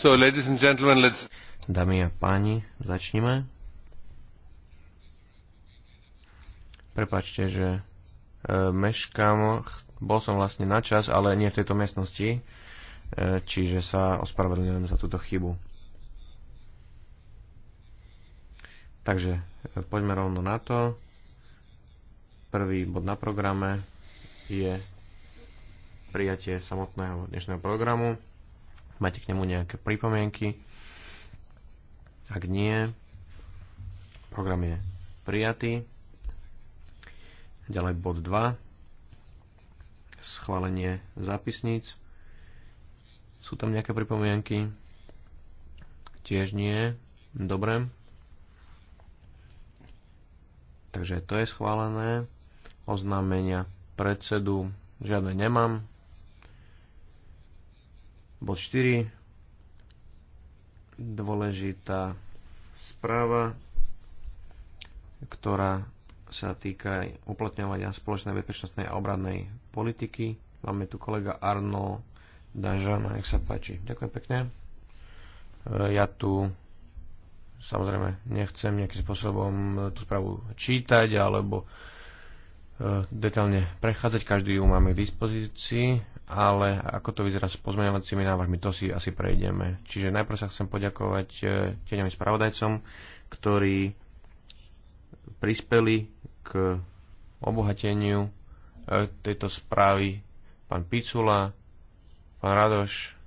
So, ladies and gentlemen, let's... Dámy a páni, začneme. Prepačte, že e, meškám. Bol som vlastne na čas, ale nie v tejto miestnosti, e, čiže sa ospravedlňujem za túto chybu. Takže e, poďme rovno na to. Prvý bod na programe je prijatie samotného dnešného programu. Máte k nemu nejaké pripomienky? Ak nie, program je prijatý. Ďalej bod 2. Schválenie zápisníc. Sú tam nejaké pripomienky? Tiež nie. Dobre. Takže to je schválené. Oznámenia predsedu žiadne nemám. Bod 4. Dôležitá správa, ktorá sa týka uplatňovania spoločnej bezpečnostnej a obradnej politiky. Máme tu kolega Arno Dažan, nech sa páči. Ďakujem pekne. E, ja tu samozrejme nechcem nejakým spôsobom tú správu čítať alebo e, detailne prechádzať, každý ju máme k dispozícii ale ako to vyzerá s pozmeňovacími návrhmi, to si asi prejdeme. Čiže najprv sa chcem poďakovať e, tieňom spravodajcom, ktorí prispeli k obohateniu e, tejto správy pán Picula, pán Radoš,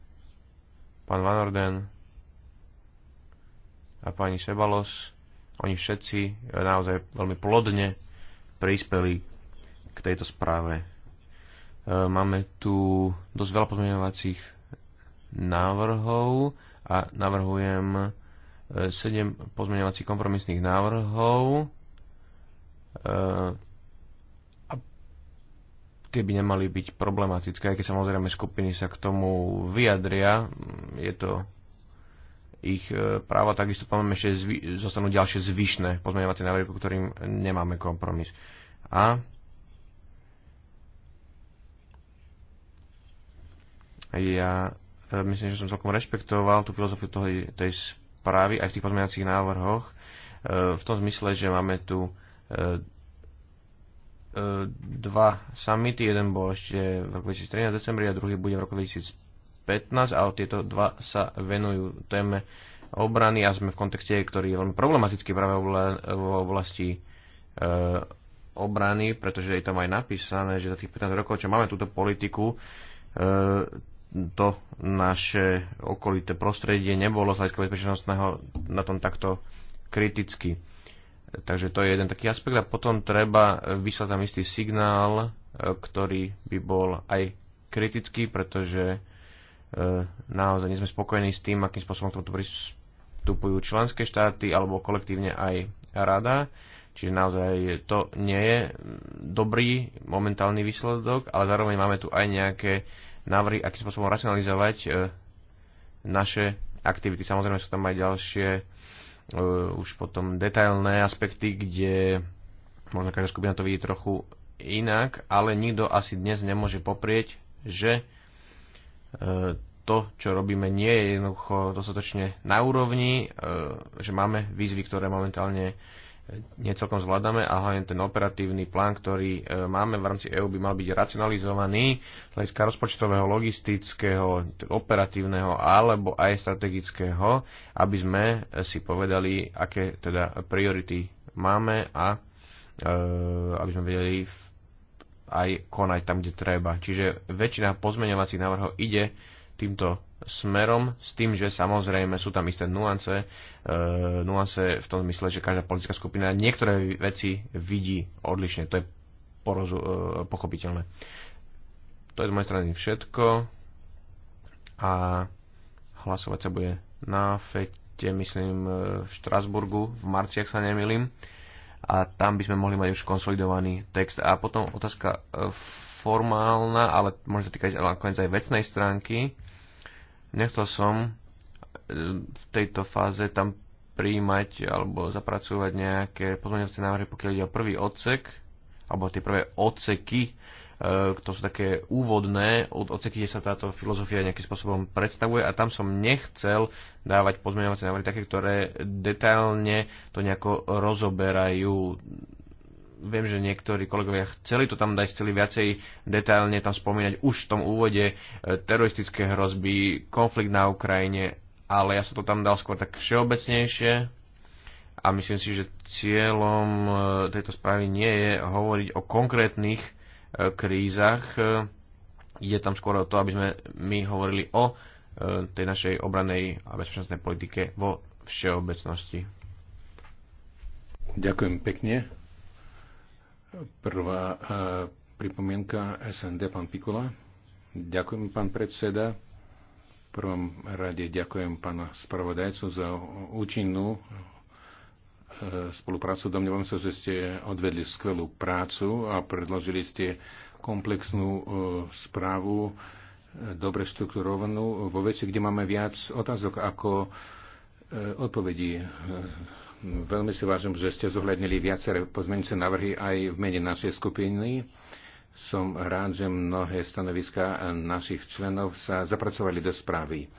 pán Van Orden a pani Sebalos. Oni všetci e, naozaj veľmi plodne prispeli k tejto správe E, máme tu dosť veľa pozmeňovacích návrhov a navrhujem 7 e, pozmeňovacích kompromisných návrhov e, a tie by nemali byť problematické, aj keď samozrejme skupiny sa k tomu vyjadria. Je to ich práva, takisto máme ešte zostanú ďalšie zvyšné pozmeňovacie návrhy, ktorým nemáme kompromis. A Ja e, myslím, že som celkom rešpektoval tú filozofiu toho, tej správy aj v tých pozmeňovacích návrhoch e, v tom zmysle, že máme tu e, dva summity, jeden bol ešte v roku 2013 decembri a druhý bude v roku 2015, ale tieto dva sa venujú téme obrany a sme v kontexte, ktorý je veľmi problematický práve v oblasti obrany, pretože je tam aj napísané, že za tých 15 rokov, čo máme túto politiku, to naše okolité prostredie nebolo z hľadiska bezpečnostného na tom takto kriticky. Takže to je jeden taký aspekt a potom treba vyslať tam istý signál, e, ktorý by bol aj kritický, pretože e, naozaj nie sme spokojní s tým, akým spôsobom k tomuto pristupujú členské štáty alebo kolektívne aj rada. Čiže naozaj to nie je dobrý momentálny výsledok, ale zároveň máme tu aj nejaké návrhy, akým spôsobom racionalizovať e, naše aktivity. Samozrejme sú tam aj ďalšie e, už potom detailné aspekty, kde možno každá skupina to vidí trochu inak, ale nikto asi dnes nemôže poprieť, že e, to, čo robíme, nie je jednoducho dostatočne na úrovni, že máme výzvy, ktoré momentálne necelkom zvládame a hlavne ten operatívny plán, ktorý e, máme v rámci EÚ by mal byť racionalizovaný z hľadiska rozpočtového, logistického, operatívneho alebo aj strategického, aby sme si povedali, aké teda priority máme a e, aby sme vedeli aj konať tam, kde treba. Čiže väčšina pozmeňovacích návrhov ide týmto smerom s tým, že samozrejme sú tam isté nuance, e, nuance v tom zmysle, že každá politická skupina niektoré veci vidí odlišne. To je porozu, e, pochopiteľné. To je z mojej strany všetko a hlasovať sa bude na fete, myslím, e, v Štrasburgu, v marci, ak sa nemýlim. A tam by sme mohli mať už konsolidovaný text. A potom otázka e, formálna, ale môže sa týkať nakoniec aj vecnej stránky. Nechcel som e, v tejto fáze tam príjmať alebo zapracovať nejaké pozmeňovacie návrhy, pokiaľ ide o prvý odsek, alebo tie prvé odseky, e, to sú také úvodné odseky, kde sa táto filozofia nejakým spôsobom predstavuje a tam som nechcel dávať pozmeňovacie návrhy také, ktoré detailne to nejako rozoberajú viem, že niektorí kolegovia chceli to tam dať, chceli viacej detailne tam spomínať už v tom úvode e, teroristické hrozby, konflikt na Ukrajine, ale ja som to tam dal skôr tak všeobecnejšie a myslím si, že cieľom e, tejto správy nie je hovoriť o konkrétnych e, krízach. Ide tam skôr o to, aby sme my hovorili o tej našej obranej a bezpečnostnej politike vo všeobecnosti. Ďakujem pekne. Prvá e, pripomienka SND, pán Pikula. Ďakujem, pán predseda. V prvom rade ďakujem pána spravodajcu za účinnú e, spoluprácu. Domnievam sa, že ste odvedli skvelú prácu a predložili ste komplexnú e, správu, dobre štrukturovanú vo veci, kde máme viac otázok ako odpovedí. Veľmi si vážim, že ste zohľadnili viaceré pozmeňujúce návrhy aj v mene našej skupiny. Som rád, že mnohé stanoviska našich členov sa zapracovali do správy.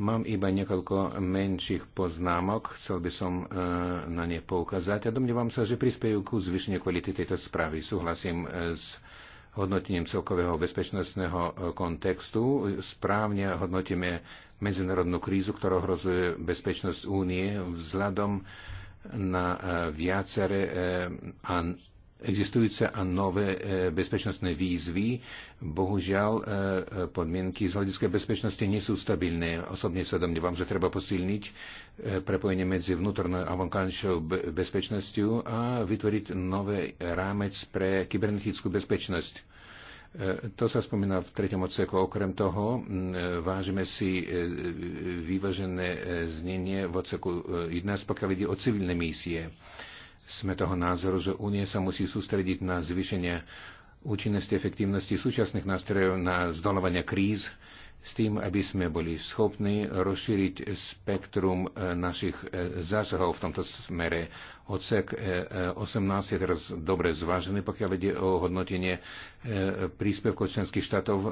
Mám iba niekoľko menších poznámok, chcel by som e, na ne poukázať a domnievam sa, že prispiejú ku zvyšeniu kvality tejto správy. Súhlasím e, s hodnotením celkového bezpečnostného e, kontextu. Správne hodnotíme medzinárodnú krízu, ktorá ohrozuje bezpečnosť únie vzhľadom na e, viacere e, a existujúce a nové e, bezpečnostné výzvy. Bohužiaľ, podmienky z hľadiska bezpečnosti nie sú stabilné. Osobne sa domnievam, že treba posilniť prepojenie medzi vnútornou a vonkajšou bezpečnosťou a vytvoriť nové rámec pre kybernetickú bezpečnosť E, to sa spomína v treťom odseku. Okrem toho e, vážime si e, vyvažené znenie v odseku 11, pokiaľ ide o civilné misie. Sme toho názoru, že Únie sa musí sústrediť na zvýšenie účinnosti efektívnosti súčasných nástrojov na zdolovanie kríz, s tým, aby sme boli schopní rozšíriť spektrum e, našich e, zásahov v tomto smere. Odsek 18 e, je teraz dobre zvážený, pokiaľ ide o hodnotenie príspevkov členských štátov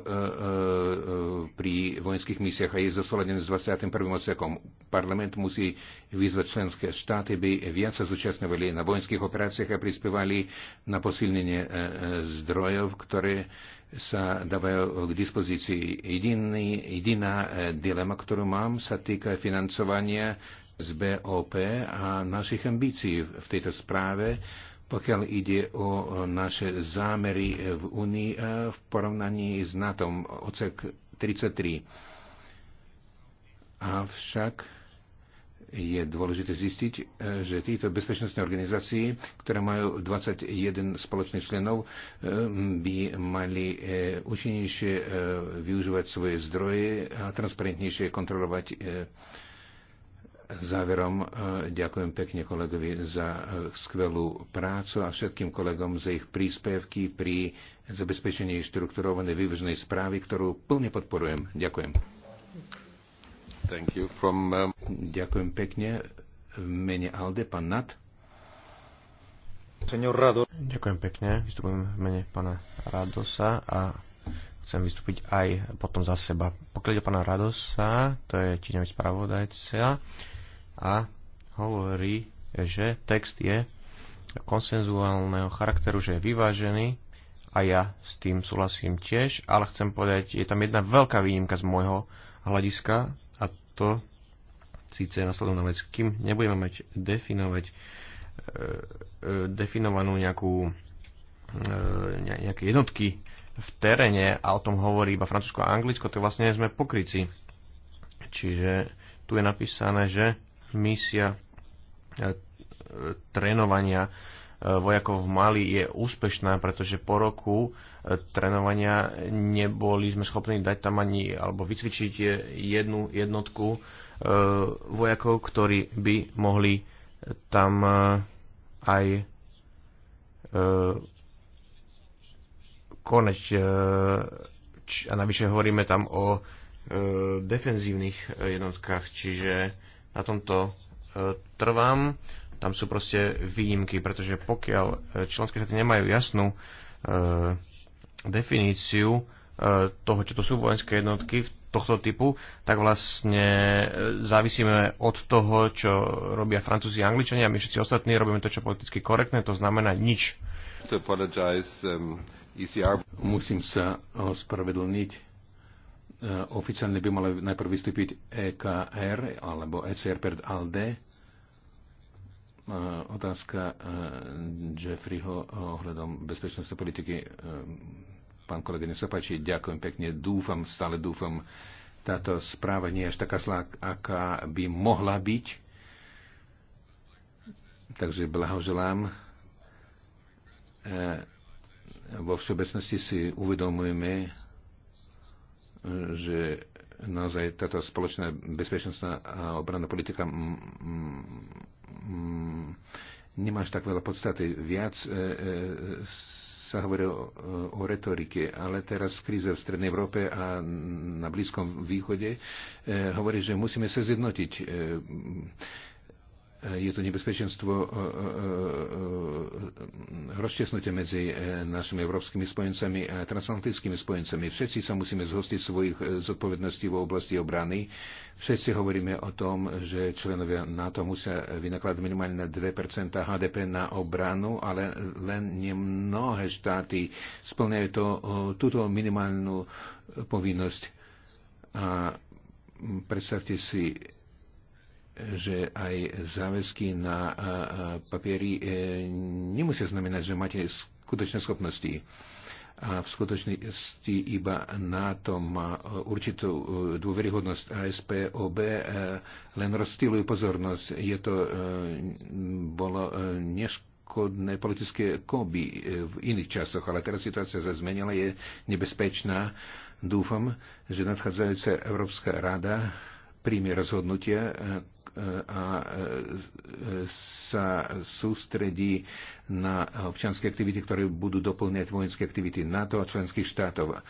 pri vojenských misiách a je zosledený s 21. odsekom. Parlament musí vyzvať členské štáty, by viac sa zúčastňovali na vojenských operáciách a prispievali na posilnenie zdrojov, ktoré sa dávajú k dispozícii. Jediný, jediná e, dilema, ktorú mám, sa týka financovania z BOP a našich ambícií v tejto správe, pokiaľ ide o e, naše zámery e, v Únii v porovnaní s NATO, ocek 33. Avšak je dôležité zistiť, e, že títo bezpečnostné organizácie, ktoré majú 21 spoločných členov, e, by mali e, účinnejšie využívať svoje zdroje a transparentnejšie kontrolovať Záverom ďakujem pekne kolegovi za skvelú prácu a všetkým kolegom za ich príspevky pri zabezpečení štrukturovanej vývožnej správy, ktorú plne podporujem. Ďakujem. Thank you. From, um... Ďakujem pekne. V mene Alde, pán Nat. Ďakujem pekne. Vystupujem v mene pána Radosa a chcem vystúpiť aj potom za seba. Pokiaľ ide pána Radosa, to je tieňový spravodajca a hovorí, že text je konsenzuálneho charakteru, že je vyvážený a ja s tým súhlasím tiež, ale chcem povedať, je tam jedna veľká výnimka z môjho hľadiska a to síce nasledovná vec, kým nebudeme mať definovať e, e, definovanú nejakú e, nejaké jednotky v teréne a o tom hovorí iba Francúzsko a Anglicko, to vlastne sme pokryci. Čiže tu je napísané, že misia trénovania vojakov v Mali je úspešná, pretože po roku trénovania neboli sme schopní dať tam ani alebo vycvičiť jednu jednotku Eh, vojakov, ktorí by mohli tam eh, aj eh, konať. A navyše hovoríme tam o defenzívnych jednotkách, čiže na tomto trvám. Tam sú proste výnimky, pretože pokiaľ členské štáty nemajú jasnú definíciu toho, čo to sú vojenské jednotky, v tohto typu, tak vlastne e, závisíme od toho, čo robia Francúzi a Angličania a my všetci ostatní robíme to, čo politicky korektné, to znamená nič. Um, e Musím sa ospravedlniť. E, oficiálne by malo najprv vystúpiť EKR alebo ECR pred ALDE. Otázka Jeffreyho ohľadom bezpečnosti politiky Pán kolega, nech sa páči, ďakujem pekne. Dúfam, stále dúfam, táto správa nie je až taká slá, aká by mohla byť. Takže blahoželám. E, Vo všeobecnosti si uvedomujeme, že naozaj táto spoločná bezpečnostná a obranná politika nemá až tak veľa podstaty. Viac e, e, sa hovorí o, e, o retorike, ale teraz kríza v Strednej Európe a na Blízkom východe e, hovorí, že musíme sa zjednotiť. E, E, je tu nebezpečenstvo e, e, rozčesnutia medzi našimi európskymi spojencami a transatlantickými spojencami. Všetci sa musíme zhostiť svojich zodpovedností v oblasti obrany. Všetci hovoríme o tom, že členovia NATO musia vynakladať minimálne 2 HDP na obranu, ale len nemnohé štáty splňajú to, túto minimálnu povinnosť. A predstavte si, že aj záväzky na papieri e, nemusia znamenať, že máte skutočné schopnosti. A v skutočnosti iba NATO má e, určitú e, dôveryhodnosť a SPOB len rozstýlujú pozornosť. Je to bolo neškodné politické koby v iných časoch, ale teraz situácia sa zmenila, je nebezpečná. Dúfam, že nadchádzajúca Európska rada príjme rozhodnutia, a e, sa sústredí na občianske aktivity, ktoré budú doplňať vojenské aktivity NATO a členských štátov. A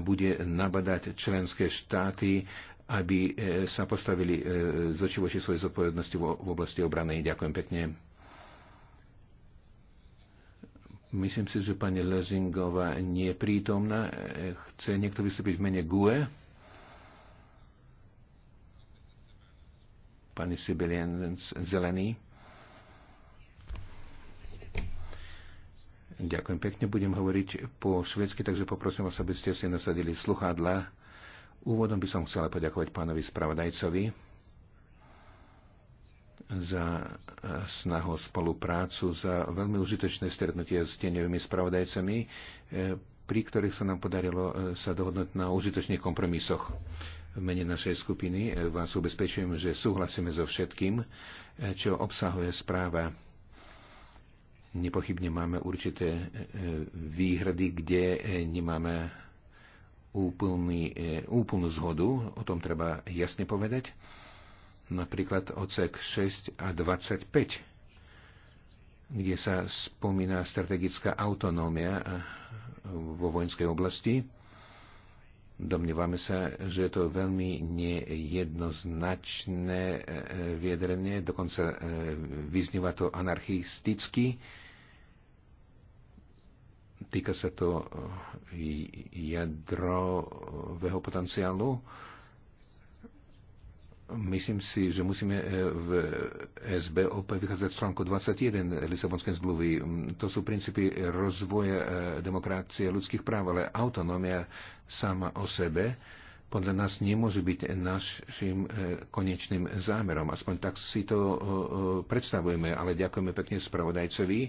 bude nabadať členské štáty, aby e, sa postavili e, z očí voči svojej zodpovednosti v oblasti obrany. Ďakujem pekne. Myslím si, že pani Lezingová nie je prítomná. Chce niekto vystúpiť v mene GUE? pani Sibelien Zelený. Ďakujem pekne, budem hovoriť po švedsky, takže poprosím vás, aby ste si nasadili sluchadla. Úvodom by som chcela poďakovať pánovi spravodajcovi za snahu spoluprácu, za veľmi užitočné stretnutie s tieňovými spravodajcami, pri ktorých sa nám podarilo sa dohodnúť na užitočných kompromisoch. V mene našej skupiny eh, vás ubezpečujem, že súhlasíme so všetkým, eh, čo obsahuje správa. Nepochybne máme určité eh, výhrady, kde nemáme úplný, úplnú zhodu, o tom treba jasne povedať. Napríklad odsek 6 a 25 kde sa spomína strategická autonómia vo vojenskej oblasti. Domnievame sa, že je to veľmi nejednoznačné e, e, viedrenie, dokonca e, vyznieva to anarchisticky. Týka sa to jadrového potenciálu Myslím si, že musíme eh, v SB opäť vychádzať z článku 21 Lisabonskej zmluvy. Mm, to sú princípy rozvoja eh, demokracie ľudských práv, ale autonómia sama o sebe podľa nás nemôže byť našim eh, konečným zámerom. Aspoň tak si to predstavujeme, ale ďakujeme pekne spravodajcovi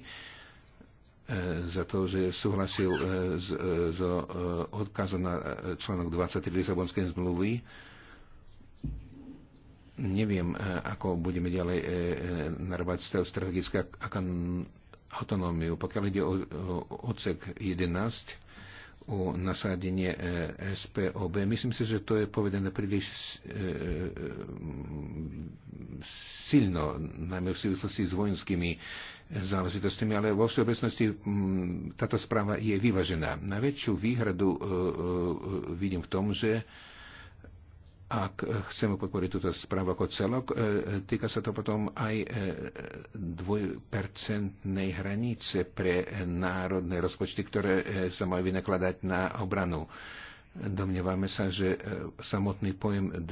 za to, že súhlasil s, odkazom na článok 23 Lisabonskej zmluvy Neviem, e, ako budeme ďalej e, e, narovať strategické autonómiu. Pokiaľ ide o odsek 11, o nasadenie SPOB, myslím si, že to je povedané príliš silno, najmä v súvislosti s vojenskými záležitostiami, ale vo všeobecnosti táto správa je vyvažená. Najväčšiu výhradu vidím v tom, že ak chceme podporiť túto správu ako celok, e, týka sa to potom aj e, dvojpercentnej hranice pre národné rozpočty, ktoré e, sa majú vynakladať na obranu. Domnievame sa, že samotný pojem 2%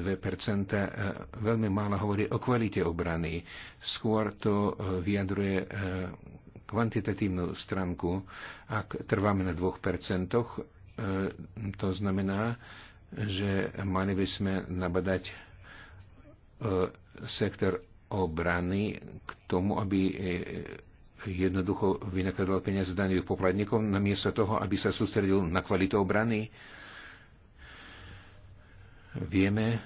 veľmi málo hovorí o kvalite obrany. Skôr to vyjadruje kvantitatívnu stránku. Ak trváme na 2%, to znamená, že mali by sme nabadať e, sektor obrany k tomu, aby e, jednoducho vynakladal peniaze daných poplatníkov, namiesto toho, aby sa sústredil na kvalitu obrany. Vieme,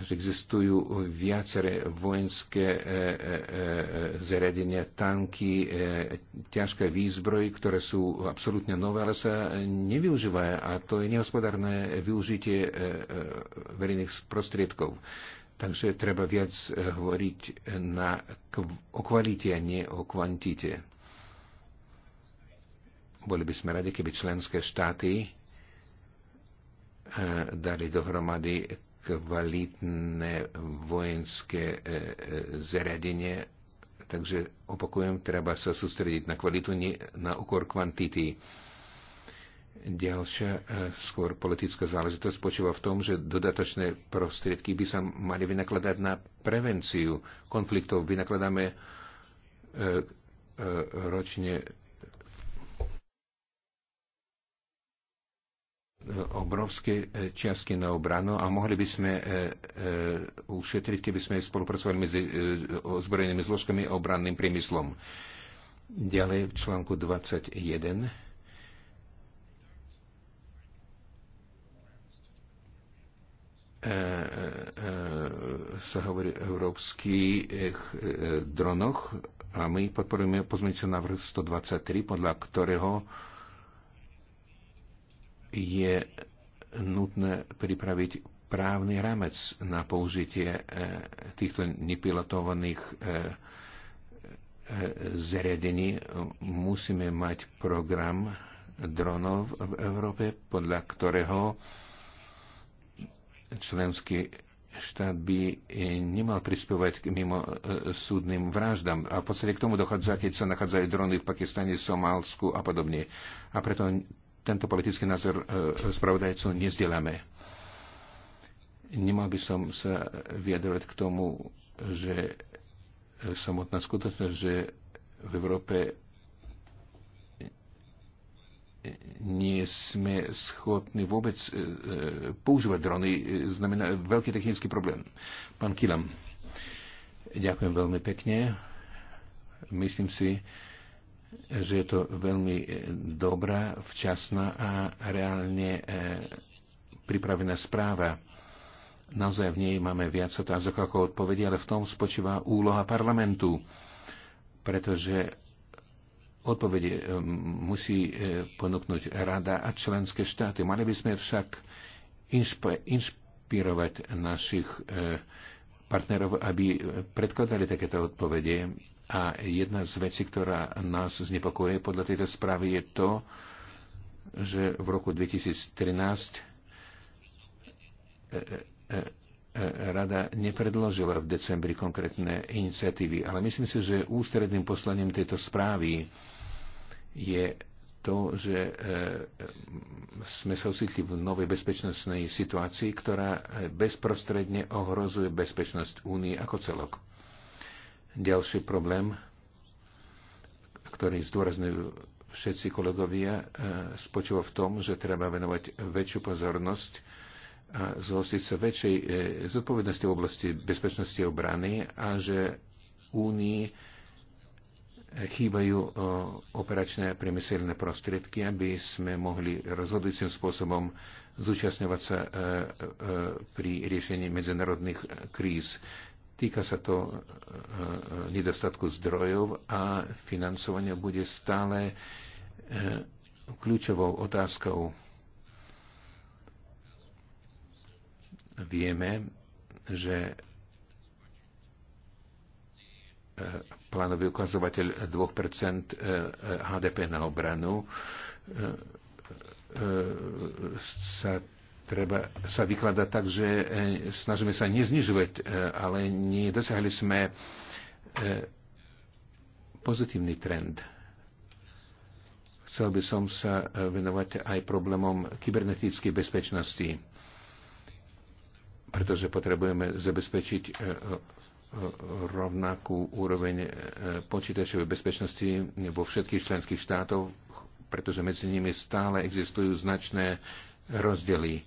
že existujú viaceré vojenské e, e, e, zariadenia, tanky, ťažké výzbroj, ktoré sú absolútne nové, ale sa nevyužívajú a to je nehospodárne využitie verejných prostriedkov. Takže treba viac hovoriť na, o kvalite a nie o kvantite. Boli by sme radi, keby členské štáty dali dohromady kvalitné vojenské e, e, zariadenie. Takže opakujem, treba sa sústrediť na kvalitu, nie na úkor kvantity. Ďalšia e, skôr politická záležitosť spočíva v tom, že dodatočné prostriedky by sa mali vynakladať na prevenciu konfliktov. Vynakladáme ročne obrovské e, čiastky na obranu a mohli by sme e, e, ušetriť, keby sme spolupracovali medzi ozbrojenými zložkami a obranným priemyslom. Ďalej v článku 21 sa hovorí o európskych dronoch a my podporujeme pozmeňujúci návrh 123, podľa ktorého je nutné pripraviť právny ramec na použitie e, týchto nepilotovaných e, e, zariadení. Musíme mať program dronov v Európe, podľa ktorého členský štát by nemal prispievať k mimo súdnym vraždám. A v podstate k tomu dochádza, keď sa nachádzajú drony v Pakistane, Somálsku a podobne. A preto tento politický názor e, e, spravodajcov nezdielame. Nemal by som sa vyjadrovať k tomu, že samotná skutočnosť, že v Európe nie sme schopní vôbec e, používať drony, znamená veľký technický problém. Pán Kilam, ďakujem veľmi pekne. Myslím si, že je to veľmi e, dobrá, včasná a reálne e, pripravená správa. Naozaj v nej máme viac otázok ako odpovedí, ale v tom spočíva úloha parlamentu, pretože odpovede e, musí ponúknuť rada a členské štáty. Mali by sme však inšpirovať našich partnerov, aby predkladali takéto odpovede a jedna z vecí, ktorá nás znepokojuje podľa tejto správy, je to, že v roku 2013 e, e, e, rada nepredložila v decembri konkrétne iniciatívy. Ale myslím si, že ústredným poslaním tejto správy je to, že sme sa ocitli v novej bezpečnostnej situácii, ktorá bezprostredne ohrozuje bezpečnosť únie ako celok ďalší problém, ktorý zdôrazňujú všetci kolegovia, e, spočíva v tom, že treba venovať väčšiu pozornosť a zhostiť sa väčšej e, zodpovednosti v oblasti bezpečnosti a obrany a že Únii chýbajú e, operačné priemyselné prostriedky, aby sme mohli rozhodujúcim spôsobom zúčastňovať sa pri riešení medzinárodných kríz. Týka sa to e, e, nedostatku zdrojov a financovanie bude stále e, kľúčovou otázkou. Vieme, že plánový ukazovateľ 2% HDP na obranu sa treba sa vykladať tak, že e, snažíme sa neznižovať, e, ale nedosiahli sme e, pozitívny trend. Chcel by som sa venovať aj problémom kybernetickej bezpečnosti, pretože potrebujeme zabezpečiť rovnakú úroveň počítačovej bezpečnosti vo všetkých členských štátoch, pretože medzi nimi stále existujú značné rozdiely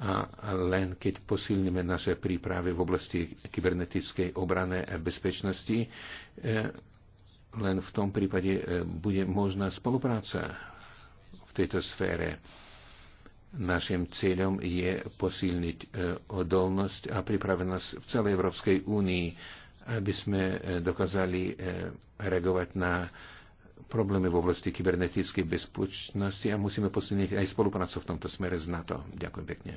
a len keď posilníme naše prípravy v oblasti kybernetickej obrany a bezpečnosti, eh, len v tom prípade eh, bude možná spolupráca v tejto sfére. Našim cieľom je posilniť eh, odolnosť a pripravenosť v celej Európskej únii, aby sme dokázali reagovať na problémy v oblasti kybernetickej bezpečnosti a musíme posilniť aj spoluprácu v tomto smere s NATO. Ďakujem pekne.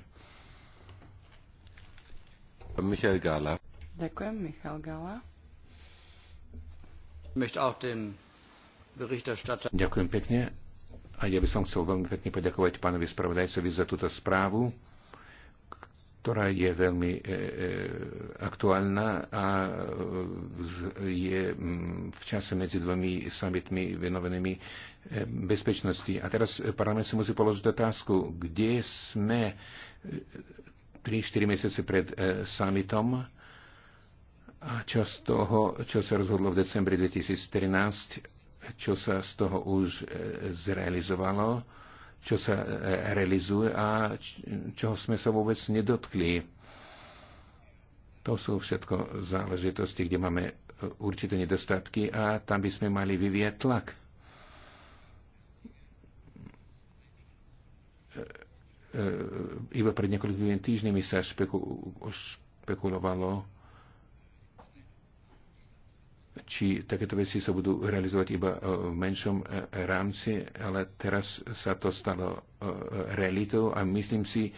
Michal Gala. Ďakujem, Michal Gala. Ďakujem pekne. A ja by som chcel veľmi pekne poďakovať pánovi spravodajcovi za túto správu ktorá je veľmi e, e aktuálna a e, je v čase medzi dvomi samitmi venovanými e, bezpečnosti. A teraz parlament si musí položiť otázku, kde sme 3-4 mesiace pred samitom a čo z toho, čo sa rozhodlo v decembri 2013, čo sa z toho už zrealizovalo čo sa e, realizuje a čoho sme sa vôbec nedotkli. To sú všetko záležitosti, kde máme e, určité nedostatky a tam by sme mali vyvieť tlak. E, iba pred niekoľkými týždňami sa špeku, špekulovalo či takéto veci sa budú realizovať iba e, v menšom e, rámci, ale teraz sa to stalo e, realitou a myslím si,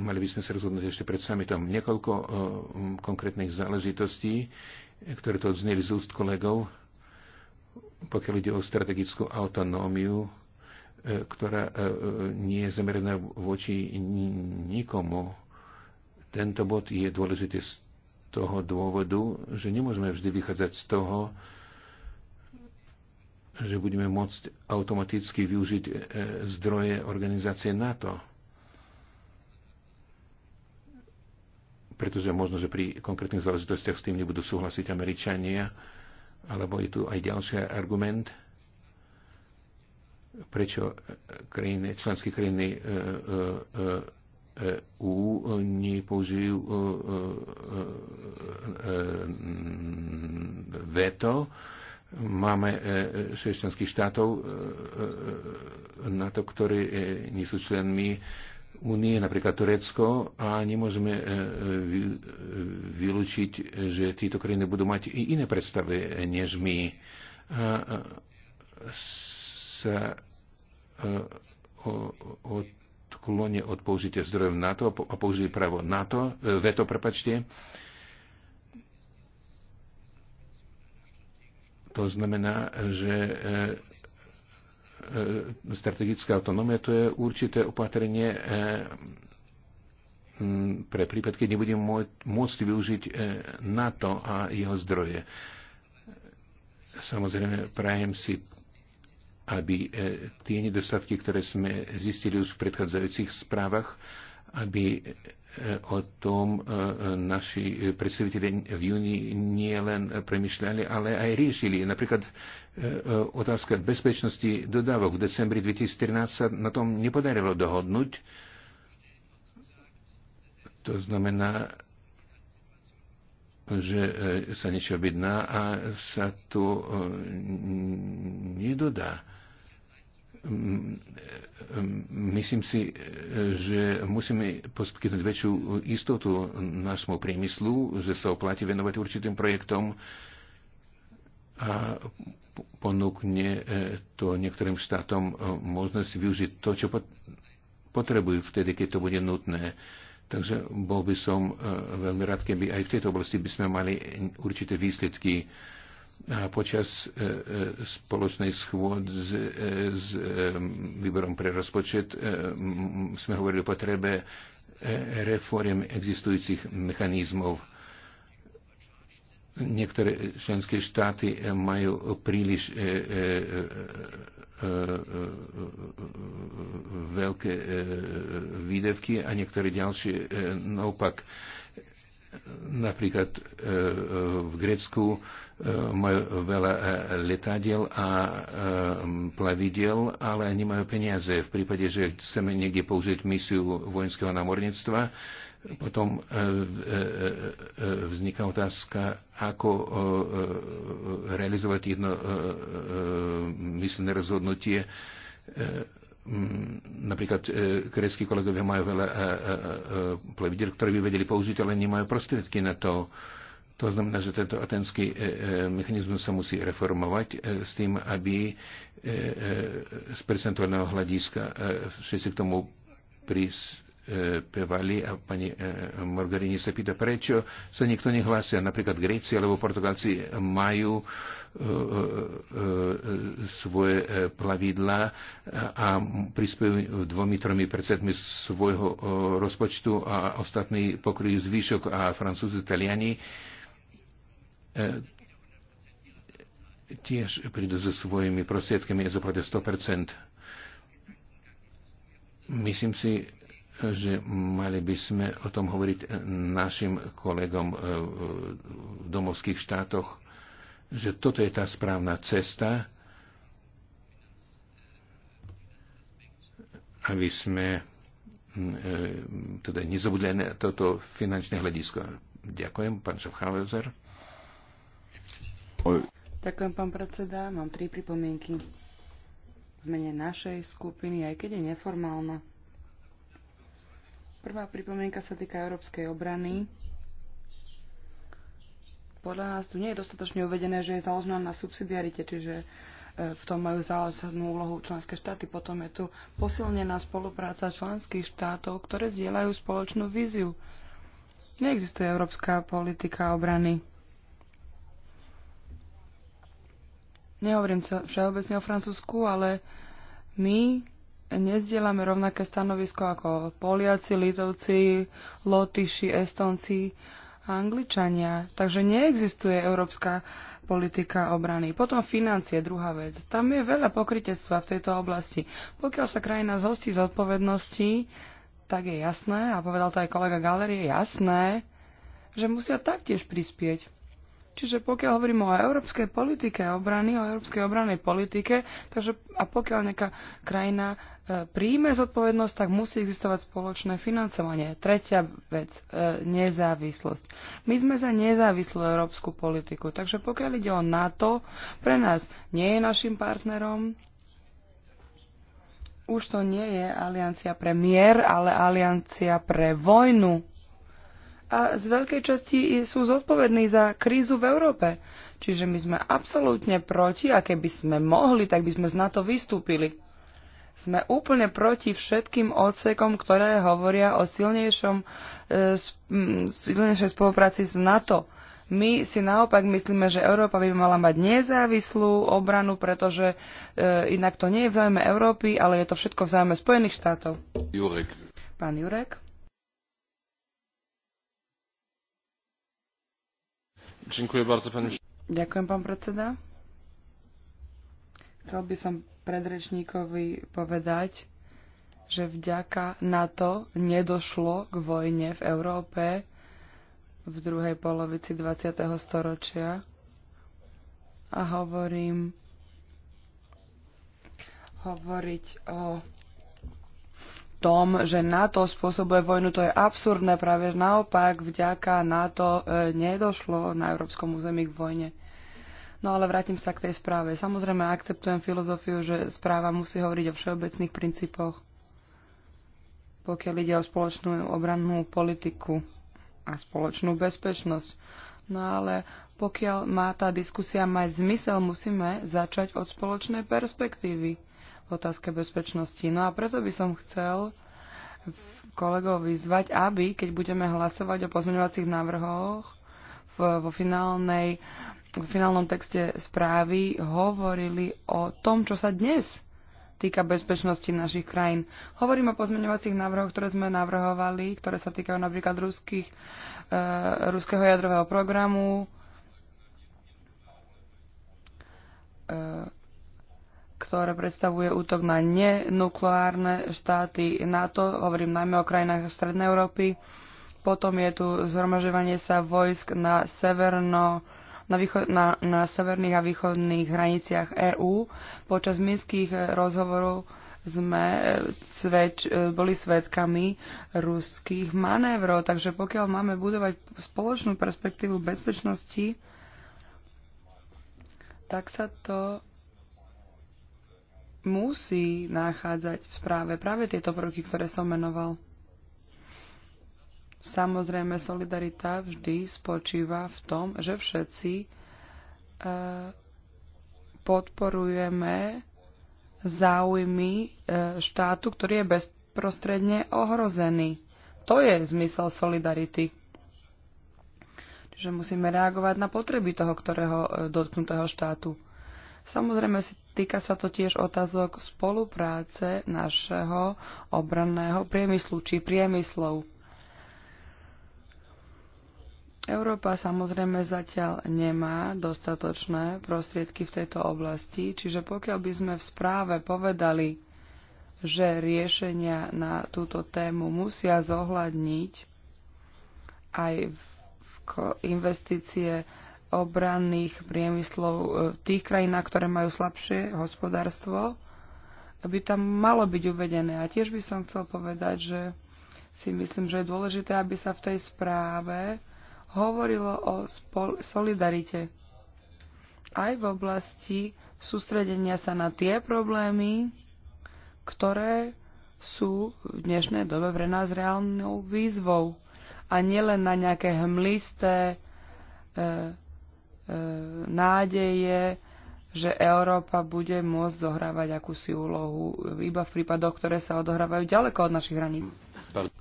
mali by sme sa rozhodnúť ešte pred summitom niekoľko konkrétnych záležitostí, ktoré to odzneli z úst kolegov, pokiaľ ide o strategickú autonómiu, ktorá nie je zameraná voči nikomu tento bod je dôležitý z toho dôvodu, že nemôžeme vždy vychádzať z toho, že budeme môcť automaticky využiť e, zdroje organizácie NATO. Pretože možno, že pri konkrétnych záležitostiach s tým nebudú súhlasiť Američania, alebo je tu aj ďalší argument, prečo e, e, krajiny, členské krajiny e, e, e, EU použijú veto. Máme 6 členských štátov na to, ktorí nie sú členmi únie, napríklad Turecko, a nemôžeme vylúčiť, že títo krajiny budú mať i iné predstavy než my. A sa o, o odklone od použitia zdrojov NATO a použili právo NATO, e, veto, prepačte. To znamená, že e, e, strategická autonómia to je určité opatrenie pre prípad, keď nebudem môcť využiť NATO a jeho zdroje. Samozrejme, prajem si aby e, tie nedostatky, ktoré sme zistili už v predchádzajúcich správach, aby e, o tom e, naši predstaviteľi v júni nie len premyšľali, ale aj riešili. Napríklad otázka bezpečnosti dodávok v decembri 2013 sa na tom nepodarilo dohodnúť. To znamená, že sa niečo objedná a sa to nedodá. Mm, mm, myslím si, že musíme poskytnúť väčšiu istotu nášmu priemyslu, že sa oplatí venovať určitým projektom a ponúkne e, to niektorým štátom e, možnosť využiť to, čo potrebujú vtedy, keď to bude nutné. Takže bol by som e, veľmi rád, keby aj v tejto oblasti by sme mali určité výsledky počas spoločnej schôd s, s výborom pre rozpočet sme hovorili o potrebe reform existujúcich mechanizmov. Niektoré členské štáty majú príliš veľké výdevky a niektoré ďalšie naopak. No Napríklad e, v Grécku e, majú veľa e, letadiel a plavidiel, ale nemajú peniaze. V prípade, že chceme niekde použiť misiu vojenského námorníctva, potom vzniká otázka, ako realizovať jedno myslené rozhodnutie Mm, napríklad kreckí e, kolegovia majú veľa e, e, plavidel, ktoré by vedeli použiť, ale nemajú prostriedky na to. To znamená, že tento atenský mechanizmus sa musí reformovať s tým, aby z percentuálneho hľadiska všetci k tomu E, pevali a pani e, Morgarini sa pýta, prečo sa nikto nehlásia. Napríklad Gréci alebo Portugalci majú e, svoje plavidla a prispievajú dvomi, tromi percentmi svojho rozpočtu a ostatní pokryjú zvyšok a Francúzi, Italiani tiež prídu so svojimi prostriedkami a zaplatia 100%. Myslím si, že mali by sme o tom hovoriť našim kolegom e, v domovských štátoch, že toto je tá správna cesta, aby sme e, teda nezabudli na toto finančné hľadisko. Ďakujem, pán Schaffhauser. Ďakujem, pán predseda. Mám tri pripomienky v mene našej skupiny, aj keď je neformálna. Prvá pripomienka sa týka európskej obrany. Podľa nás tu nie je dostatočne uvedené, že je založená na subsidiarite, čiže e, v tom majú zásadnú úlohu členské štáty. Potom je tu posilnená spolupráca členských štátov, ktoré zdieľajú spoločnú víziu. Neexistuje európska politika obrany. Nehovorím všeobecne o Francúzsku, ale my nezdielame rovnaké stanovisko ako Poliaci, Litovci, Lotyši, Estonci a Angličania. Takže neexistuje európska politika obrany. Potom financie, druhá vec. Tam je veľa pokritectva v tejto oblasti. Pokiaľ sa krajina zhostí zodpovednosti, tak je jasné, a povedal to aj kolega Galerie, je jasné, že musia taktiež prispieť. Čiže pokiaľ hovoríme o európskej politike obrany, o európskej obranej politike, takže a pokiaľ nejaká krajina príjme zodpovednosť, tak musí existovať spoločné financovanie. Tretia vec, e, nezávislosť. My sme za nezávislú európsku politiku, takže pokiaľ ide o NATO, pre nás nie je našim partnerom, už to nie je aliancia pre mier, ale aliancia pre vojnu. A z veľkej časti sú zodpovední za krízu v Európe. Čiže my sme absolútne proti a keby sme mohli, tak by sme z NATO vystúpili. Sme úplne proti všetkým odsekom, ktoré hovoria o silnejšom, e, silnejšej spolupráci s NATO. My si naopak myslíme, že Európa by mala mať nezávislú obranu, pretože e, inak to nie je v záujme Európy, ale je to všetko v záujme Spojených štátov. Jurek. Pán Jurek. Ďakujem, bardzo, pani... Ďakujem, pán predseda. Chcel by som predrečníkovi povedať, že vďaka NATO nedošlo k vojne v Európe v druhej polovici 20. storočia. A hovorím hovoriť o tom, že NATO spôsobuje vojnu, to je absurdné. Práve naopak, vďaka NATO e, nedošlo na európskom území k vojne. No ale vrátim sa k tej správe. Samozrejme, akceptujem filozofiu, že správa musí hovoriť o všeobecných princípoch, pokiaľ ide o spoločnú obrannú politiku a spoločnú bezpečnosť. No ale pokiaľ má tá diskusia mať zmysel, musíme začať od spoločnej perspektívy v otázke bezpečnosti. No a preto by som chcel kolegov vyzvať, aby, keď budeme hlasovať o pozmeňovacích návrhoch, vo finálnej v finálnom texte správy hovorili o tom, čo sa dnes týka bezpečnosti našich krajín. Hovorím o pozmeňovacích návrhoch, ktoré sme navrhovali, ktoré sa týkajú napríklad ruských, uh, ruského jadrového programu, Uh, ktoré predstavuje útok na nenukleárne štáty NATO, hovorím najmä o krajinách Strednej Európy. Potom je tu zhromažovanie sa vojsk na severno na, východ, na, na severných a východných hraniciach EÚ. Počas minských rozhovorov sme e, sveč, e, boli svedkami ruských manévrov. Takže pokiaľ máme budovať spoločnú perspektívu bezpečnosti, tak sa to musí nachádzať v správe práve tieto prvky, ktoré som menoval. Samozrejme, solidarita vždy spočíva v tom, že všetci e, podporujeme záujmy e, štátu, ktorý je bezprostredne ohrozený. To je zmysel solidarity. Čiže musíme reagovať na potreby toho, ktorého e, dotknutého štátu. Samozrejme, týka sa to tiež otázok spolupráce našeho obranného priemyslu či priemyslov. Európa samozrejme zatiaľ nemá dostatočné prostriedky v tejto oblasti, čiže pokiaľ by sme v správe povedali, že riešenia na túto tému musia zohľadniť aj investície obranných priemyslov e, v tých krajinách, ktoré majú slabšie hospodárstvo, by tam malo byť uvedené. A tiež by som chcel povedať, že si myslím, že je dôležité, aby sa v tej správe hovorilo o solidarite aj v oblasti sústredenia sa na tie problémy, ktoré sú v dnešnej dobe pre nás reálnou výzvou a nielen na nejaké hmlisté e, e, nádeje, že Európa bude môcť zohrávať akúsi úlohu iba v prípadoch, ktoré sa odohrávajú ďaleko od našich hraníc.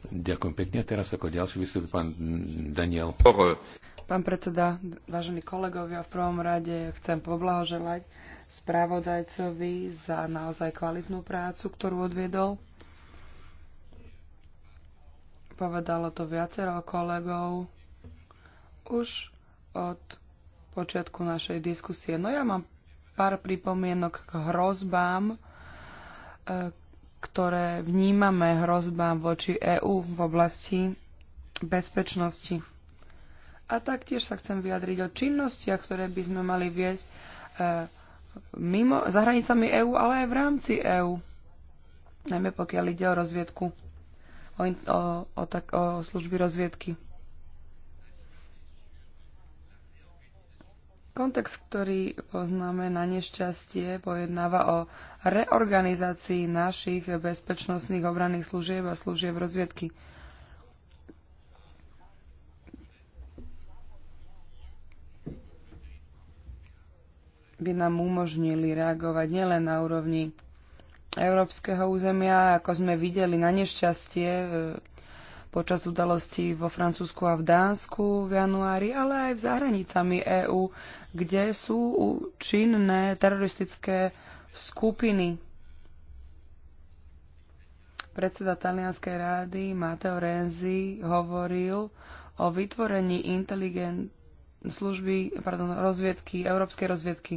Ďakujem pekne. Teraz ako ďalší vystupí pán Daniel. Pán predseda, vážení kolegovia, v prvom rade chcem poblahoželať spravodajcovi za naozaj kvalitnú prácu, ktorú odviedol. Povedalo to viacero kolegov už od počiatku našej diskusie. No ja mám pár pripomienok k hrozbám, e, ktoré vnímame hrozbám voči EÚ v oblasti bezpečnosti. A taktiež sa chcem vyjadriť o činnostiach, ktoré by sme mali viesť e, mimo, za hranicami EÚ, ale aj v rámci EÚ. Najmä pokiaľ ide o rozviedku, o, o, o, tak, o služby rozviedky. Kontext, ktorý poznáme na nešťastie, pojednáva o reorganizácii našich bezpečnostných obranných služieb a služieb rozviedky. by nám umožnili reagovať nielen na úrovni európskeho územia, ako sme videli na nešťastie e, počas udalostí vo Francúzsku a v Dánsku v januári, ale aj v zahranicami EÚ, kde sú činné teroristické skupiny. Predseda Talianskej rády Matteo Renzi hovoril o vytvorení inteligent služby, pardon, rozviedky, európskej rozviedky.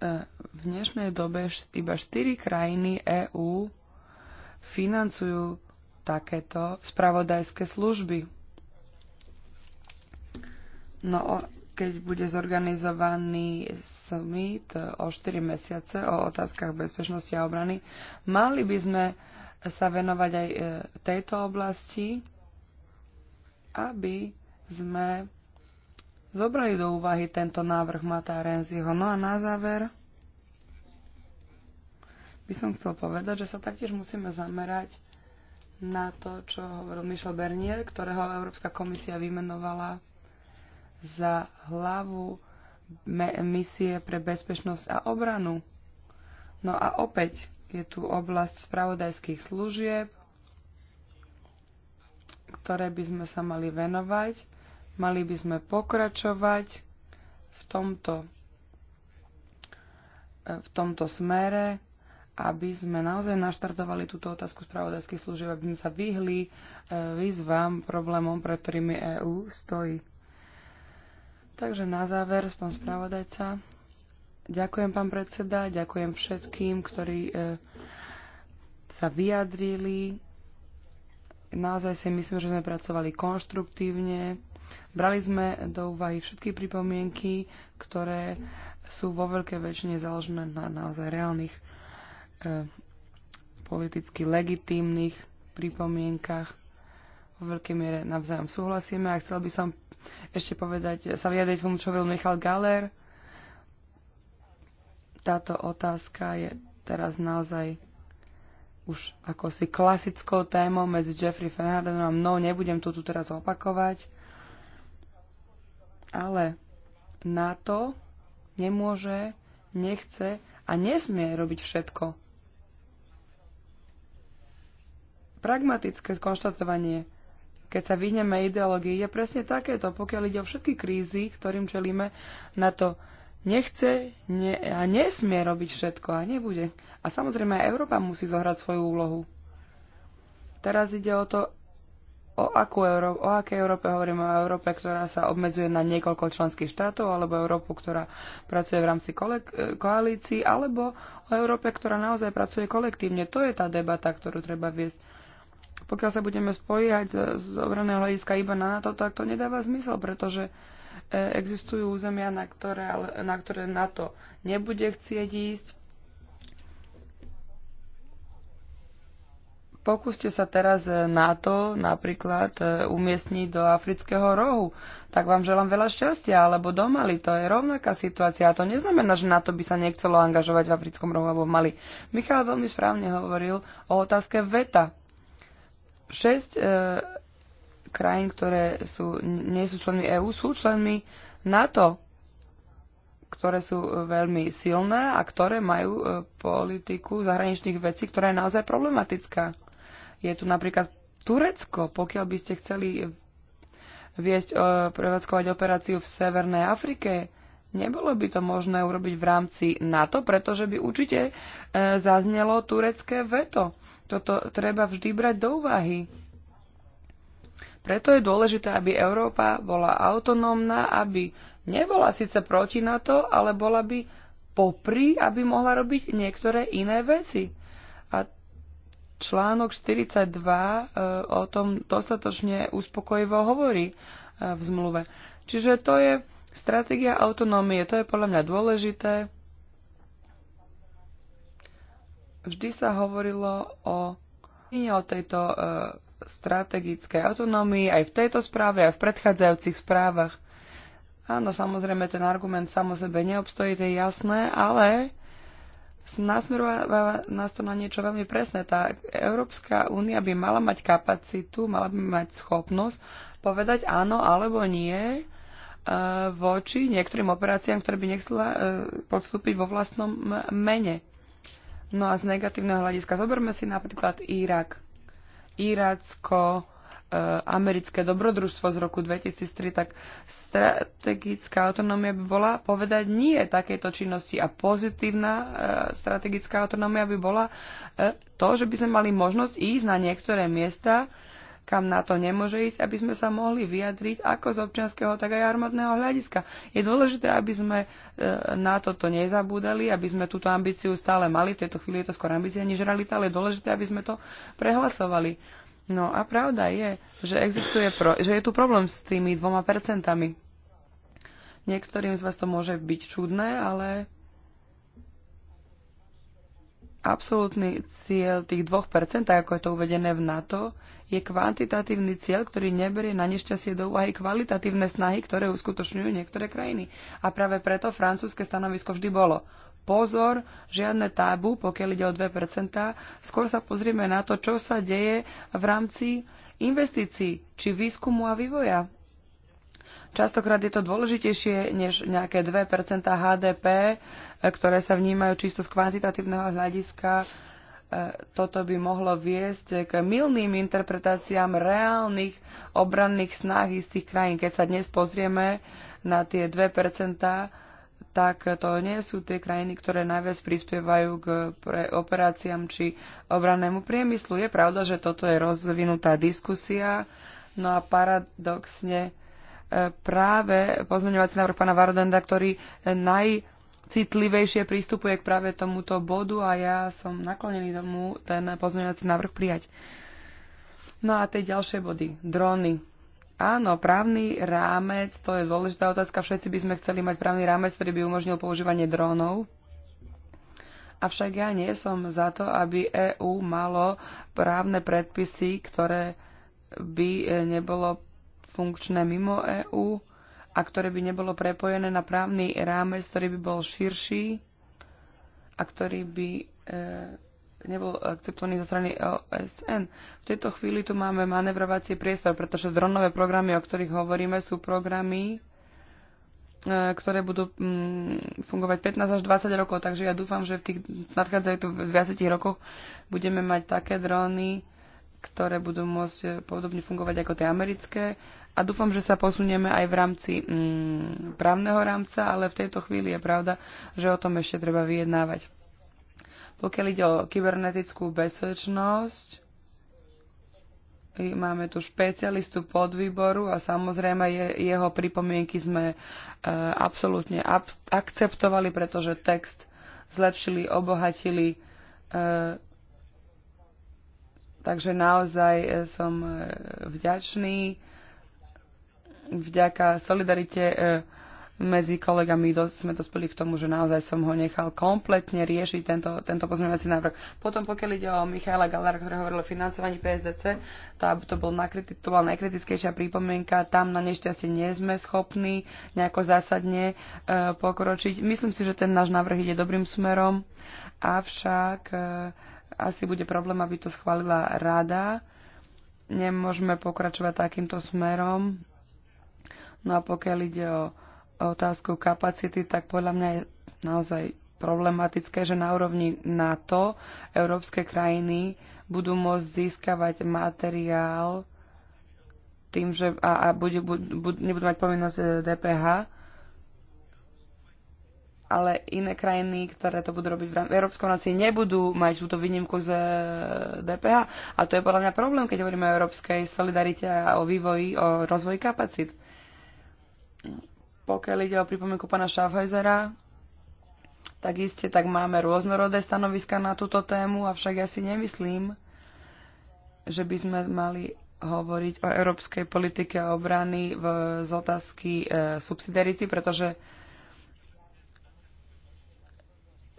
E, v dnešnej dobe iba 4 krajiny EÚ financujú takéto spravodajské služby. No keď bude zorganizovaný summit o 4 mesiace o otázkach bezpečnosti a obrany, mali by sme sa venovať aj e, tejto oblasti, aby sme zobrali do úvahy tento návrh Mata Renziho. No a na záver by som chcel povedať, že sa taktiež musíme zamerať na to, čo hovoril Michel Bernier, ktorého Európska komisia vymenovala za hlavu misie pre bezpečnosť a obranu. No a opäť je tu oblasť spravodajských služieb, ktoré by sme sa mali venovať. Mali by sme pokračovať v tomto, e, v tomto smere, aby sme naozaj naštartovali túto otázku spravodajských služieb, aby sme sa vyhli e, výzvam, problémom, pre ktorými EÚ stojí. Takže na záver, pán spravodajca. Ďakujem, pán predseda, ďakujem všetkým, ktorí e, sa vyjadrili. Naozaj si myslím, že sme pracovali konštruktívne. Brali sme do úvahy všetky pripomienky, ktoré sú vo veľkej väčšine založené na naozaj reálnych e, politicky legitímnych pripomienkach vo veľkej miere navzájom súhlasíme a chcel by som ešte povedať, sa vyjadriť k tomu, čo hovoril Michal Galer. Táto otázka je teraz naozaj už ako si klasickou témou medzi Jeffrey Fernandom a mnou. Nebudem to tu teraz opakovať. Ale NATO nemôže, nechce a nesmie robiť všetko. Pragmatické skonštatovanie keď sa vyhneme ideológii, je presne takéto. Pokiaľ ide o všetky krízy, ktorým čelíme, na to nechce ne, a nesmie robiť všetko a nebude. A samozrejme aj Európa musí zohrať svoju úlohu. Teraz ide o to, o, akú Euró- o akej Európe hovoríme, o Európe, ktorá sa obmedzuje na niekoľko členských štátov, alebo Európu, ktorá pracuje v rámci e, koalícií, alebo o Európe, ktorá naozaj pracuje kolektívne. To je tá debata, ktorú treba viesť. Pokiaľ sa budeme spojať e, z obraného hľadiska iba na NATO, tak to nedáva zmysel, pretože e, existujú územia, na ktoré, na ktoré NATO nebude chcieť ísť. Pokúste sa teraz e, NATO napríklad umiestniť do afrického rohu, tak vám želám veľa šťastia, alebo do Mali, to je rovnaká situácia. A to neznamená, že NATO by sa nechcelo angažovať v africkom rohu alebo v Mali. Michal veľmi správne hovoril o otázke VETA, Šesť e, krajín, ktoré sú, nie sú členmi EÚ, sú členmi NATO, ktoré sú e, veľmi silné a ktoré majú e, politiku zahraničných vecí, ktorá je naozaj problematická. Je tu napríklad Turecko, pokiaľ by ste chceli viesť, e, prevádzkovať operáciu v Severnej Afrike, Nebolo by to možné urobiť v rámci NATO, pretože by určite e, zaznelo turecké veto. Toto treba vždy brať do úvahy. Preto je dôležité, aby Európa bola autonómna, aby nebola síce proti NATO, ale bola by popri, aby mohla robiť niektoré iné veci. A článok 42 e, o tom dostatočne uspokojivo hovorí e, v zmluve. Čiže to je stratégia autonómie, to je podľa mňa dôležité vždy sa hovorilo o, o tejto uh, strategickej autonómii aj v tejto správe, aj v predchádzajúcich správach. Áno, samozrejme, ten argument samo sebe neobstojí, to je jasné, ale nasmerová nás to na niečo veľmi presné. Tá Európska únia by mala mať kapacitu, mala by mať schopnosť povedať áno alebo nie e, voči niektorým operáciám, ktoré by nechcela e, podstúpiť vo vlastnom mene. No a z negatívneho hľadiska zoberme si napríklad Irak. Irácko, e, americké dobrodružstvo z roku 2003, tak strategická autonómia by bola povedať nie takejto činnosti a pozitívna e, strategická autonómia by bola e, to, že by sme mali možnosť ísť na niektoré miesta, kam na to nemôže ísť, aby sme sa mohli vyjadriť ako z občianského, tak aj armádneho hľadiska. Je dôležité, aby sme e, na toto nezabúdali, aby sme túto ambíciu stále mali. V tejto chvíli je to skôr ambícia než realita, ale je dôležité, aby sme to prehlasovali. No a pravda je, že, existuje pro, že je tu problém s tými dvoma percentami. Niektorým z vás to môže byť čudné, ale absolútny cieľ tých 2%, ako je to uvedené v NATO, je kvantitatívny cieľ, ktorý neberie na nešťastie do úvahy kvalitatívne snahy, ktoré uskutočňujú niektoré krajiny. A práve preto francúzske stanovisko vždy bolo pozor, žiadne tábu, pokiaľ ide o 2%, skôr sa pozrieme na to, čo sa deje v rámci investícií, či výskumu a vývoja. Častokrát je to dôležitejšie než nejaké 2% HDP, ktoré sa vnímajú čisto z kvantitatívneho hľadiska toto by mohlo viesť k milným interpretáciám reálnych obranných snách istých krajín. Keď sa dnes pozrieme na tie 2%, tak to nie sú tie krajiny, ktoré najviac prispievajú k operáciám či obrannému priemyslu. Je pravda, že toto je rozvinutá diskusia, no a paradoxne e, práve pozmeňovací návrh pána Varodenda, ktorý naj citlivejšie prístupuje k práve tomuto bodu a ja som naklonený tomu ten pozmeňovací návrh prijať. No a tie ďalšie body. Drony. Áno, právny rámec, to je dôležitá otázka. Všetci by sme chceli mať právny rámec, ktorý by umožnil používanie drónov. Avšak ja nie som za to, aby EÚ malo právne predpisy, ktoré by eh, nebolo funkčné mimo EÚ a ktoré by nebolo prepojené na právny rámec, ktorý by bol širší a ktorý by e, nebol akceptovaný zo strany OSN. V tejto chvíli tu máme manevrovací priestor, pretože dronové programy, o ktorých hovoríme, sú programy, e, ktoré budú mm, fungovať 15 až 20 rokov, takže ja dúfam, že v tých nadchádzajúcich 20 rokoch budeme mať také dróny, ktoré budú môcť e, podobne fungovať ako tie americké a dúfam, že sa posunieme aj v rámci mm, právneho rámca, ale v tejto chvíli je pravda, že o tom ešte treba vyjednávať. Pokiaľ ide o kybernetickú bezpečnosť, máme tu špecialistu podvýboru a samozrejme je, jeho pripomienky sme e, absolútne ab, akceptovali, pretože text zlepšili, obohatili. E, takže naozaj e, som e, vďačný vďaka solidarite e, medzi kolegami sme dospeli k tomu, že naozaj som ho nechal kompletne riešiť tento, tento pozmeňovací návrh. Potom pokiaľ ide o Michaela Galera, ktorý hovoril o financovaní PSDC, to, to, bol nakriti- to bola najkritickejšia prípomienka, tam na nešťastie nie sme schopní nejako zásadne e, pokročiť. Myslím si, že ten náš návrh ide dobrým smerom, avšak e, asi bude problém, aby to schválila rada. Nemôžeme pokračovať takýmto smerom No a pokiaľ ide o, otázku kapacity, tak podľa mňa je naozaj problematické, že na úrovni NATO európske krajiny budú môcť získavať materiál tým, že a, a bude, bud, nebudú mať povinnosť e, DPH, ale iné krajiny, ktoré to budú robiť v, v Európskom nácii, nebudú mať túto výnimku z e, DPH. A to je podľa mňa problém, keď hovoríme o európskej solidarite a o vývoji, o rozvoji kapacít. Pokiaľ ide o pripomienku pána Schaffhäusera, tak iste tak máme rôznorodé stanoviska na túto tému, avšak ja si nemyslím, že by sme mali hovoriť o európskej politike a obrany v, z otázky e, subsidiarity, pretože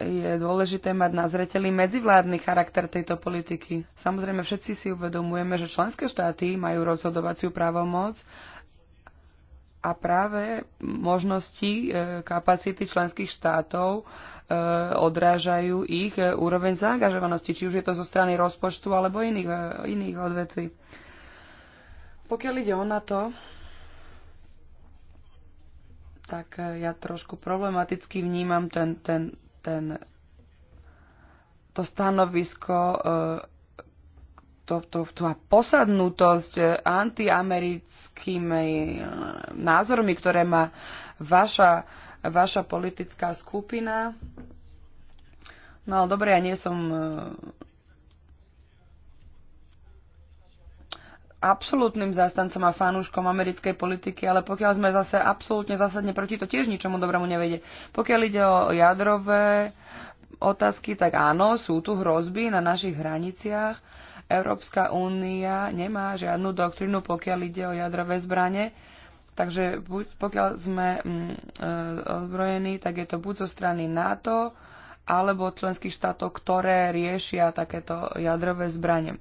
je dôležité mať na zreteli medzivládny charakter tejto politiky. Samozrejme, všetci si uvedomujeme, že členské štáty majú rozhodovaciu právomoc a práve možnosti e, kapacity členských štátov e, odrážajú ich e, úroveň zaangažovanosti, či už je to zo strany rozpočtu alebo iných, iných odvetví. Pokiaľ ide o NATO, tak ja trošku problematicky vnímam ten, ten, ten, to stanovisko to, to, to posadnutosť eh, antiamerickými eh, názormi, ktoré má vaša, vaša politická skupina. No ale dobre, ja nie som eh, absolútnym zastancom a fanúškom americkej politiky, ale pokiaľ sme zase absolútne zásadne proti, to tiež ničomu dobrému nevedie. Pokiaľ ide o jadrové otázky, tak áno, sú tu hrozby na našich hraniciach Európska únia nemá žiadnu doktrínu, pokiaľ ide o jadrové zbranie. Takže buď, pokiaľ sme mm, e, odbrojení, tak je to buď zo strany NATO alebo členských štátov, ktoré riešia takéto jadrové zbranie.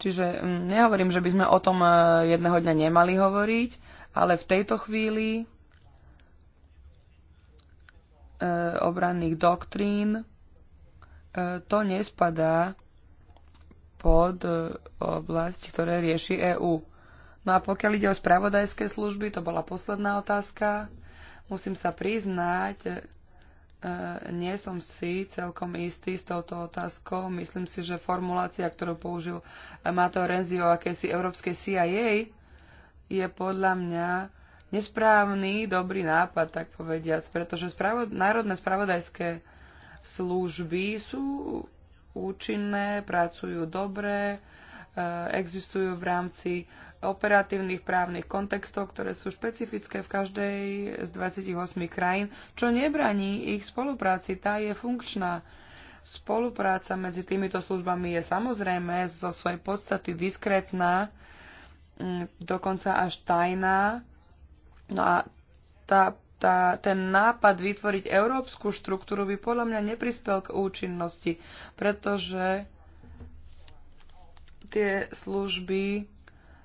Čiže mm, nehovorím, že by sme o tom e, jedného dňa nemali hovoriť, ale v tejto chvíli e, obranných doktrín to nespadá pod e, oblasť, ktoré rieši EÚ. No a pokiaľ ide o spravodajské služby, to bola posledná otázka. Musím sa priznať, e, nie som si celkom istý s touto otázkou. Myslím si, že formulácia, ktorú použil Mato Renzio akési európskej CIA, je podľa mňa nesprávny, dobrý nápad, tak povediac, pretože spravo- národné spravodajské služby sú účinné, pracujú dobre, e, existujú v rámci operatívnych právnych kontextov, ktoré sú špecifické v každej z 28 krajín, čo nebraní ich spolupráci, tá je funkčná. Spolupráca medzi týmito službami je samozrejme zo svojej podstaty diskrétna, mm, dokonca až tajná. No a tá tá, ten nápad vytvoriť európsku štruktúru by podľa mňa neprispel k účinnosti, pretože tie služby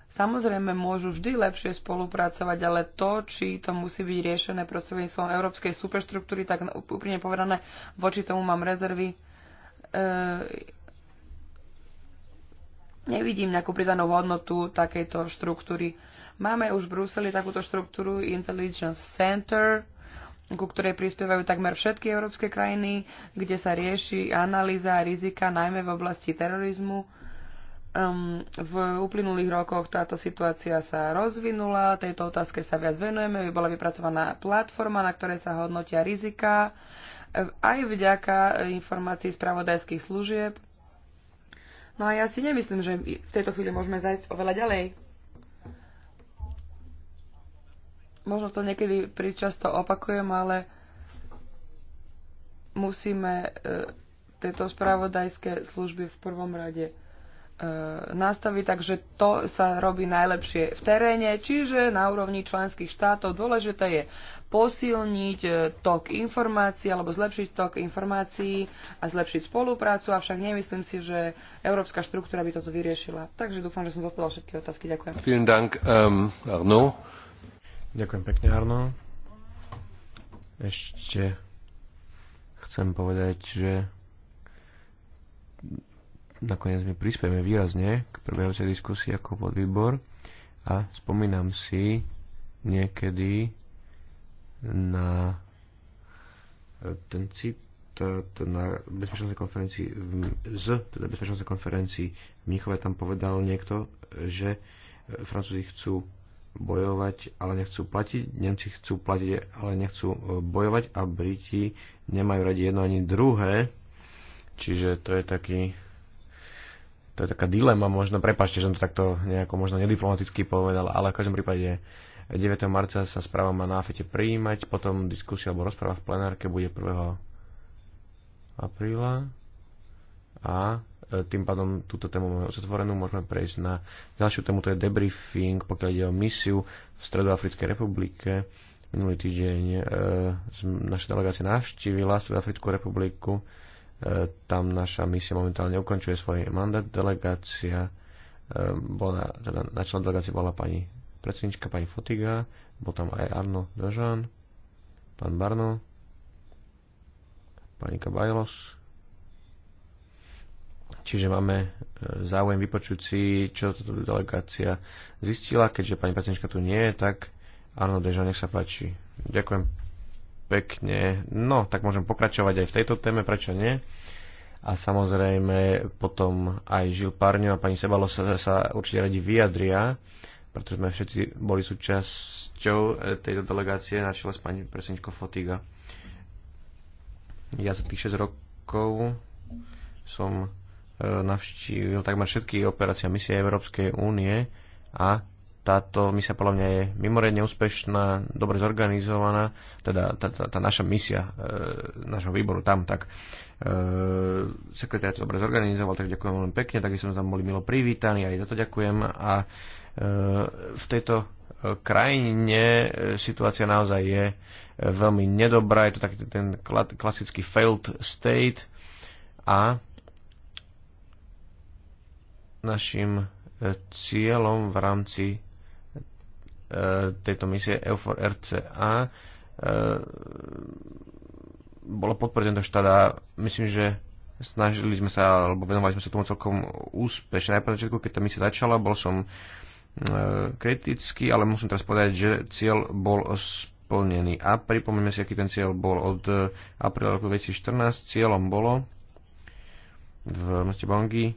samozrejme môžu vždy lepšie spolupracovať, ale to, či to musí byť riešené prostredníctvom európskej superštruktúry, tak úprimne povedané, voči tomu mám rezervy. E nevidím nejakú pridanú hodnotu takejto štruktúry. Máme už v Bruseli takúto štruktúru Intelligence Center, ku ktorej prispievajú takmer všetky európske krajiny, kde sa rieši analýza rizika najmä v oblasti terorizmu. Um, v uplynulých rokoch táto situácia sa rozvinula, tejto otázke sa viac venujeme, bola vypracovaná platforma, na ktorej sa hodnotia rizika eh, aj vďaka eh, informácií spravodajských služieb. No a ja si nemyslím, že v tejto chvíli môžeme zajsť oveľa ďalej. Možno to niekedy príčasto opakujem, ale musíme e, tieto spravodajské služby v prvom rade e, nastaviť, takže to sa robí najlepšie v teréne, čiže na úrovni členských štátov. Dôležité je posilniť e, tok informácií alebo zlepšiť tok informácií a zlepšiť spoluprácu, avšak nemyslím si, že európska štruktúra by toto vyriešila. Takže dúfam, že som zodpovedal všetky otázky. Ďakujem. Vielen Dank, um, Arnaud. Ďakujem pekne, Arno. Ešte chcem povedať, že nakoniec my prispieme výrazne k prebiehajúcej diskusii ako podvýbor a spomínam si niekedy na ten citát na bezpečnostnej konferencii z teda bezpečnostnej konferencii v Mnichove tam povedal niekto, že Francúzi chcú bojovať, ale nechcú platiť, Nemci chcú platiť, ale nechcú e, bojovať a Briti nemajú radi jedno ani druhé. Čiže to je taký to je taká dilema, možno, prepačte, že som to takto nejako možno nediplomaticky povedal, ale v každom prípade 9. marca sa správa má na AFETE prijímať, potom diskusia alebo rozpráva v plenárke bude 1. apríla a E, tým pádom túto tému máme otvorenú, môžeme prejsť na ďalšiu tému, to je debriefing, pokiaľ ide o misiu v Stredoafrickej republike. Minulý týždeň e, naša delegácia navštívila Stredoafrickú republiku, e, tam naša misia momentálne ukončuje svoj mandát. Delegácia bola, teda na člen delegácie bola pani predsednička, pani Fotiga, bol tam aj Arno Dožan, pán Barno, pani Kabajlos, Čiže máme e, záujem vypočuť si, čo táto delegácia zistila. Keďže pani pacientka tu nie je, tak áno, Dežo, nech sa páči. Ďakujem pekne. No, tak môžem pokračovať aj v tejto téme, prečo nie? a samozrejme potom aj Žil Parňo a pani Sebalo sa, sa určite radi vyjadria, pretože sme všetci boli súčasťou e, tejto delegácie na čele s pani predsedničkou Fotiga. Ja za tých 6 rokov som navštívil takmer všetky operácie misie Európskej únie a táto misia podľa mňa je mimoriadne úspešná, dobre zorganizovaná, teda tá, tá, tá naša misia e, nášho výboru tam, tak e, sekretariat dobre zorganizoval, tak ďakujem veľmi pekne, tak sme tam boli milo privítaní, aj za to ďakujem a e, v tejto e, krajine e, situácia naozaj je e, veľmi nedobrá, je to taký ten klasický failed state a Našim e, cieľom v rámci e, tejto misie EUFOR RCA e, bolo podporiť tento štát a myslím, že snažili sme sa, alebo venovali sme sa tomu celkom úspešne. Najprv začiatku, keď tá misia začala, bol som kritický, ale musím teraz povedať, že cieľ bol splnený. A pripomíme si, aký ten cieľ bol od apríla roku 2014. Cieľom bolo v meste Bangi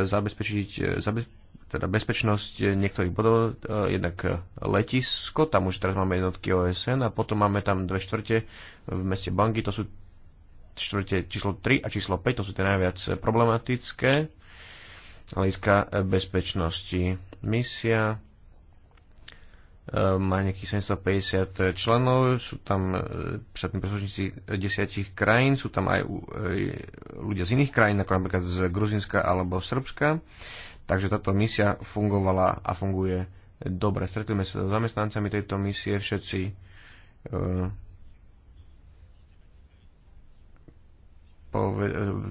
zabezpečiť e, zabe, teda bezpečnosť niektorých bodov, e, jednak letisko, tam už teraz máme jednotky OSN a potom máme tam dve štvrte v meste Bangi, to sú štvrte číslo 3 a číslo 5, to sú tie najviac problematické hľadiska bezpečnosti. Misia Ehm, má nejakých 750 členov, sú tam štátni e, príslušníci desiatich krajín, sú tam aj e, ľudia z iných krajín, ako napríklad z Gruzinska alebo Srbska. Takže táto misia fungovala a funguje dobre. Stretli sme sa s zamestnancami tejto misie, všetci e,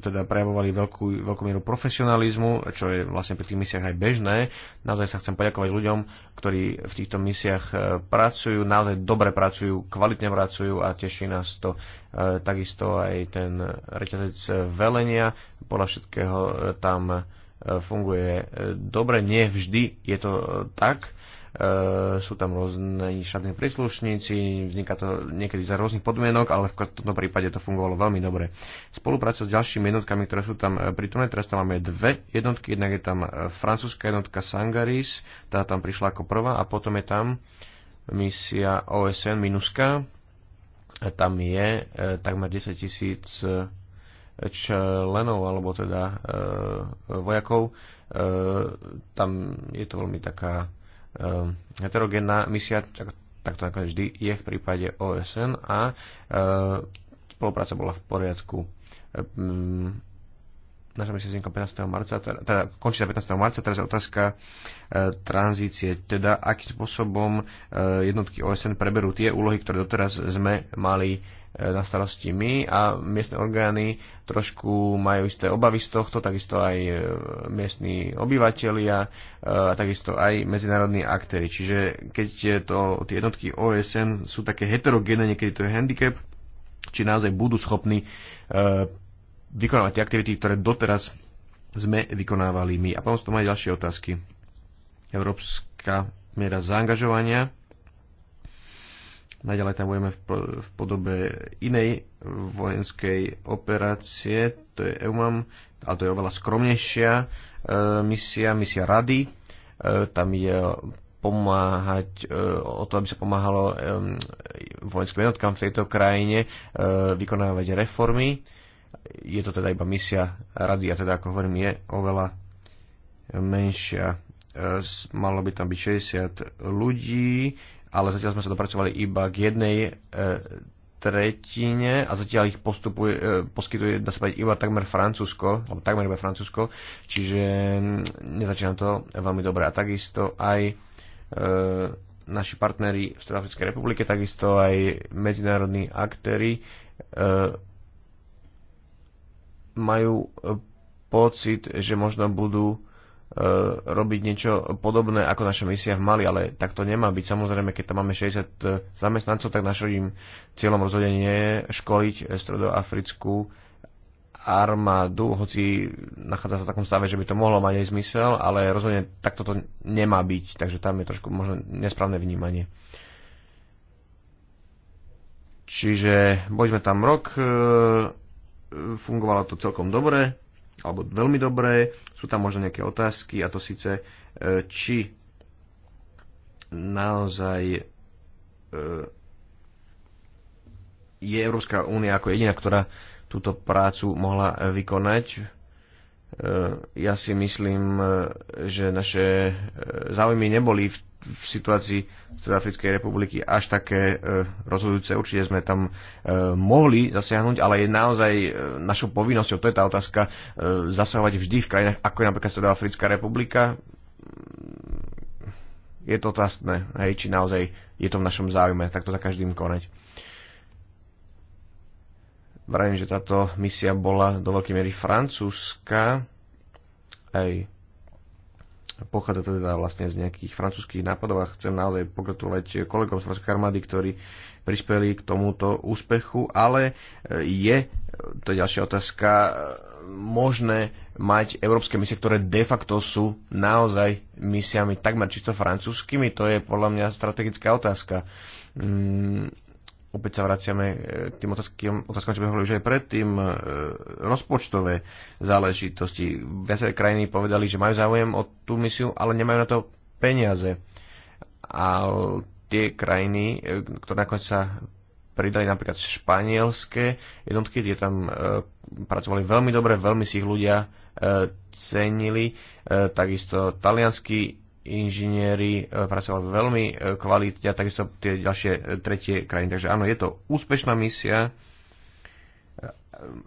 teda prejavovali veľkú, veľkú mieru profesionalizmu, čo je vlastne pri tých misiach aj bežné. Naozaj sa chcem poďakovať ľuďom, ktorí v týchto misiách e, pracujú, naozaj dobre pracujú, kvalitne pracujú a teší nás to e, takisto aj ten reťazec e, velenia. Podľa všetkého tam funguje dobre, nie vždy je to tak Ehm, sú tam rôzne štátne príslušníci, vzniká to niekedy za rôznych podmienok, ale v tomto prípade to fungovalo veľmi dobre. Spolupráca s ďalšími jednotkami, ktoré sú tam e, prítomné, teraz tam máme dve jednotky, jednak je tam e, francúzska jednotka Sangaris, tá tam prišla ako prvá a potom je tam misia OSN Minuska, tam je e, takmer 10 tisíc členov alebo teda vojakov. tam je to veľmi taká Ehm, heterogénna misia, tak, tak to nakoniec vždy je v prípade OSN a ehm, spolupráca bola v poriadku ehm, naša misia vznikla 15. marca, teda, teda končí sa 15. marca, teraz je otázka uh, tranzície, teda akým spôsobom uh, jednotky OSN preberú tie úlohy, ktoré doteraz sme mali E, na starosti my a miestne orgány trošku majú isté obavy z tohto, takisto aj e, miestni obyvateľia e, a takisto aj medzinárodní aktéry. Čiže keď to, tie jednotky OSN sú také heterogénne, niekedy to je handicap, či naozaj budú schopní vykonávať tie aktivity, ktoré doteraz sme vykonávali my. A potom sú to aj ďalšie otázky. Európska miera zaangažovania Naďalej tam budeme v podobe inej vojenskej operácie, to je EUMAM, a to je oveľa skromnejšia e, misia, misia rady. E, tam je pomáhať, e, o to, aby sa pomáhalo e, vojenským jednotkám v tejto krajine e, vykonávať reformy. Je to teda iba misia rady a teda, ako hovorím, je oveľa menšia. E, malo by tam byť 60 ľudí, ale zatiaľ sme sa dopracovali iba k jednej e, tretine a zatiaľ ich postupuje, e, poskytuje, dá sa povedať, iba takmer Francúzsko, alebo takmer iba Francúzsko, čiže nezačína to veľmi dobre. A takisto aj e, naši partneri v Stredoafrickej republike, takisto aj medzinárodní aktéry e, majú e, pocit, že možno budú Eh, robiť niečo podobné ako naša misia v Mali, ale tak to nemá byť. Samozrejme, keď tam máme 60 eh, zamestnancov, tak našim cieľom rozhodne nie je školiť eh, stredoafrickú armádu, hoci nachádza sa v takom stave, že by to mohlo mať aj zmysel, ale rozhodne takto to nemá byť, takže tam je trošku možno nesprávne vnímanie. Čiže boli sme tam rok, fungovalo to celkom dobre, alebo veľmi dobré. Sú tam možno nejaké otázky a to síce, e, či naozaj e, je Európska únia ako jediná, ktorá túto prácu mohla vykonať E, ja si myslím, e, že naše e, záujmy neboli v, v situácii Stredafrickej republiky až také rozhodujúce. Určite sme tam mohli zasiahnuť, ale je naozaj našou povinnosťou, to je tá otázka, zasahovať vždy v krajinách, ako je napríklad Stredoafrická republika. Je to tastné, hej, či naozaj je to v našom záujme, takto za každým konať. Vravím, že táto misia bola do veľkej miery francúzska, aj pochádza teda vlastne z nejakých francúzských nápadov a chcem naozaj pogratulovať kolegom z francúzskej armády, ktorí prispeli k tomuto úspechu, ale e, je, to je ďalšia otázka, e, možné mať európske misie, ktoré de facto sú naozaj misiami takmer čisto francúzskými? To je podľa mňa strategická otázka. Mm, opäť sa vraciame k e, tým otázkam, otázkom, čo sme hovorili už aj predtým, e, rozpočtové záležitosti. Viaceré krajiny povedali, že majú záujem o tú misiu, ale nemajú na to peniaze. A tie krajiny, e, ktoré nakoniec sa pridali napríklad španielské jednotky, tie tam pracovali veľmi dobre, veľmi si ich ľudia cenili, takisto talianskí inžinieri e, pracovali veľmi e, kvalitne a takisto tie ďalšie e, tretie krajiny. Takže áno, je to úspešná misia.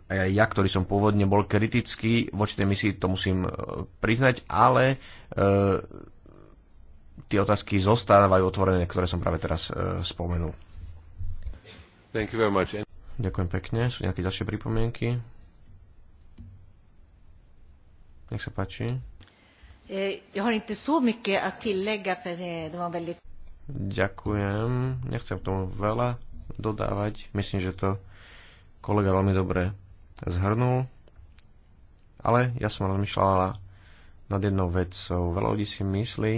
Ja, ktorý som pôvodne bol kritický voči tej misii, to musím priznať, ale tie otázky zostávajú otvorené, ktoré som práve teraz spomenul. Thank you very much. Ďakujem pekne. Sú nejaké ďalšie pripomienky? Nech sa páči. Eh, jag har inte så mycket att tillägga, för eh, det var väldigt... Ďakujem. Nechcem k tomu veľa dodávať. Myslím, že to kolega veľmi dobre zhrnul. Ale ja som rozmýšľala nad jednou vecou. Veľa ľudí si myslí,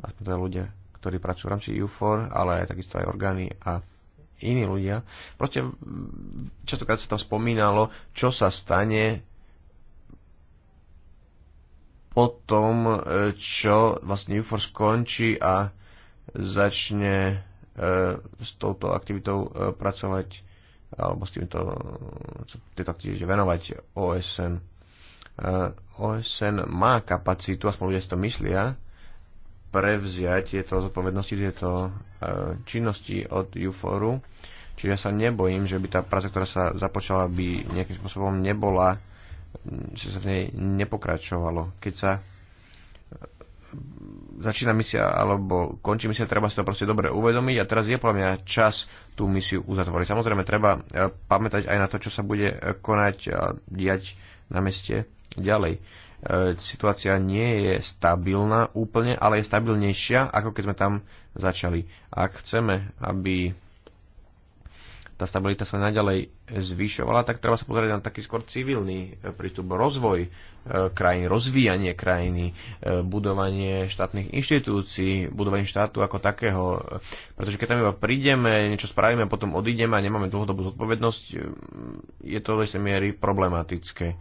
to teda je ľudia, ktorí pracujú v rámci UFOR, ale aj takisto aj orgány a iní ľudia. Proste častokrát sa tam spomínalo, čo sa stane, po tom, e, čo vlastne UFOR skončí a začne e, s touto aktivitou e, pracovať alebo s týmto tieto aktivite venovať OSN. OSN má kapacitu, aspoň ľudia si to myslia, prevziať tieto zodpovednosti, tieto činnosti od UFORu. Čiže ja sa nebojím, že by tá práca, ktorá sa započala, by nejakým spôsobom nebola že sa v nej nepokračovalo. Keď sa e, začína misia alebo končí misia, treba si to proste dobre uvedomiť a teraz je podľa mňa čas tú misiu uzatvoriť. Samozrejme, treba e, pamätať aj na to, čo sa bude e, konať a diať na meste ďalej. Situácia nie je stabilná úplne, ale je stabilnejšia, ako keď sme tam začali. Ak chceme, aby tá stabilita sa naďalej zvyšovala, tak treba sa pozrieť na taký skôr civilný e, prístup, rozvoj e, krajín, rozvíjanie krajiny, e, budovanie štátnych inštitúcií, budovanie štátu ako takého. Pretože keď tam iba prídeme, niečo spravíme, potom odídeme a nemáme dlhodobú zodpovednosť, je to do istej miery problematické.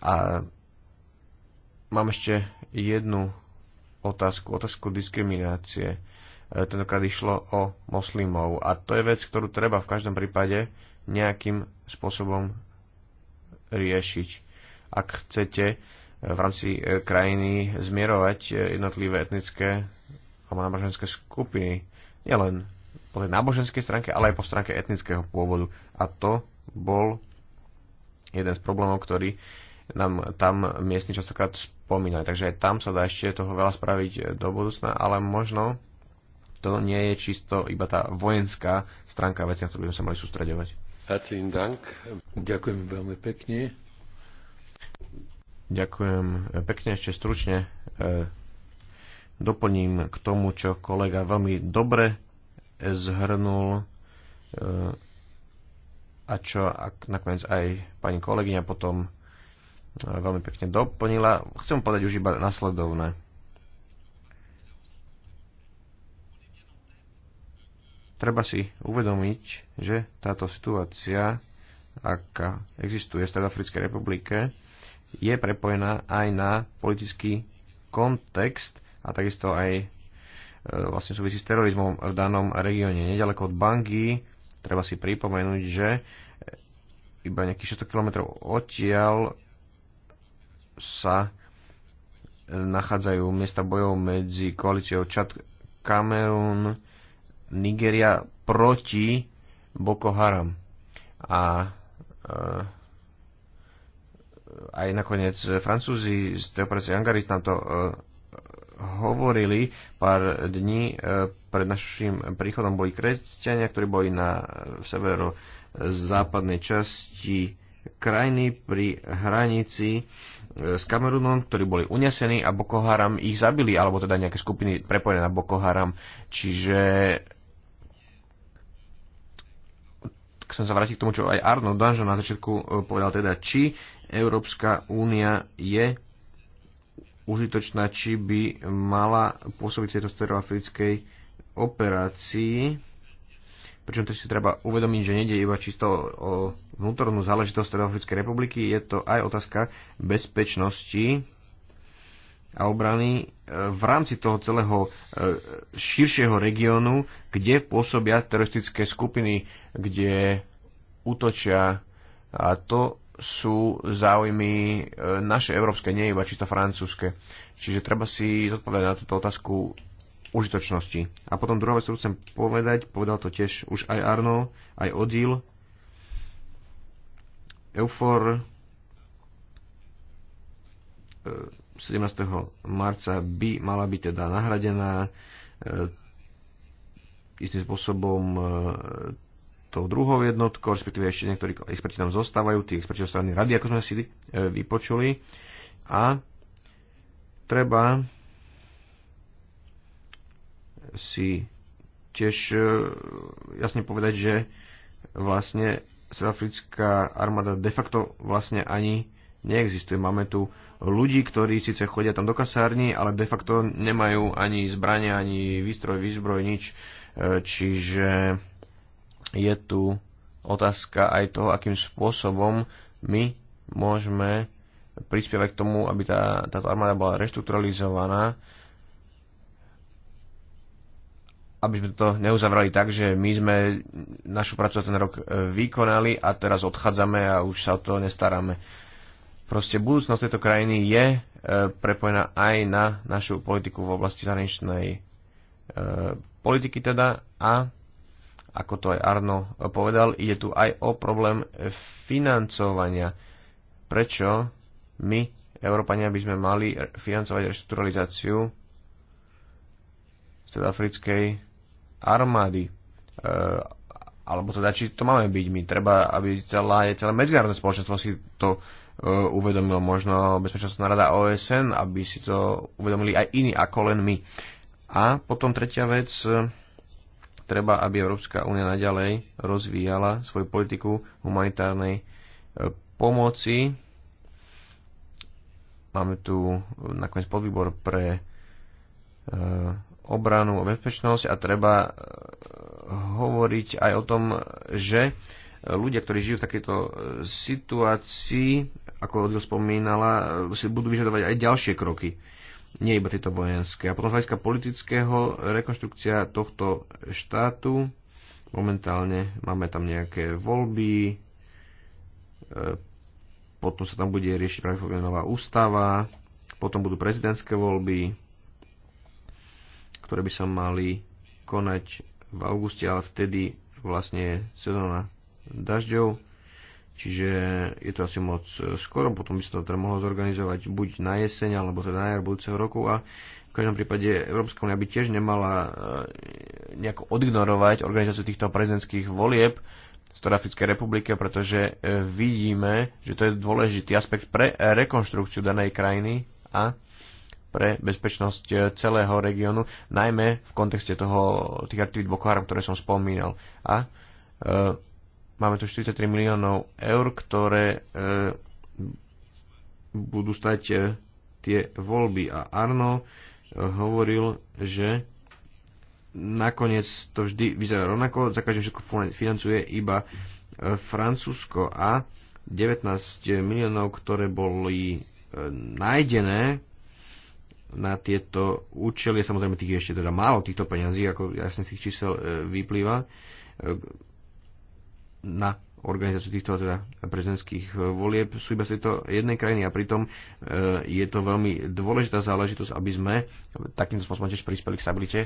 A mám ešte jednu otázku, otázku diskriminácie E, tentokrát išlo o moslimov. A to je vec, ktorú treba v každom prípade nejakým spôsobom riešiť. Ak chcete e, v rámci e, krajiny zmierovať jednotlivé etnické alebo náboženské skupiny, nielen po tej náboženskej stránke, ale aj po stránke etnického pôvodu. A to bol jeden z problémov, ktorý nám tam miestni častokrát spomínali. Takže aj tam sa dá ešte toho veľa spraviť do budúcna, ale možno to nie je čisto iba tá vojenská stránka veci, na ktorú by sme sa mali sústredovať. Herzlichen Dank. Ďakujem veľmi pekne. Ďakujem pekne, ešte stručne e, doplním k tomu, čo kolega veľmi dobre zhrnul e, a čo ak nakoniec aj pani kolegyňa potom e, veľmi pekne doplnila. Chcem povedať už iba nasledovné. Treba si uvedomiť, že táto situácia, aká existuje v Stredoafrickej republike, je prepojená aj na politický kontext a takisto aj e, vlastne súvisí s terorizmom v danom regióne. Nedaleko od Bangui treba si pripomenúť, že iba nejakých 600 km odtiaľ sa e, nachádzajú miesta bojov medzi koalíciou Čad Kamerún, Nigeria proti Boko Haram. A e, aj nakoniec Francúzi z tej operácie Angaris nám to e, hovorili pár dní e, pred našim príchodom boli kresťania, ktorí boli na severo-západnej časti krajiny pri hranici s Kamerunom, ktorí boli unesení a Boko Haram ich zabili, alebo teda nejaké skupiny prepojené na Boko Haram. Čiže chcem sa vrátiť k tomu, čo aj Arno Danžo na začiatku e, povedal, teda či Európska únia je užitočná, či by mala pôsobiť tejto stredoafrickej operácii. Pričom to si treba uvedomiť, že nejde iba čisto o vnútornú záležitosť Stredoafrickej republiky, je to aj otázka bezpečnosti a obrany e, v rámci toho celého e, širšieho regiónu, kde pôsobia teroristické skupiny, kde útočia a to sú záujmy e, naše európske, nie iba čisto francúzske. Čiže treba si zodpovedať na túto otázku užitočnosti. A potom druhá vec, ktorú chcem povedať, povedal to tiež už aj Arno, aj Odil. Eufor 17. marca by mala byť teda nahradená e, istým spôsobom e, tou druhou jednotkou, respektíve ešte niektorí experti tam zostávajú, tí experti zo strany rady, ako sme si e, vypočuli. A treba si tiež jasne povedať, že vlastne Severafrická armáda de facto vlastne ani neexistuje. Máme tu ľudí, ktorí síce chodia tam do kasárny, ale de facto nemajú ani zbrania, ani výstroj, výzbroj, nič. E, čiže je tu otázka aj toho, akým spôsobom my môžeme prispievať k tomu, aby tá, táto armáda bola reštrukturalizovaná, aby sme to neuzavrali tak, že my sme našu prácu za ten rok e, vykonali a teraz odchádzame a už sa o to nestaráme proste budúcnosť tejto krajiny je e, prepojená aj na našu politiku v oblasti zahraničnej e, politiky teda a ako to aj Arno povedal, ide tu aj o problém financovania. Prečo my, Európania, by sme mali financovať reštrukturalizáciu stredoafrickej armády? E, alebo teda, či to máme byť my? Treba, aby celá, celé medzinárodné spoločenstvo si to Eh, uvedomil možno Bezpečnostná rada OSN, aby si to uvedomili aj iní ako len my. A potom tretia vec, eh, treba, aby Európska únia naďalej rozvíjala svoju politiku humanitárnej eh, pomoci. Máme tu nakoniec podvýbor pre obranu a bezpečnosť a treba hovoriť aj o tom, že ľudia, ktorí žijú v takejto situácii, ako Odil spomínala, e, si budú vyžadovať aj ďalšie kroky, nie iba tieto vojenské. A potom z hľadiska politického, rekonstrukcia tohto štátu, momentálne máme tam nejaké voľby, e, potom sa tam bude riešiť pravdepodobne nová ústava, potom budú prezidentské voľby, ktoré by sa mali konať v auguste, ale vtedy vlastne sezóna dažďov Čiže je to asi moc e, skoro, potom by sa to teda mohlo zorganizovať buď na jeseň, alebo teda na jar budúceho roku a v každom prípade Európska únia by tiež nemala e, nejako odignorovať organizáciu týchto prezidentských volieb v Stodafrickej republike, pretože e, vidíme, že to je dôležitý aspekt pre rekonštrukciu danej krajiny a pre bezpečnosť celého regiónu, najmä v kontexte toho, tých aktivít Boko Haram, ktoré som spomínal. A Máme tu 43 miliónov eur, ktoré e, budú stať e, tie voľby. A Arno e, hovoril, že nakoniec to vždy vyzerá rovnako, za každým všetko financuje iba e, Francúzsko a 19 miliónov, ktoré boli e, nájdené na tieto účely, samozrejme tých je ešte teda málo týchto peňazí, ako jasne z tých čísel e, vyplýva, e, na organizáciu týchto teda prezidentských e, volieb sú iba z tejto jednej krajiny a pritom e, je to veľmi dôležitá záležitosť, aby sme takýmto spôsobom tiež prispeli k stabilite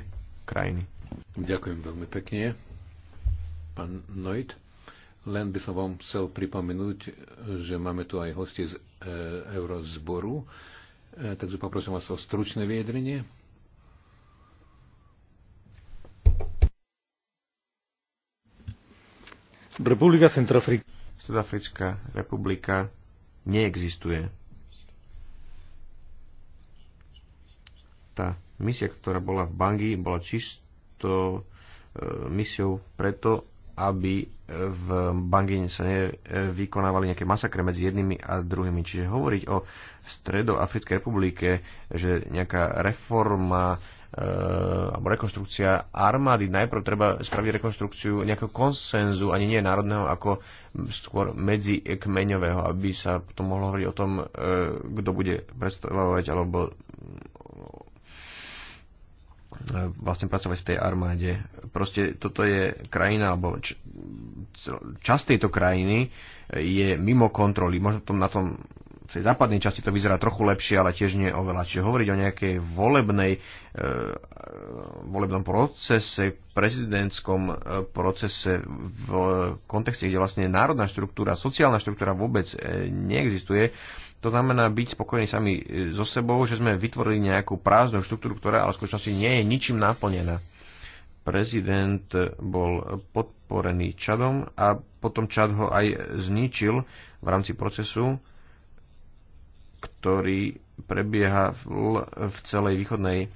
krajiny. Ďakujem veľmi pekne, pán Noit. Len by som vám chcel pripomenúť, že máme tu aj hosti z e, Eurozboru, takže poprosím vás o stručné vyjadrenie. Republika Centrafrika. Sudafrická republika neexistuje. Tá misia, ktorá bola v Bangi, bola čisto e, misiou preto, aby v Bangi sa nevykonávali nejaké masakre medzi jednými a druhými. Čiže hovoriť o Stredoafrickej republike, že nejaká reforma Eh, alebo rekonštrukcia armády. Najprv treba spraviť rekonštrukciu nejakého konsenzu, ani nie národného, ako skôr medzi kmeňového, aby sa potom mohlo hovoriť o tom, eh, kto bude predstavovať alebo eh, vlastne pracovať v tej armáde. Proste toto je krajina, alebo čas tejto krajiny je mimo kontroly. Možno na tom v tej západnej časti to vyzerá trochu lepšie, ale tiež nie oveľa. Čiže hovoriť o nejakej volebnej, e, volebnom procese, prezidentskom eh, procese v kontexte, kde vlastne národná štruktúra, sociálna štruktúra vôbec eh, neexistuje, to znamená byť spokojní sami so sebou, že sme vytvorili nejakú prázdnu štruktúru, ktorá ale v skutočnosti nie je ničím naplnená. Prezident bol podporený Čadom a potom Čad ho aj zničil v rámci procesu ktorý prebieha v celej východnej e,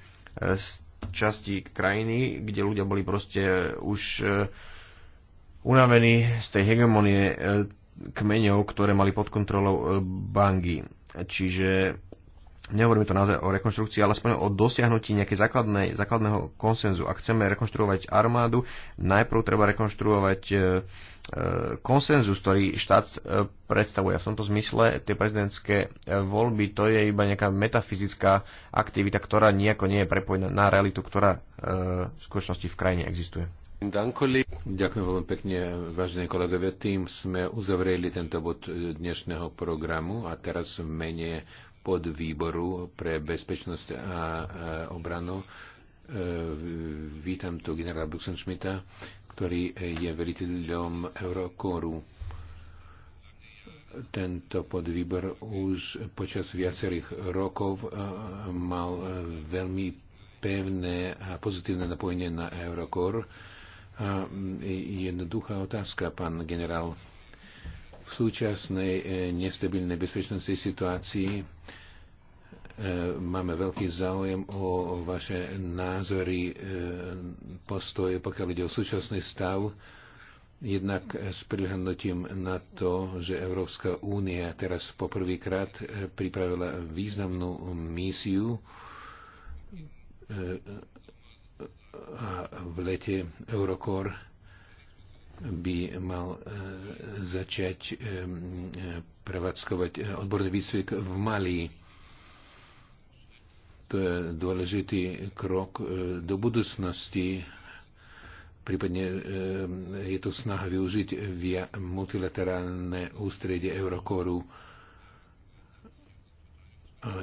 časti krajiny, kde ľudia boli proste e, už e, unavení z tej hegemonie kmeňov, ktoré mali pod kontrolou Bangi. Čiže nehovoríme to naozaj o rekonštrukcii, ale aspoň o dosiahnutí nejakého základného konsenzu. Ak chceme rekonštruovať armádu, najprv treba rekonštruovať e, e, konsenzus, ktorý štát e, predstavuje. v tomto zmysle tie prezidentské voľby to je iba nejaká metafyzická aktivita, ktorá nejako nie je prepojená na realitu, ktorá v skutočnosti v krajine existuje. Ďakujem veľmi pekne, vážení kolegovia. Tým sme uzavreli tento bod dnešného programu a teraz v mene pod výboru pre bezpečnosť a obranu. E, vítam tu generála Buxenschmita, ktorý je veliteľom Eurokoru. Tento podvýbor už počas viacerých rokov e, mal veľmi pevné a pozitívne napojenie na Eurokor. A jednoduchá otázka, pán generál súčasnej e, nestabilnej bezpečnostnej situácii e, máme veľký záujem o vaše názory, e, postoje, pokiaľ ide o súčasný stav, jednak s prihľadnutím na to, že Európska únia teraz poprvýkrát pripravila významnú misiu v lete Eurokor by mal e, začať e, e, prevádzkovať odborný výcvik v Mali. To je dôležitý krok do budúcnosti. Prípadne je to snaha využiť via multilaterálne ústredie Eurokoru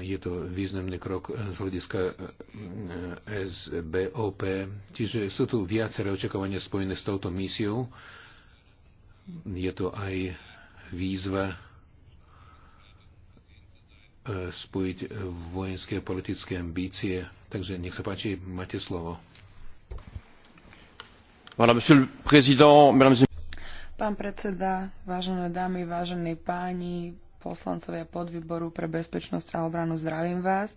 je to významný krok eh, z hľadiska eh, eh, SBOP. Čiže sú tu viaceré očakávania spojené s touto misiou. Je to aj výzva spojiť vojenské a politické ambície. Takže nech sa páči, máte slovo. Voilà, Pán predseda, vážené dámy, vážení páni, poslancovia podvýboru pre bezpečnosť a obranu, zdravím vás.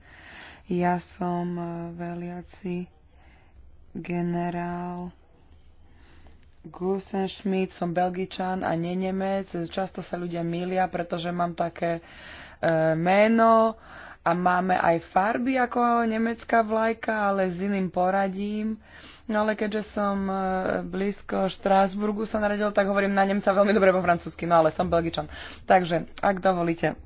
Ja som e, veliaci generál Schmidt, som belgičan a nie Nemec. Často sa ľudia milia, pretože mám také e, meno a máme aj farby ako nemecká vlajka, ale s iným poradím. E, No ale keďže som e, blízko Štrásburgu sa narodil, tak hovorím na Nemca veľmi dobre po francúzsky, no ale som Belgičan. Takže, ak dovolíte,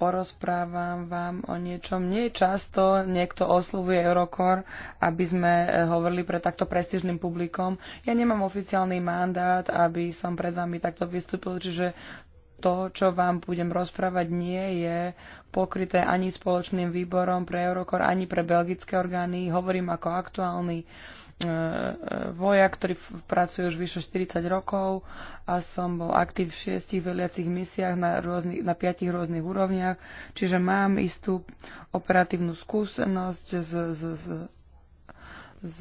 porozprávam vám o niečom. Nie často niekto oslovuje Eurokor, aby sme e, hovorili pre takto prestížnym publikom. Ja nemám oficiálny mandát, aby som pred vami takto vystúpil, čiže to, čo vám budem rozprávať, nie je pokryté ani spoločným výborom pre Eurokor, ani pre belgické orgány. Hovorím ako aktuálny e, e, vojak, ktorý pracuje už vyše 40 rokov a som bol aktív v šiestich veliacich misiách na, rôznych, na piatich rôznych úrovniach, čiže mám istú operatívnu skúsenosť z, z, z, z,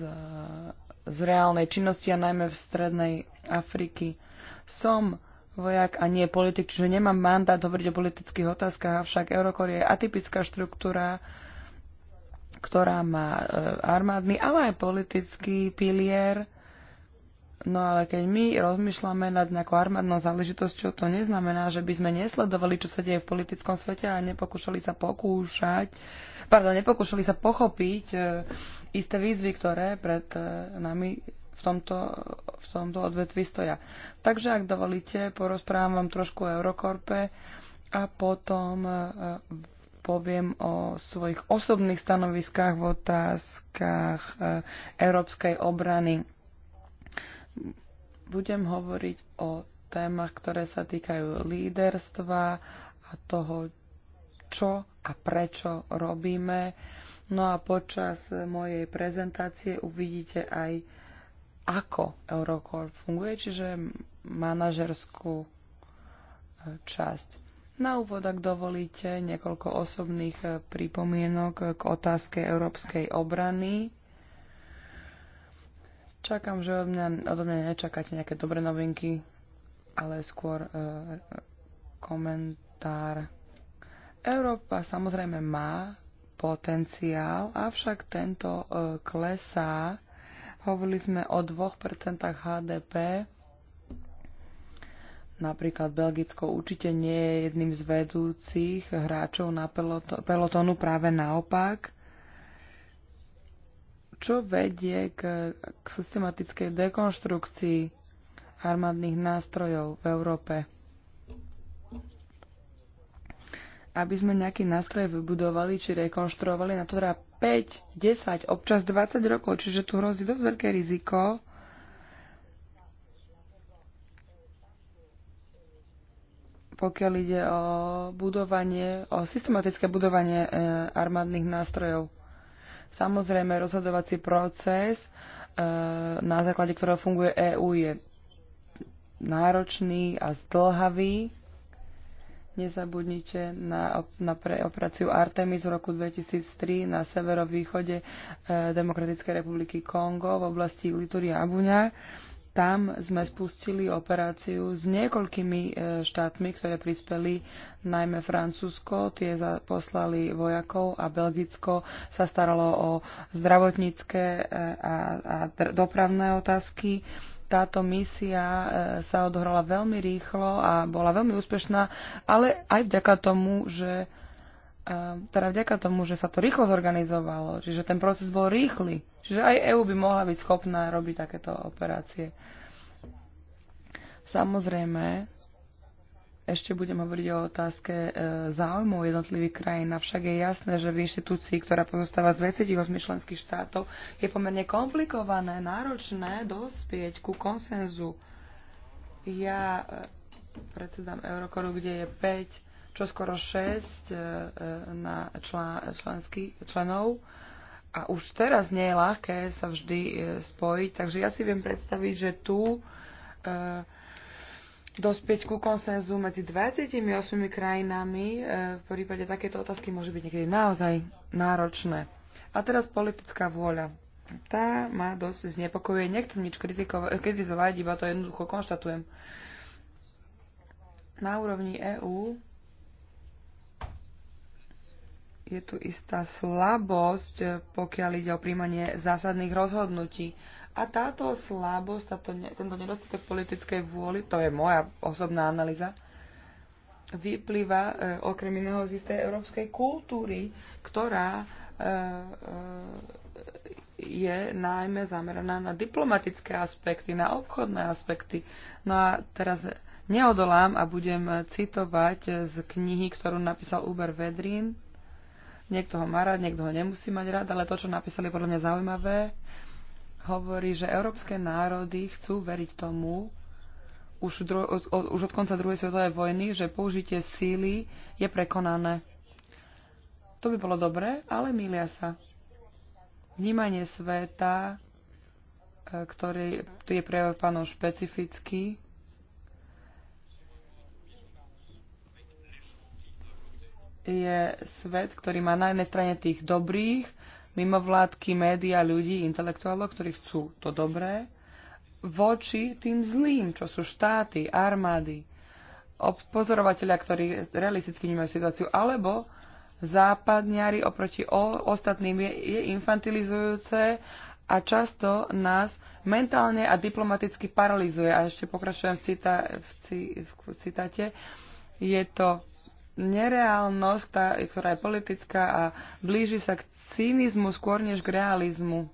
z reálnej činnosti a najmä v strednej Afriky. Som vojak a nie politik, čiže nemám mandát hovoriť o politických otázkach, avšak Eurokor je atypická štruktúra, ktorá má e, armádny, ale aj politický pilier. No ale keď my rozmýšľame nad nejakou armádnou záležitosťou, to neznamená, že by sme nesledovali, čo sa deje v politickom svete a nepokúšali sa pokúšať, pardon, nepokúšali sa pochopiť e, isté výzvy, ktoré pred e, nami v tomto, v tomto odvetvi stoja. Takže, ak dovolíte, porozprávam vám trošku o Eurokorpe a potom e, poviem o svojich osobných stanoviskách v otázkach e, európskej obrany. Budem hovoriť o témach, ktoré sa týkajú líderstva a toho, čo a prečo robíme. No a počas mojej prezentácie uvidíte aj ako Eurocorp funguje, čiže manažerskú e, časť. Na úvod, ak dovolíte, niekoľko osobných e, pripomienok k otázke európskej obrany. Čakám, že od mňa, odo mňa nečakáte nejaké dobré novinky, ale skôr e, komentár. Európa samozrejme má potenciál, avšak tento e, klesá Hovorili sme o 2% HDP. Napríklad Belgicko určite nie je jedným z vedúcich hráčov na pelotónu, práve naopak čo vedie k, k systematickej dekonštrukcii armádnych nástrojov v Európe. aby sme nejaký nástroj vybudovali či rekonštruovali na to teda 5, 10, občas 20 rokov, čiže tu hrozí dosť veľké riziko, pokiaľ ide o budovanie, o systematické budovanie e, armádnych nástrojov. Samozrejme, rozhodovací proces, e, na základe ktorého funguje EÚ, je náročný a zdlhavý. Nezabudnite na, na pre, operáciu Artemis v roku 2003 na severovýchode e, Demokratickej republiky Kongo v oblasti Litúria Abuňa. Tam sme spustili operáciu s niekoľkými e, štátmi, ktoré prispeli, najmä Francúzsko, tie za, poslali vojakov a Belgicko sa staralo o zdravotnícke e, a, a dopravné otázky. E, táto misia e, sa odohrala veľmi rýchlo a bola veľmi úspešná, ale aj vďaka tomu, že e, teda vďaka tomu, že sa to rýchlo zorganizovalo, čiže ten proces bol rýchly, čiže aj EÚ by mohla byť schopná robiť takéto operácie. Samozrejme, ešte budem hovoriť o otázke e, záujmov jednotlivých krajín, avšak je jasné, že v inštitúcii, ktorá pozostáva z 28 členských štátov, je pomerne komplikované, náročné dospieť ku konsenzu. Ja e, predsedám Eurokoru, kde je 5, čo skoro 6 e, na člá, členský, členov. A už teraz nie je ľahké sa vždy spojiť, takže ja si viem predstaviť, že tu e, dospieť ku konsenzu medzi 28 krajinami e, v prípade takéto otázky môže byť niekedy naozaj náročné. A teraz politická vôľa. Tá ma dosť znepokojuje. Nechcem nič kritizovať, iba to jednoducho konštatujem. Na úrovni EÚ je tu istá slabosť, pokiaľ ide o príjmanie zásadných rozhodnutí. A táto slabosť, táto, tento nedostatok politickej vôly, to je moja osobná analýza, vyplýva e, okrem iného z istej európskej kultúry, ktorá e, e, je najmä zameraná na diplomatické aspekty, na obchodné aspekty. No a teraz neodolám a budem citovať z knihy, ktorú napísal Uber Vedrin. Niekto ho má rád, niekto ho nemusí mať rád, ale to, čo napísali, je podľa mňa zaujímavé hovorí, že európske národy chcú veriť tomu, už, dru- od, už od konca druhej svetovej vojny, že použitie síly je prekonané. To by bolo dobré, ale milia sa. Vnímanie sveta, e, ktorý je pre pánov špecifický, je svet, ktorý má na jednej strane tých dobrých mimovládky, média, ľudí, intelektuálov, ktorí chcú to dobré, voči tým zlým, čo sú štáty, armády, pozorovateľia, ktorí realisticky vnímajú situáciu, alebo západňari oproti o, ostatným je, je infantilizujúce a často nás mentálne a diplomaticky paralizuje. A ešte pokračujem v, cita, v, ci, v citate. Je to nereálnosť, ktorá je politická a blíži sa k cynizmu skôr než k realizmu.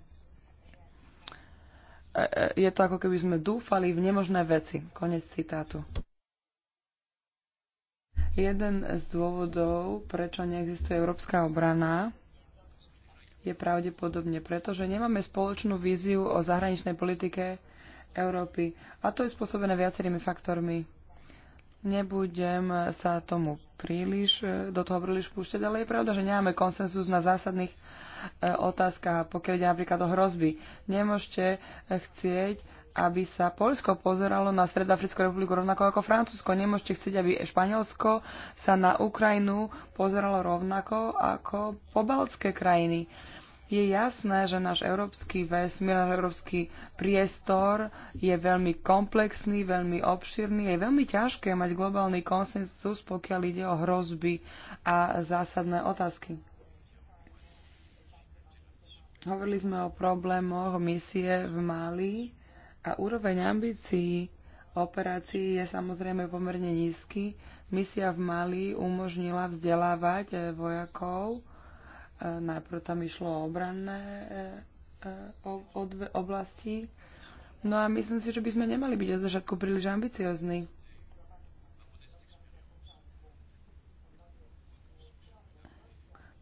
E, e, je to ako keby sme dúfali v nemožné veci. Konec citátu. Jeden z dôvodov, prečo neexistuje európska obrana, je pravdepodobne preto, že nemáme spoločnú víziu o zahraničnej politike Európy. A to je spôsobené viacerými faktormi. Nebudem sa tomu príliš, e, do toho príliš púšťať, ale je pravda, že nemáme konsenzus na zásadných e, otázkach, pokiaľ ide napríklad o hrozby. Nemôžete e, chcieť, aby sa Polsko pozeralo na Stredafrickú republiku rovnako ako Francúzsko. Nemôžete chcieť, aby Španielsko sa na Ukrajinu pozeralo rovnako ako pobaltské krajiny. Je jasné, že náš európsky vesmír, náš európsky priestor je veľmi komplexný, veľmi obširný. Je veľmi ťažké mať globálny konsensus, pokiaľ ide o hrozby a zásadné otázky. Hovorili sme o problémoch misie v Mali a úroveň ambícií operácií je samozrejme pomerne nízky. Misia v Mali umožnila vzdelávať eh, vojakov Najprv tam išlo o obranné e, e, oblasti. No a myslím si, že by sme nemali byť od začiatku príliš ambiciozní.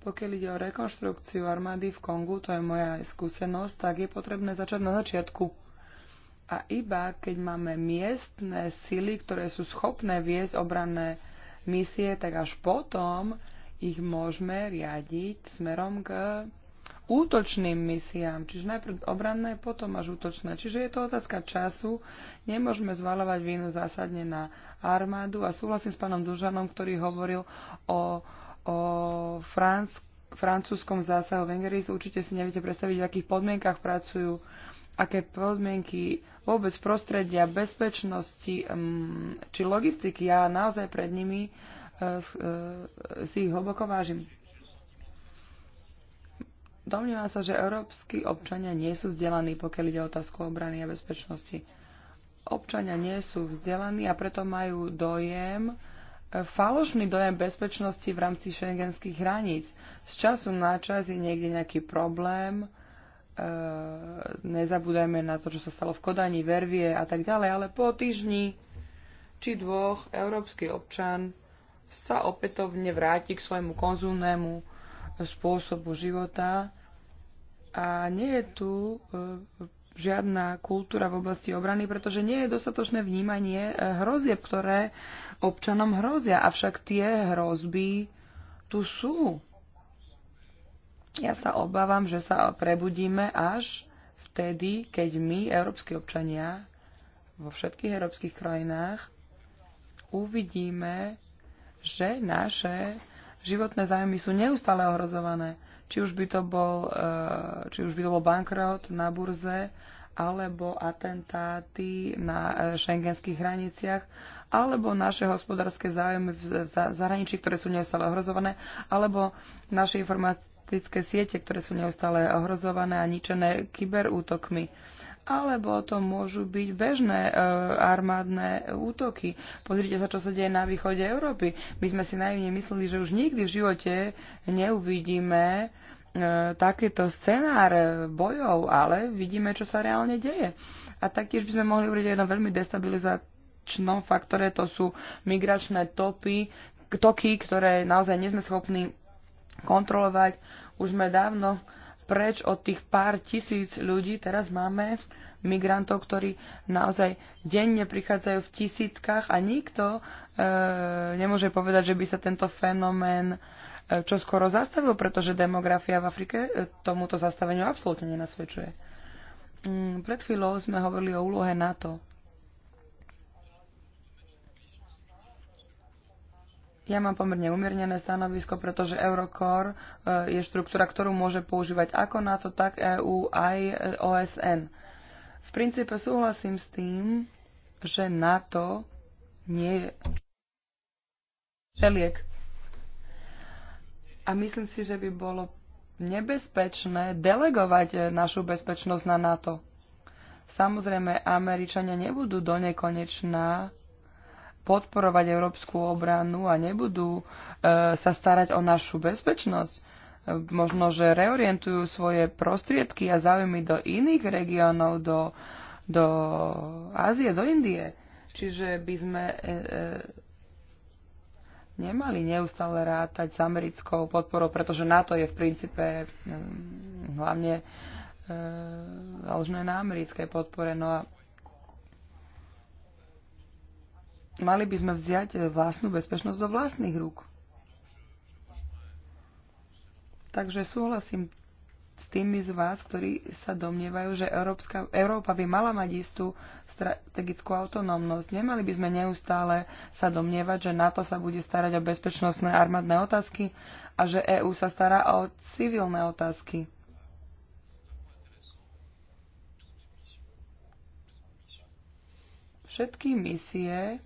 Pokiaľ ide o rekonštrukciu armády v Kongu, to je moja skúsenosť, tak je potrebné začať na začiatku. A iba keď máme miestne sily, ktoré sú schopné viesť obranné misie, tak až potom ich môžeme riadiť smerom k útočným misiám, čiže najprv obranné, potom až útočné. Čiže je to otázka času, nemôžeme zvalovať vínu zásadne na armádu a súhlasím s pánom Dužanom, ktorý hovoril o, o franc, francúzskom zásahu Vengeris. Určite si neviete predstaviť, v akých podmienkach pracujú, aké podmienky vôbec prostredia, bezpečnosti mm, či logistiky. Ja naozaj pred nimi E, si ich hlboko vážim. Domnievam sa, že európsky občania nie sú vzdelaní, pokiaľ ide o otázku obrany a bezpečnosti. Občania nie sú vzdelaní a preto majú dojem, e, falošný dojem bezpečnosti v rámci šengenských hraníc. Z času na čas je niekde nejaký problém, e, nezabúdajme na to, čo sa stalo v Kodani, Vervie a tak ďalej, ale po týždni či dvoch európsky občan sa opätovne vráti k svojmu konzumnému e, spôsobu života a nie je tu e, žiadna kultúra v oblasti obrany, pretože nie je dostatočné vnímanie e, hrozieb, ktoré občanom hrozia. Avšak tie hrozby tu sú. Ja sa obávam, že sa prebudíme až vtedy, keď my, európsky občania, vo všetkých európskych krajinách uvidíme že naše životné zájmy sú neustále ohrozované. Či už by to bol, eh, či už by to bol bankrot na burze, alebo atentáty na eh, šengenských hraniciach, alebo naše hospodárske záujmy v zahraničí, ktoré sú neustále ohrozované, alebo naše informatické siete, ktoré sú neustále ohrozované a ničené kyberútokmi alebo to môžu byť bežné e, armádne útoky. Pozrite sa, čo sa deje na východe Európy. My sme si naivne mysleli, že už nikdy v živote neuvidíme e, takéto scenár bojov, ale vidíme, čo sa reálne deje. A taktiež by sme mohli hovoriť o jednom veľmi destabilizačnom faktore, to sú migračné topy, toky, ktoré naozaj nie sme schopní kontrolovať. Už sme dávno preč od tých pár tisíc ľudí. Teraz máme migrantov, ktorí naozaj denne prichádzajú v tisíckach a nikto e, nemôže povedať, že by sa tento fenomén e, čo skoro zastavil, pretože demografia v Afrike e, tomuto zastaveniu absolútne nenasvedčuje. Mm, pred chvíľou sme hovorili o úlohe NATO. Ja mám pomerne umiernené stanovisko, pretože Eurocore je štruktúra, ktorú môže používať ako NATO, tak EÚ, aj e, OSN. V princípe súhlasím s tým, že NATO nie je šeliek. A myslím si, že by bolo nebezpečné delegovať e, našu bezpečnosť na NATO. Samozrejme, Američania nebudú do nekonečná podporovať európsku obranu a nebudú e, sa starať o našu bezpečnosť. E, možno, že reorientujú svoje prostriedky a záujmy do iných regiónov, do, do Ázie, do Indie. Čiže by sme e, e, nemali neustále rátať s americkou podporou, pretože NATO je v princípe e, hlavne e, založené na americkej podpore. No a Mali by sme vziať e, vlastnú bezpečnosť do vlastných rúk. Takže súhlasím s tými z vás, ktorí sa domnievajú, že Európska, Európa by mala mať istú strategickú autonómnosť. Nemali by sme neustále sa domnievať, že NATO sa bude starať o bezpečnostné armádne otázky a že EÚ sa stará o civilné otázky. Všetky misie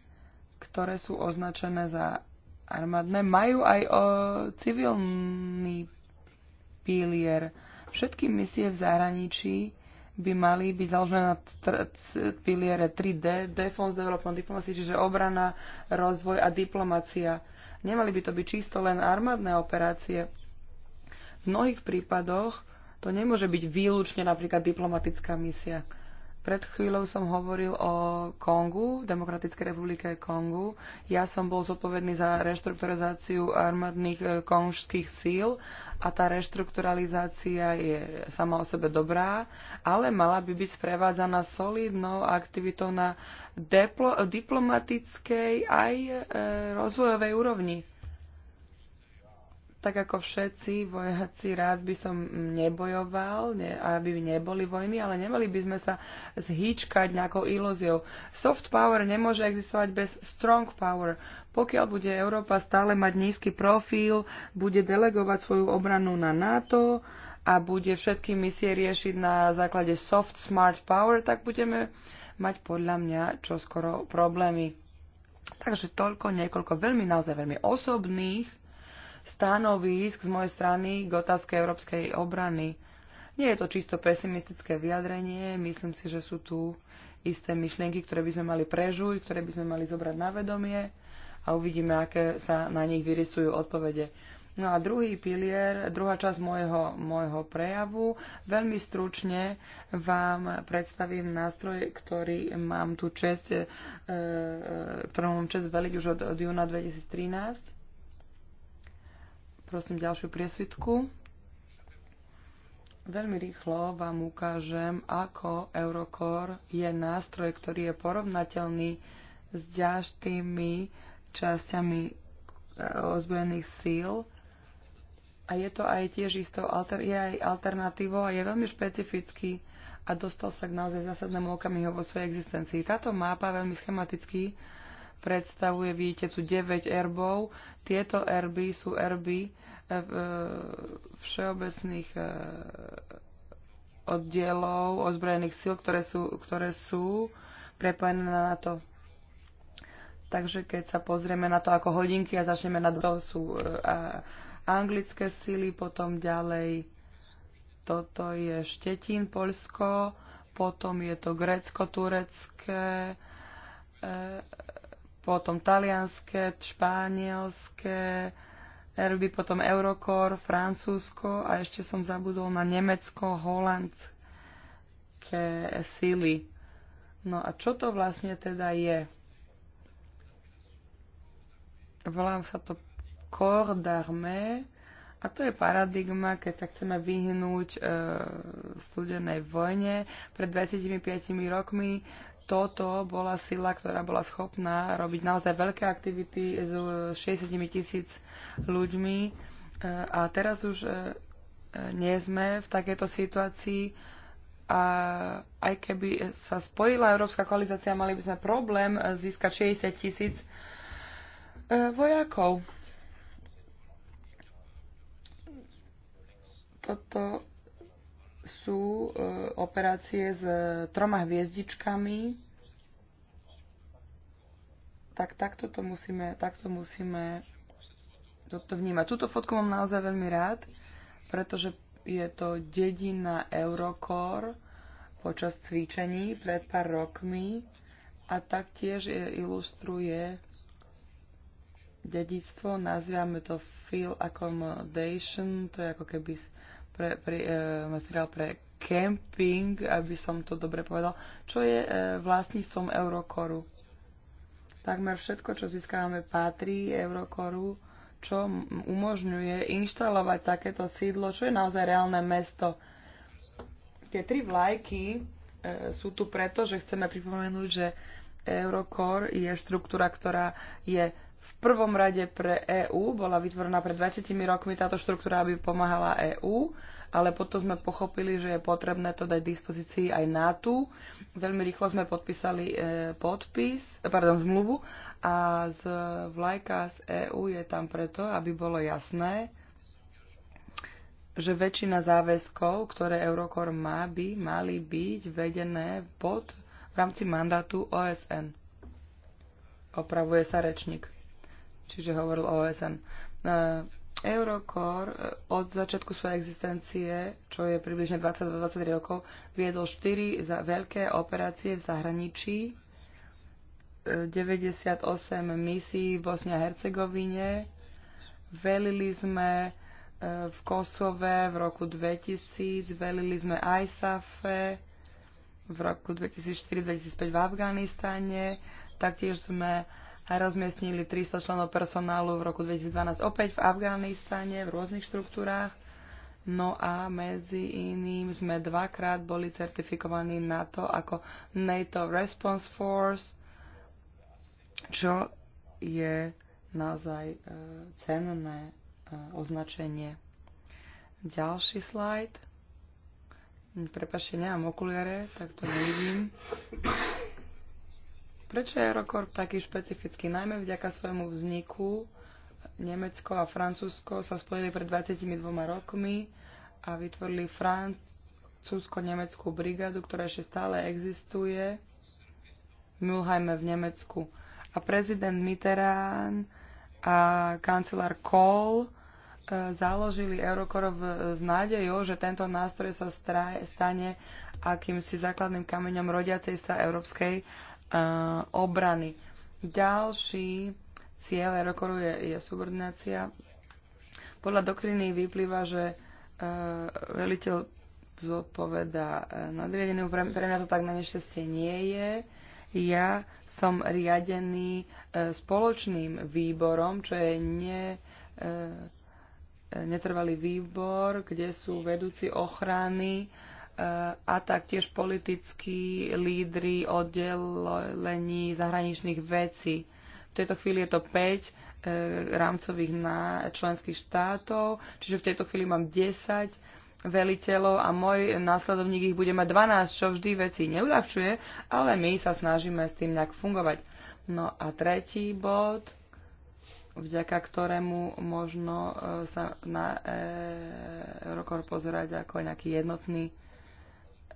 ktoré sú označené za armádne, majú aj o civilný pilier. Všetky misie v zahraničí by mali byť založené na piliere 3D, Defense Development Diplomacy, čiže obrana, rozvoj a diplomacia. Nemali by to byť čisto len armádne operácie. V mnohých prípadoch to nemôže byť výlučne napríklad diplomatická misia. Pred chvíľou som hovoril o Kongu, Demokratickej republike Kongu. Ja som bol zodpovedný za reštrukturalizáciu armádnych e, konžských síl a tá reštrukturalizácia je sama o sebe dobrá, ale mala by byť sprevádzaná solidnou aktivitou na diplo- diplomatickej aj e, rozvojovej úrovni tak ako všetci vojaci rád by som nebojoval, ne, aby neboli vojny, ale nemali by sme sa zhýčkať nejakou ilúziou. Soft power nemôže existovať bez strong power. Pokiaľ bude Európa stále mať nízky profil, bude delegovať svoju obranu na NATO a bude všetky misie riešiť na základe soft smart power, tak budeme mať podľa mňa čoskoro problémy. Takže toľko niekoľko veľmi naozaj veľmi osobných stanovisk z mojej strany k otázke európskej obrany. Nie je to čisto pesimistické vyjadrenie, myslím si, že sú tu isté myšlienky, ktoré by sme mali prežuť, ktoré by sme mali zobrať na vedomie a uvidíme, aké sa na nich vyrysujú odpovede. No a druhý pilier, druhá časť môjho, môjho prejavu, veľmi stručne vám predstavím nástroj, ktorý mám tu čest, e, e ktorom mám čest veliť už od, od júna 2013 Prosím ďalšiu priesvitku. Veľmi rýchlo vám ukážem, ako Eurocore je nástroj, ktorý je porovnateľný s ďalšími časťami e, ozbrojených síl. A je to aj tiež istou alter, je aj alternatívou a je veľmi špecifický a dostal sa k naozaj zásadnému okamihu vo svojej existencii. Táto mapa veľmi schematicky predstavuje vítecu 9 erbov. Tieto erby sú erby eh, eh, všeobecných eh, oddielov ozbrojených síl, ktoré sú, ktoré sú prepojené na NATO. Takže keď sa pozrieme na to ako hodinky a začneme na to, sú anglické síly, potom ďalej toto je Štetín, Polsko, potom je to Grécko-Turecké, potom talianské, španielské, Erby, potom Eurokor, Francúzsko a ešte som zabudol na Nemecko, holandské sily. No a čo to vlastne teda je? Volám sa to corps d'armée a to je paradigma, keď sa chceme vyhnúť e, studenej vojne. Pred 25 rokmi toto bola sila, ktorá bola schopná robiť naozaj veľké aktivity s 60 tisíc ľuďmi e, a teraz už e, nie sme v takejto situácii a aj keby sa spojila európska koalizácia, mali by sme problém získať 60 tisíc e, vojakov. Toto sú e, operácie s e, troma hviezdičkami, tak takto to musíme, takto musíme toto vnímať. Túto fotku mám naozaj veľmi rád, pretože je to dedina Eurocore počas cvičení pred pár rokmi a taktiež ilustruje dedictvo, nazývame to Feel Accommodation, to je ako keby pre, pre, e, materiál pre camping, aby som to dobre povedal, čo je e, vlastníctvom Eurokoru. Takmer všetko, čo získávame, patrí Eurokoru, čo umožňuje inštalovať takéto sídlo, čo je naozaj reálne mesto. Tie tri vlajky e, sú tu preto, že chceme pripomenúť, že Eurocore je štruktúra, ktorá je v prvom rade pre EÚ bola vytvorená pred 20 rokmi táto štruktúra, aby pomáhala EÚ, ale potom sme pochopili, že je potrebné to dať dispozícii aj NATO. Veľmi rýchlo sme podpísali e, podpis, pardon, zmluvu a z vlajka z EÚ je tam preto, aby bolo jasné, že väčšina záväzkov, ktoré Eurokor má, by mali byť vedené pod v rámci mandátu OSN. Opravuje sa rečník čiže hovoril o OSN. Eh, Eurocore eh, od začiatku svojej existencie, čo je približne 20-23 rokov, viedol 4 za veľké operácie v zahraničí, 98 eh, misií v Bosni a Hercegovine. Velili sme v Kosove v roku 2000, velili sme ISAFE v roku 2004-2005 v Afganistane, taktiež sme a rozmiestnili 300 členov personálu v roku 2012 opäť v Afganistane v rôznych štruktúrách. No a medzi iným sme dvakrát boli certifikovaní na to ako NATO Response Force, čo je naozaj e, cenné e, označenie. Ďalší slajd. Prepašte, nemám okuliare, tak to nevidím. Prečo je Eurocorp taký špecifický? Najmä vďaka svojmu vzniku Nemecko a Francúzsko sa spojili pred 22 rokmi a vytvorili francúzsko-nemeckú brigádu, ktorá ešte stále existuje v Mülheime v Nemecku. A prezident Mitterrand a kancelár Kohl e, založili Eurokorov s nádejou, že tento nástroj sa stane akýmsi základným kameňom rodiacej sa európskej E, obrany. Ďalší cieľ Erokoru je, je subordinácia. Podľa doktriny vyplýva, že e, veliteľ zodpoveda e, nadriadenú. Pre, pre mňa to tak na nešťastie nie je. Ja som riadený spoločným výborom, čo je ne, netrvalý výbor, kde sú vedúci ochrany Eh, a taktiež politickí lídry oddelení zahraničných vecí. V tejto chvíli je to 5 eh, rámcových na členských štátov, čiže v tejto chvíli mám 10 veliteľov a môj následovník ich bude mať 12, čo vždy veci neuľahčuje, ale my sa snažíme s tým nejak fungovať. No a tretí bod, vďaka ktorému možno eh, sa na Eurokor pozerať ako nejaký jednotný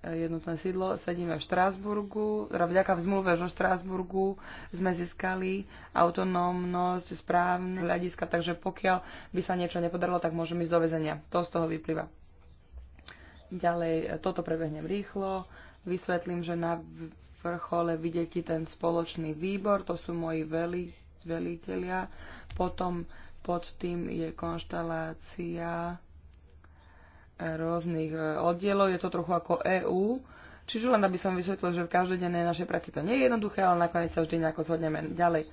jednotné sídlo. Sedíme v Štrásburgu, teda vďaka v zmluve zo Štrásburgu sme získali autonómnosť správne hľadiska, takže pokiaľ by sa niečo nepodarilo, tak môžeme ísť do väzenia. To z toho vyplýva. Ďalej, e, toto prebehnem rýchlo. Vysvetlím, že na vrchole vidíte ten spoločný výbor, to sú moji veli, velitelia. Potom pod tým je konštalácia rôznych e, oddielov. Je to trochu ako EÚ. Čiže len aby som vysvetlil, že v každodennej našej práci to nie je jednoduché, ale nakoniec sa vždy nejako zhodneme ďalej. E,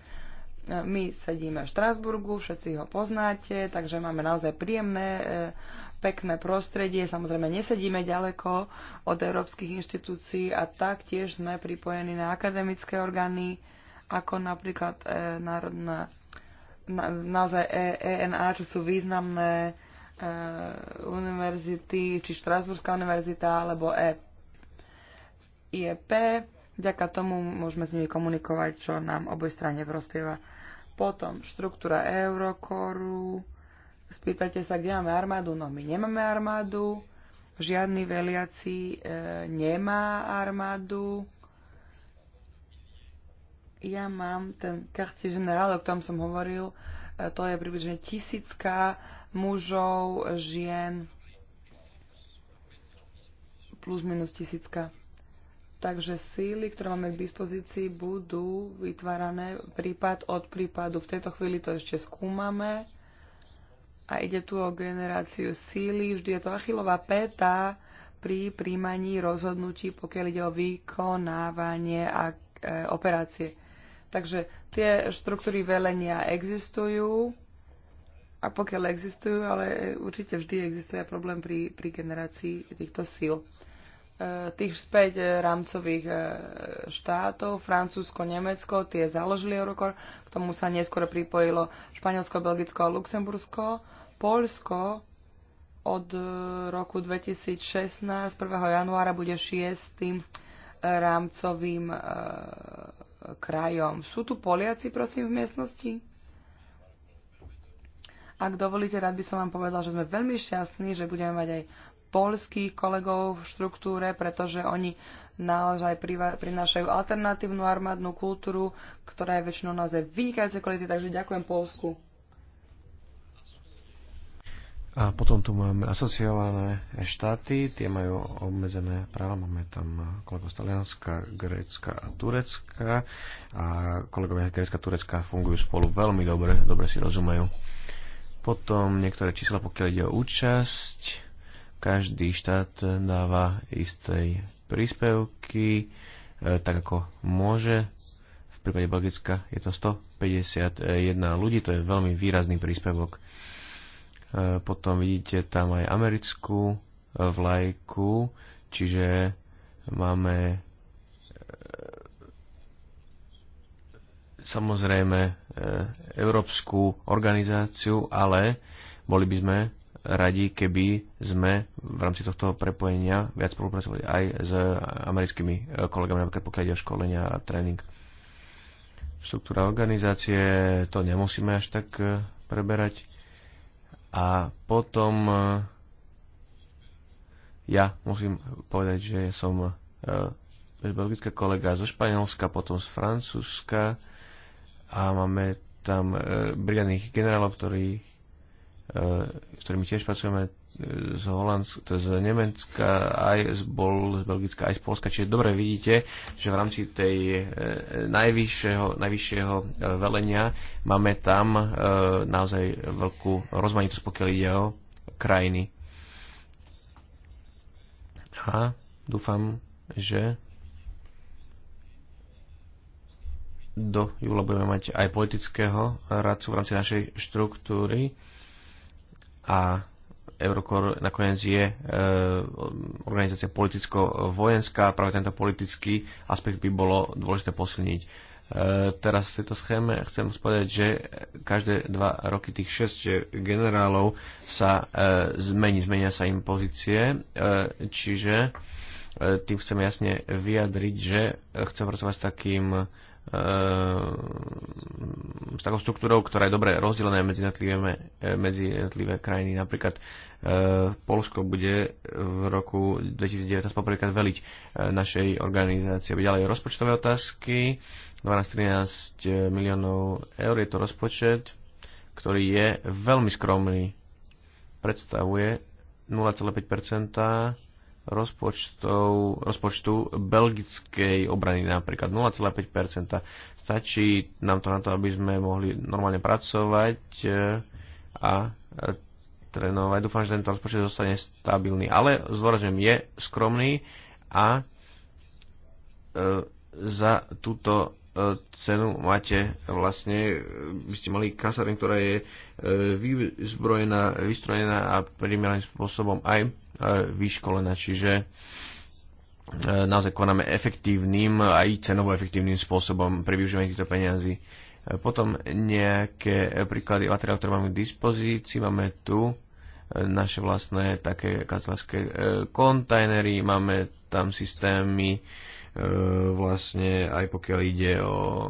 my sedíme v Štrásburgu, všetci ho poznáte, takže máme naozaj príjemné, e, pekné prostredie. Samozrejme, nesedíme ďaleko od európskych inštitúcií a taktiež sme pripojení na akademické orgány, ako napríklad e, Národná, na, naozaj ENA, čo sú významné Eh, univerzity, či Štrasburská univerzita alebo e, IEP. Vďaka tomu môžeme s nimi komunikovať, čo nám oboj strane prospieva. Potom štruktúra Eurokoru. Spýtate sa, kde máme armádu? No my nemáme armádu. Žiadny veliaci e, nemá armádu. Ja mám ten kartier generál, o ktorom som hovoril. E, to je približne tisícka mužov, žien, plus minus tisícka. Takže síly, ktoré máme k dispozícii, budú vytvárané prípad od prípadu. V tejto chvíli to ešte skúmame a ide tu o generáciu síly. Vždy je to achilová péta pri príjmaní rozhodnutí, pokiaľ ide o vykonávanie a e, operácie. Takže tie štruktúry velenia existujú a pokiaľ existujú, ale e, určite vždy existuje problém pri, pri generácii týchto síl. E, tých späť e, rámcových štátov, Francúzsko, Nemecko, tie založili Eurokor, k tomu sa neskôr pripojilo Španielsko, Belgicko a Luxembursko. Polsko od roku 2016, 1. januára, bude šiestým rámcovým krajom. Sú tu Poliaci, prosím, v miestnosti? Ak dovolíte, rád by som vám povedal, že sme veľmi šťastní, že budeme mať aj polských kolegov v štruktúre, pretože oni naozaj prinášajú alternatívnu armádnu kultúru, ktorá je väčšinou naozaj vynikajúcej kvality, takže ďakujem Polsku. A potom tu máme asociované štáty, tie majú obmedzené práva, máme tam kolegov z Talianska, Grécka a Turecka a kolegovia Grécka a Turecka fungujú spolu veľmi dobre, dobre si rozumejú. Potom niektoré čísla, pokiaľ ide o účasť. Každý štát dáva isté príspevky, e, tak ako môže. V prípade Belgicka je to 151 ľudí, to je veľmi výrazný príspevok. E, potom vidíte tam aj americkú e, vlajku, čiže máme samozrejme e, európsku organizáciu, ale boli by sme radi, keby sme v rámci tohto prepojenia viac spolupracovali aj s americkými e, kolegami, napríklad pokiaľ ide o školenia a tréning. Štruktúra organizácie, to nemusíme až tak e, preberať. A potom ja musím povedať, že som belgická kolega zo Španielska, potom z Francúzska, a máme tam e, brigadných generálov, ktorí, e, s ktorými tiež pracujeme e, z Holandska, z Nemecka, aj z, Bol, z Belgicka, aj z Polska. Čiže dobre vidíte, že v rámci tej najvyššieho, najvyššieho velenia máme tam naozaj veľkú rozmanitosť, pokiaľ ide o krajiny. A dúfam, že do júla budeme mať aj politického radcu v rámci našej štruktúry a Eurokor nakoniec je e, organizácia politicko-vojenská a práve tento politický aspekt by bolo dôležité posilniť. E, teraz v tejto schéme chcem spovedať, že každé dva roky tých 6 e, generálov sa e, zmení, zmenia sa im pozície, e, čiže e, tým chcem jasne vyjadriť, že chcem pracovať s takým Ehm, s takou štruktúrou, ktorá je dobre rozdelená medzi jednotlivé, e, medzi jednotlivé krajiny. Napríklad ehm, Polsko bude v roku 2019 poprvýkrát veliť e, našej organizácie. Ďalej rozpočtové otázky. 12-13 e, miliónov eur je to rozpočet, ktorý je veľmi skromný. Predstavuje 0,5 rozpočtu belgickej obrany napríklad 0,5%. Stačí nám to na to, aby sme mohli normálne pracovať eh, a eh, trénovať. Dúfam, že tento rozpočet zostane stabilný, ale zdôrazňujem, je skromný a eh, za túto cenu máte vlastne, by ste mali kasareň, ktorá je vyzbrojená, vystrojená a primeraným spôsobom aj E, vyškolená, čiže e, naozaj konáme efektívnym, aj cenovo efektívnym spôsobom pri využívaní týchto peniazy. E, potom nejaké príklady materiálu, ktoré máme k dispozícii. Máme tu naše vlastné také kancelárske kontajnery, máme tam systémy vlastne aj pokiaľ ide o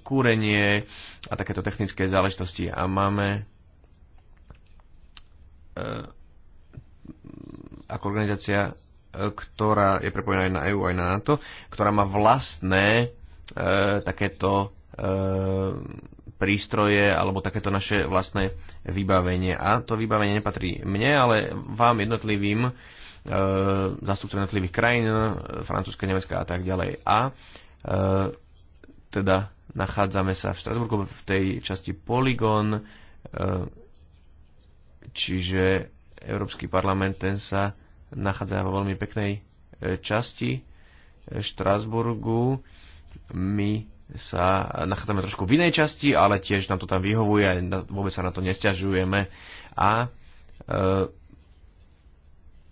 kúrenie a takéto technické záležitosti. A máme ako organizácia, e, ktorá je prepojená aj na EU, aj na NATO, ktorá má vlastné e, takéto e, prístroje alebo takéto naše vlastné vybavenie. A to vybavenie nepatrí mne, ale vám jednotlivým e, zastupcom jednotlivých krajín, Francúzske, nemecké a tak ďalej. A e, teda nachádzame sa v Štrasburgu v tej časti Polygon, e, čiže Európsky parlament ten sa nachádza vo veľmi peknej e, časti e, Štrásburgu. My sa nachádzame trošku v inej časti, ale tiež nám to tam vyhovuje a vôbec sa na to nesťažujeme. A e,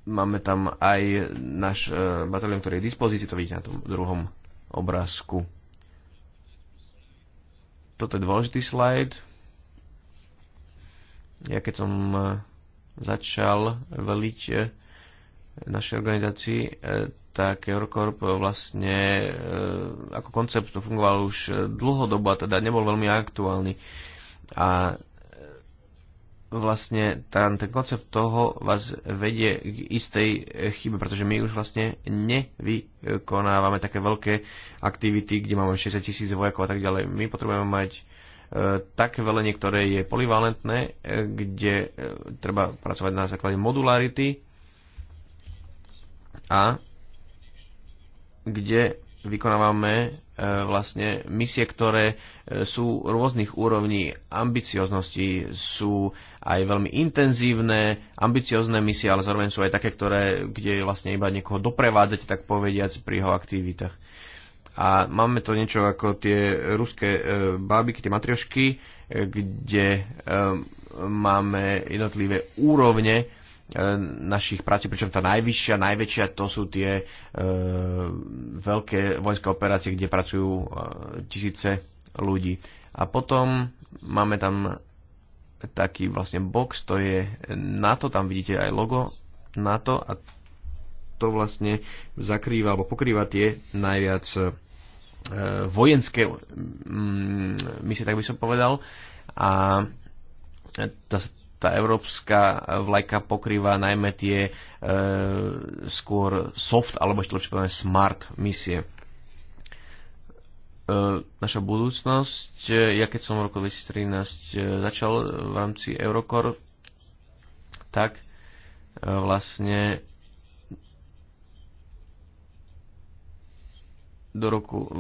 máme tam aj náš e, batalion, ktorý je v dispozícii, to vidíte na tom druhom obrázku. Toto je dôležitý slajd. Ja keď som e, začal veliť e, našej organizácii, e, tak Eurocorp vlastne e, ako koncept to fungoval už dlhodobo a teda nebol veľmi aktuálny. A vlastne ten, ten koncept toho vás vedie k istej chybe, pretože my už vlastne nevykonávame také veľké aktivity, kde máme 60 tisíc vojakov a tak ďalej. My potrebujeme mať E, také velenie, ktoré je polivalentné, e, kde e, treba pracovať na základe modularity a kde vykonávame vlastne misie, ktoré sú rôznych úrovní ambicioznosti, sú aj veľmi intenzívne, ambiciozne misie, ale zároveň sú aj také, ktoré, kde vlastne iba niekoho doprevádzate, tak povediac, pri jeho aktivitách a máme to niečo ako tie ruské e, bábiky, tie matriošky, e, kde e, máme jednotlivé úrovne našich prácí, pričom tá najvyššia, najväčšia to sú tie e, veľké vojenské operácie, kde pracujú e, tisíce ľudí. A potom máme tam taký vlastne box, to je NATO, tam vidíte aj logo NATO a to vlastne zakrýva alebo pokrýva tie najviac Eh, vojenské mm, misie, tak by som povedal. A tá, tá európska vlajka pokrýva najmä tie e, skôr soft alebo ešte lepšie povedané smart misie. E, naša budúcnosť, ja keď som v roku 2013 začal v rámci Eurocore, tak e, vlastne do roku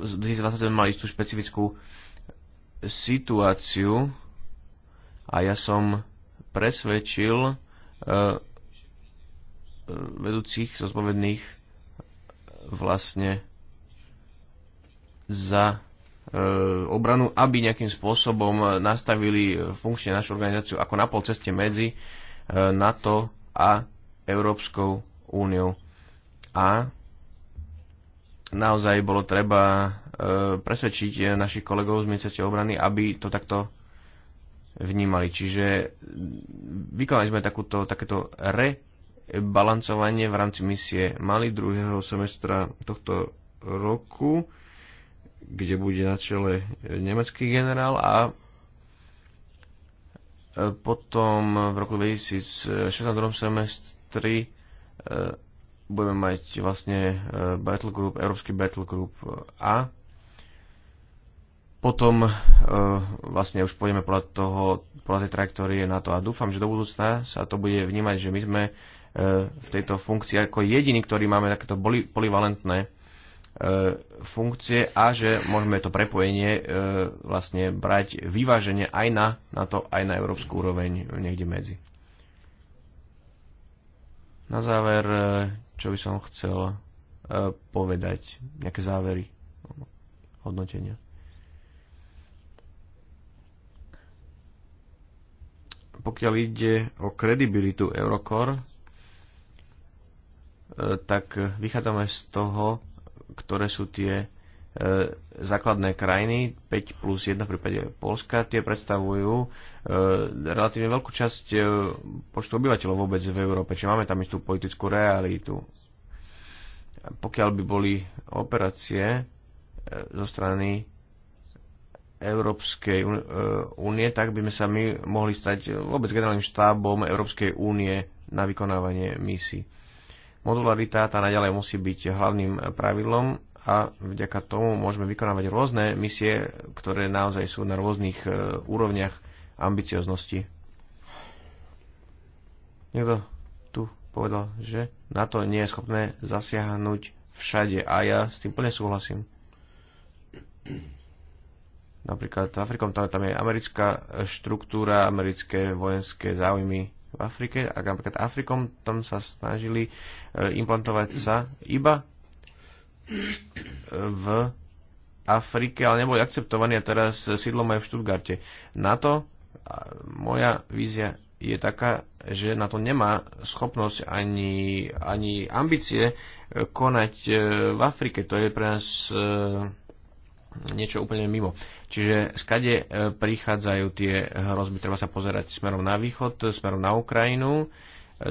2027 mali tú špecifickú situáciu a ja som presvedčil e, e, vedúcich zodpovedných e, vlastne za obranu, aby nejakým spôsobom nastavili funkčne našu organizáciu ako na pol ceste medzi NATO a Európskou úniou. A naozaj bolo treba e, presvedčiť e, našich kolegov z ministerstva obrany, aby to takto vnímali. Čiže vykonali sme takúto, takéto rebalancovanie v rámci misie Mali druhého semestra tohto roku, kde bude na čele nemecký generál a e, potom v roku 2016 semestri budeme mať vlastne e, battle group, Európsky battle group e, A. Potom e, vlastne už pôjdeme podľa, toho, podľa tej trajektórie na to a dúfam, že do budúcna sa to bude vnímať, že my sme v tejto funkcii ako jediní, ktorí máme takéto polivalentné funkcie a že môžeme to prepojenie vlastne brať vyváženie aj na, na to, aj na európsku úroveň niekde medzi. Na záver, e, čo by som chcel e, povedať, nejaké závery, hodnotenia. Pokiaľ ide o kredibilitu Eurocore, e, tak vychádzame z toho, ktoré sú tie E, základné krajiny, 5 plus 1 v prípade Polska, tie predstavujú e, relatívne veľkú časť e, počtu obyvateľov vôbec v Európe, čiže máme tam istú politickú realitu. Pokiaľ by boli operácie e, zo strany Európskej e, únie, tak by sme sa my mohli stať vôbec generálnym štábom Európskej únie na vykonávanie misií. Modularita tá naďalej musí byť hlavným pravidlom a vďaka tomu môžeme vykonávať rôzne misie, ktoré naozaj sú na rôznych e, úrovniach ambicioznosti. Niekto tu povedal, že NATO nie je schopné zasiahnuť všade a ja s tým plne súhlasím. Napríklad v Afrikom tam, tam je americká štruktúra, americké vojenské záujmy v Afrike a napríklad Afrikom tam sa snažili e, implantovať sa iba v Afrike, ale neboli akceptovaní a teraz sídlo majú v Štutgarte. Na to moja vízia je taká, že na to nemá schopnosť ani, ani ambície e, konať e, v Afrike. To je pre nás e, niečo úplne mimo. Čiže skade prichádzajú tie hrozby, treba sa pozerať smerom na východ, smerom na Ukrajinu,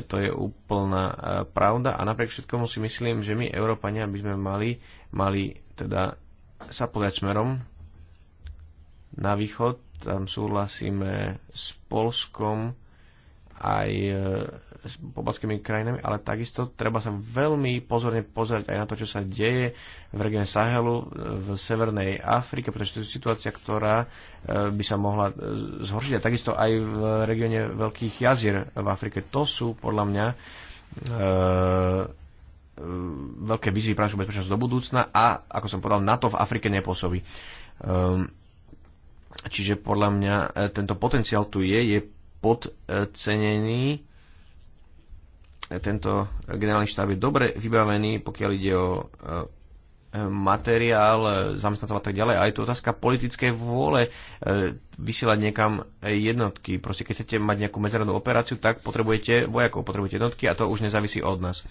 to je úplná e, pravda a napriek všetkomu si myslím, že my Európania by sme mali, mali teda sa podať smerom na východ, tam súhlasíme s Polskom, aj e, s pobalskými krajinami, ale takisto treba sa veľmi pozorne pozerať aj na to, čo sa deje v regióne Sahelu e, v Severnej Afrike, pretože to je situácia, ktorá e, by sa mohla zhoršiť a takisto aj v regióne Veľkých jazier v Afrike. To sú podľa mňa e, veľké výzvy pre našu bezpečnosť do budúcna a, ako som povedal, NATO v Afrike nepôsobí. E, čiže podľa mňa tento potenciál tu je, je podcenený. Tento generálny štáb je dobre vybavený, pokiaľ ide o e, materiál, e, zamestnatov a tak ďalej. A je to otázka politickej vôle e, vysielať niekam jednotky. Proste keď chcete mať nejakú medzinárodnú operáciu, tak potrebujete vojakov, potrebujete jednotky a to už nezávisí od nás.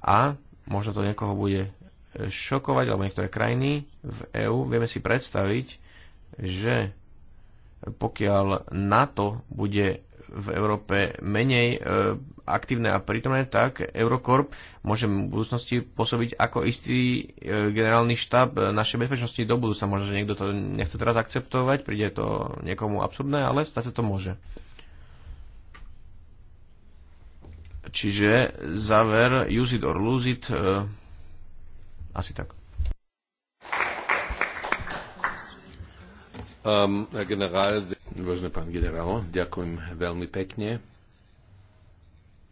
A možno to niekoho bude šokovať, alebo niektoré krajiny v EÚ, vieme si predstaviť, že pokiaľ NATO bude v Európe menej e, aktívne a prítomné, tak Eurokorp môže v budúcnosti pôsobiť ako istý e, generálny štáb našej bezpečnosti do budúca. Možno, že niekto to nechce teraz akceptovať, príde to niekomu absurdné, ale stať sa to môže. Čiže záver, use it or lose it, e, asi tak. Um, generál... pán generál, ďakujem veľmi pekne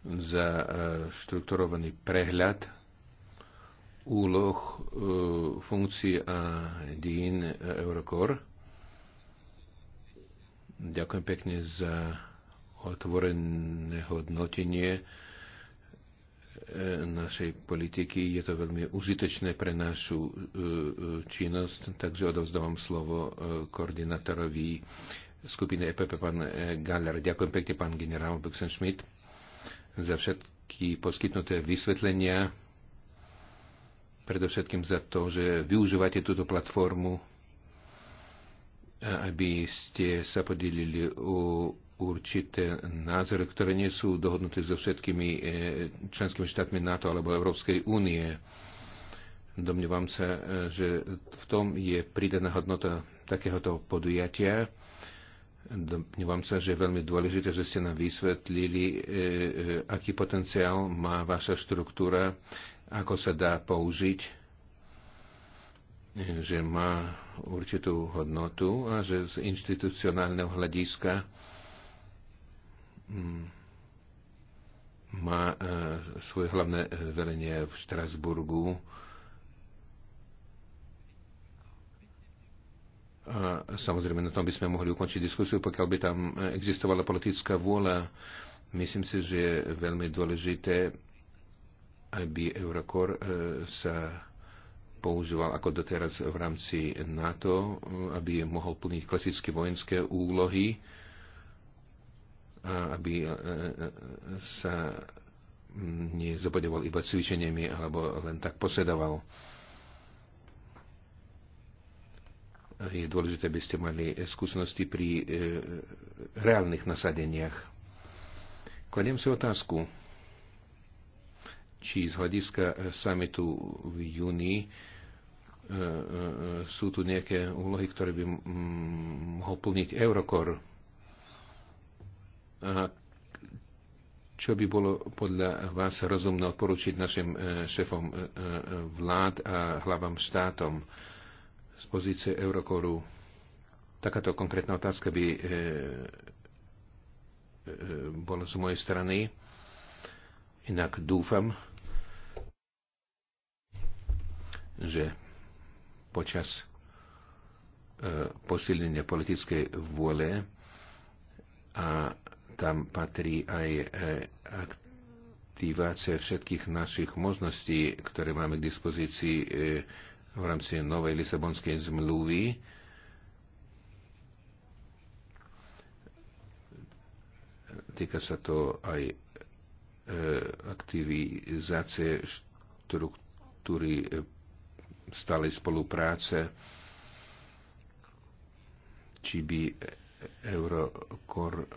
za e, štrukturovaný prehľad úloh, e, funkcií a dín e, Eurokor. Ďakujem pekne za otvorené hodnotenie E, našej politiky. Je to veľmi užitečné pre našu e, činnosť, takže odovzdávam slovo e, koordinátorovi skupiny EPP, pán Galler. Ďakujem pekne, pán generál Schmidt za všetky poskytnuté vysvetlenia, predovšetkým za to, že využívate túto platformu, aby ste sa podelili o určité názory, ktoré nie sú dohodnuté so všetkými e, členskými štátmi NATO alebo Európskej únie. Domnievam sa, e, že v tom je pridaná hodnota takéhoto podujatia. Domnievam sa, že je veľmi dôležité, že ste nám vysvetlili, e, aký potenciál má vaša štruktúra, ako sa dá použiť, že má určitú hodnotu a že z inštitucionálneho hľadiska Mm. má e, svoje hlavné e, velenie v Štrasburgu. A samozrejme, na tom by sme mohli ukončiť diskusiu, pokiaľ by tam existovala politická vôľa. Myslím si, že je veľmi dôležité, aby Eurokor e, sa používal ako doteraz v rámci NATO, aby mohol plniť klasické vojenské úlohy aby e, e, sa nezabodoval iba cvičeniami alebo len tak posedoval. Je dôležité, aby ste mali skúsenosti pri e, reálnych nasadeniach. Kladiem si otázku, či z hľadiska samitu v júni sú tu nejaké úlohy, ktoré by mohol plniť Eurokor čo by bolo podľa vás rozumné odporučiť našim e, šéfom e, e, vlád a hlavám štátom z pozície Eurokoru? Takáto konkrétna otázka by bola z mojej strany. Inak dúfam, že počas posilnenia politickej vôle a tam patrí aj e, aktivácia všetkých našich možností, ktoré máme k dispozícii e, v rámci novej Lisabonskej zmluvy. Týka sa to aj e, aktivizácie štruktúry stálej spolupráce, či by Eurokor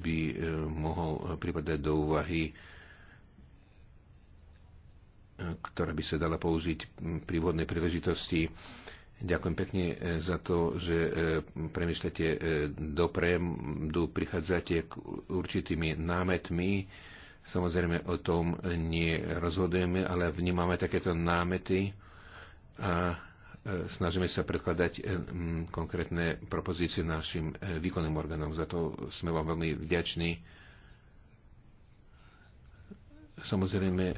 by e, mohol pripadať do úvahy, e, ktorá by sa dala použiť pri vhodnej príležitosti. Ďakujem pekne e, za to, že premyšľate dopredu, prichádzate k určitými námetmi. Samozrejme o tom nerozhodujeme, ale vnímame takéto námety a E, snažíme sa predkladať e, konkrétne propozície našim e, výkonným orgánom. Za to sme vám veľmi vďační. Samozrejme,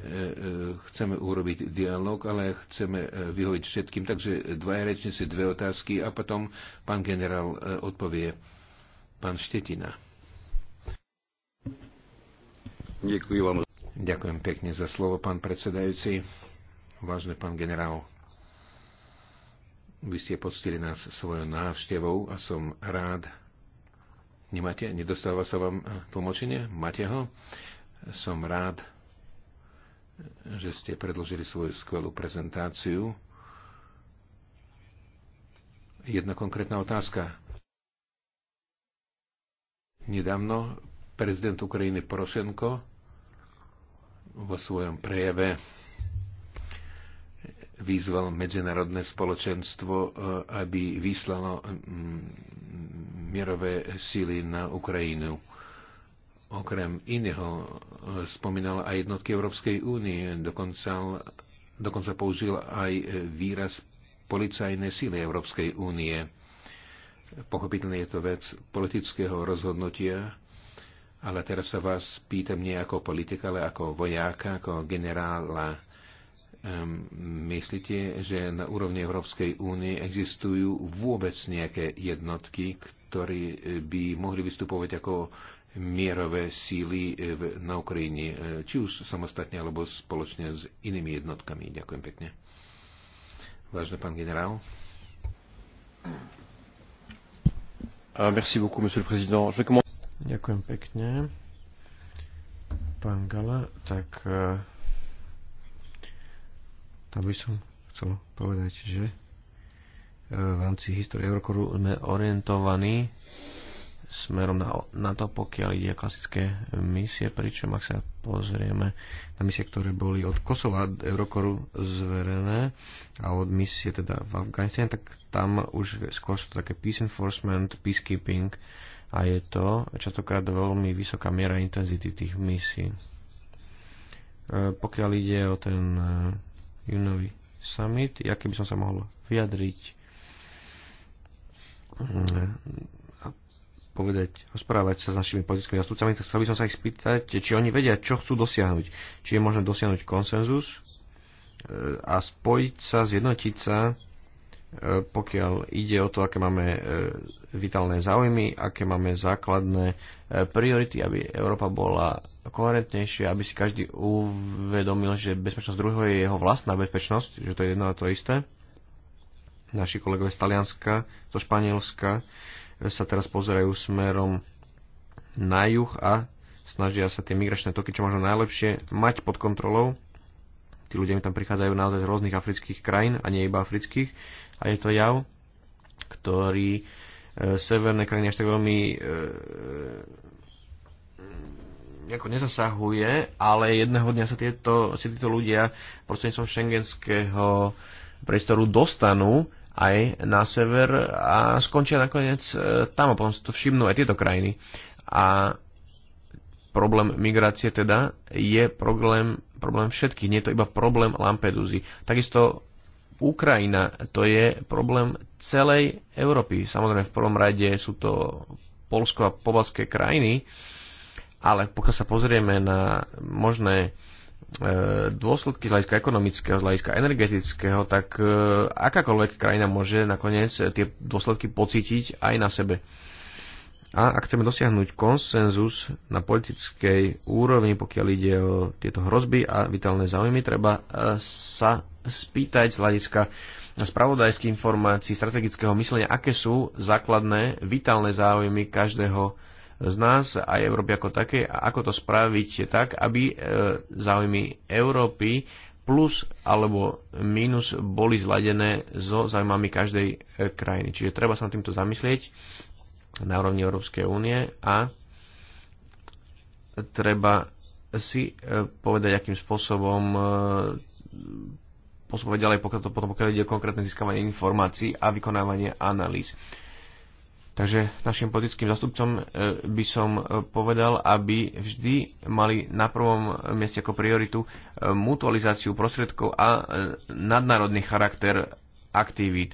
chceme urobiť dialog, ale chceme vyhoviť všetkým. Takže dva rečnice, dve otázky a potom pán generál odpovie. Pán Štetina. Ďakujem vám. Ďakujem pekne za slovo, pán predsedajúci. Vážne pán generál. Vy ste poctili nás svojou návštevou a som rád. Nemáte? Nedostáva sa vám eh, tlmočenie? Máte ho? Som rád, že ste predložili svoju skvelú prezentáciu. Jedna konkrétna otázka. Nedávno prezident Ukrajiny Porošenko vo svojom prejave vyzval medzinárodné spoločenstvo, eh, aby vyslalo mm, mierové síly na Ukrajinu. Okrem iného eh, spomínal aj jednotky Európskej únie, dokonca, dokonca použil aj eh, výraz policajné síly Európskej únie. Pochopiteľne je to vec politického rozhodnutia, ale teraz sa vás pýtam nie ako politika, ale ako vojáka, ako generála Ehm, myslíte, že na úrovni Európskej únie existujú vôbec nejaké jednotky, ktoré eh, by mohli vystupovať ako mierové síly eh, na Ukrajine, eh, či už samostatne alebo spoločne s inými jednotkami? Ďakujem pekne. Vážne pán generál. Ah, merci beaucoup, monsieur le président. Ďakujem pekne. Pán Gala, tak uh tam by som chcel povedať, že e, v rámci histórie Eurokoru sme orientovaní smerom na, na to, pokiaľ ide klasické misie, pričom ak sa pozrieme na misie, ktoré boli od Kosova Eurokoru zverené a od misie teda v Afganistane, tak tam už skôr sú to také peace enforcement, peacekeeping a je to častokrát veľmi vysoká miera intenzity tých misií. E, pokiaľ ide o ten e, júnový summit, aký by som sa mohol vyjadriť mm, a povedať, rozprávať sa s našimi politickými zastupcami, tak chcel by som sa ich spýtať, či oni vedia, čo chcú dosiahnuť. Či je možné dosiahnuť konsenzus e, a spojiť sa, zjednotiť sa E, pokiaľ ide o to, aké máme e, vitálne záujmy, aké máme základné e, priority, aby Európa bola koherentnejšia, aby si každý uvedomil, že bezpečnosť druhého je jeho vlastná bezpečnosť, že to je jedno a to isté. Naši kolegovia z Talianska, zo Španielska sa teraz pozerajú smerom na juh a snažia sa tie migračné toky čo možno najlepšie mať pod kontrolou Tí ľudia tam prichádzajú naozaj z rôznych afrických krajín a nie iba afrických. A je to jav, ktorý e, severné krajiny až tak veľmi e, e, nejako nezasahuje, ale jedného dňa sa tieto, sa títo ľudia prostredníctvom šengenského priestoru dostanú aj na sever a skončia nakoniec tam a potom si to všimnú aj tieto krajiny. A problém migrácie teda je problém, problém všetkých, nie je to iba problém Lampedusy. Takisto Ukrajina to je problém celej Európy. Samozrejme v prvom rade sú to Polsko a pobalské krajiny, ale pokiaľ sa pozrieme na možné e, dôsledky z hľadiska ekonomického, z hľadiska energetického, tak e, akákoľvek krajina môže nakoniec tie dôsledky pocítiť aj na sebe. A ak chceme dosiahnuť konsenzus na politickej úrovni, pokiaľ ide o tieto hrozby a vitálne záujmy, treba e, sa spýtať z hľadiska spravodajských informácií, strategického myslenia, aké sú základné vitálne záujmy každého z nás aj Európy ako také a ako to spraviť tak, aby e, záujmy Európy plus alebo minus boli zladené so zaujímami každej e, krajiny. Čiže treba sa nad týmto zamyslieť na úrovni Európskej únie a treba si e, povedať, akým spôsobom e, postupovať ďalej, pokiaľ to potom pokiaľ ide o konkrétne získavanie informácií a vykonávanie analýz. Takže našim politickým zastupcom e, by som povedal, aby vždy mali na prvom mieste ako prioritu mutualizáciu prostriedkov a nadnárodný charakter aktivít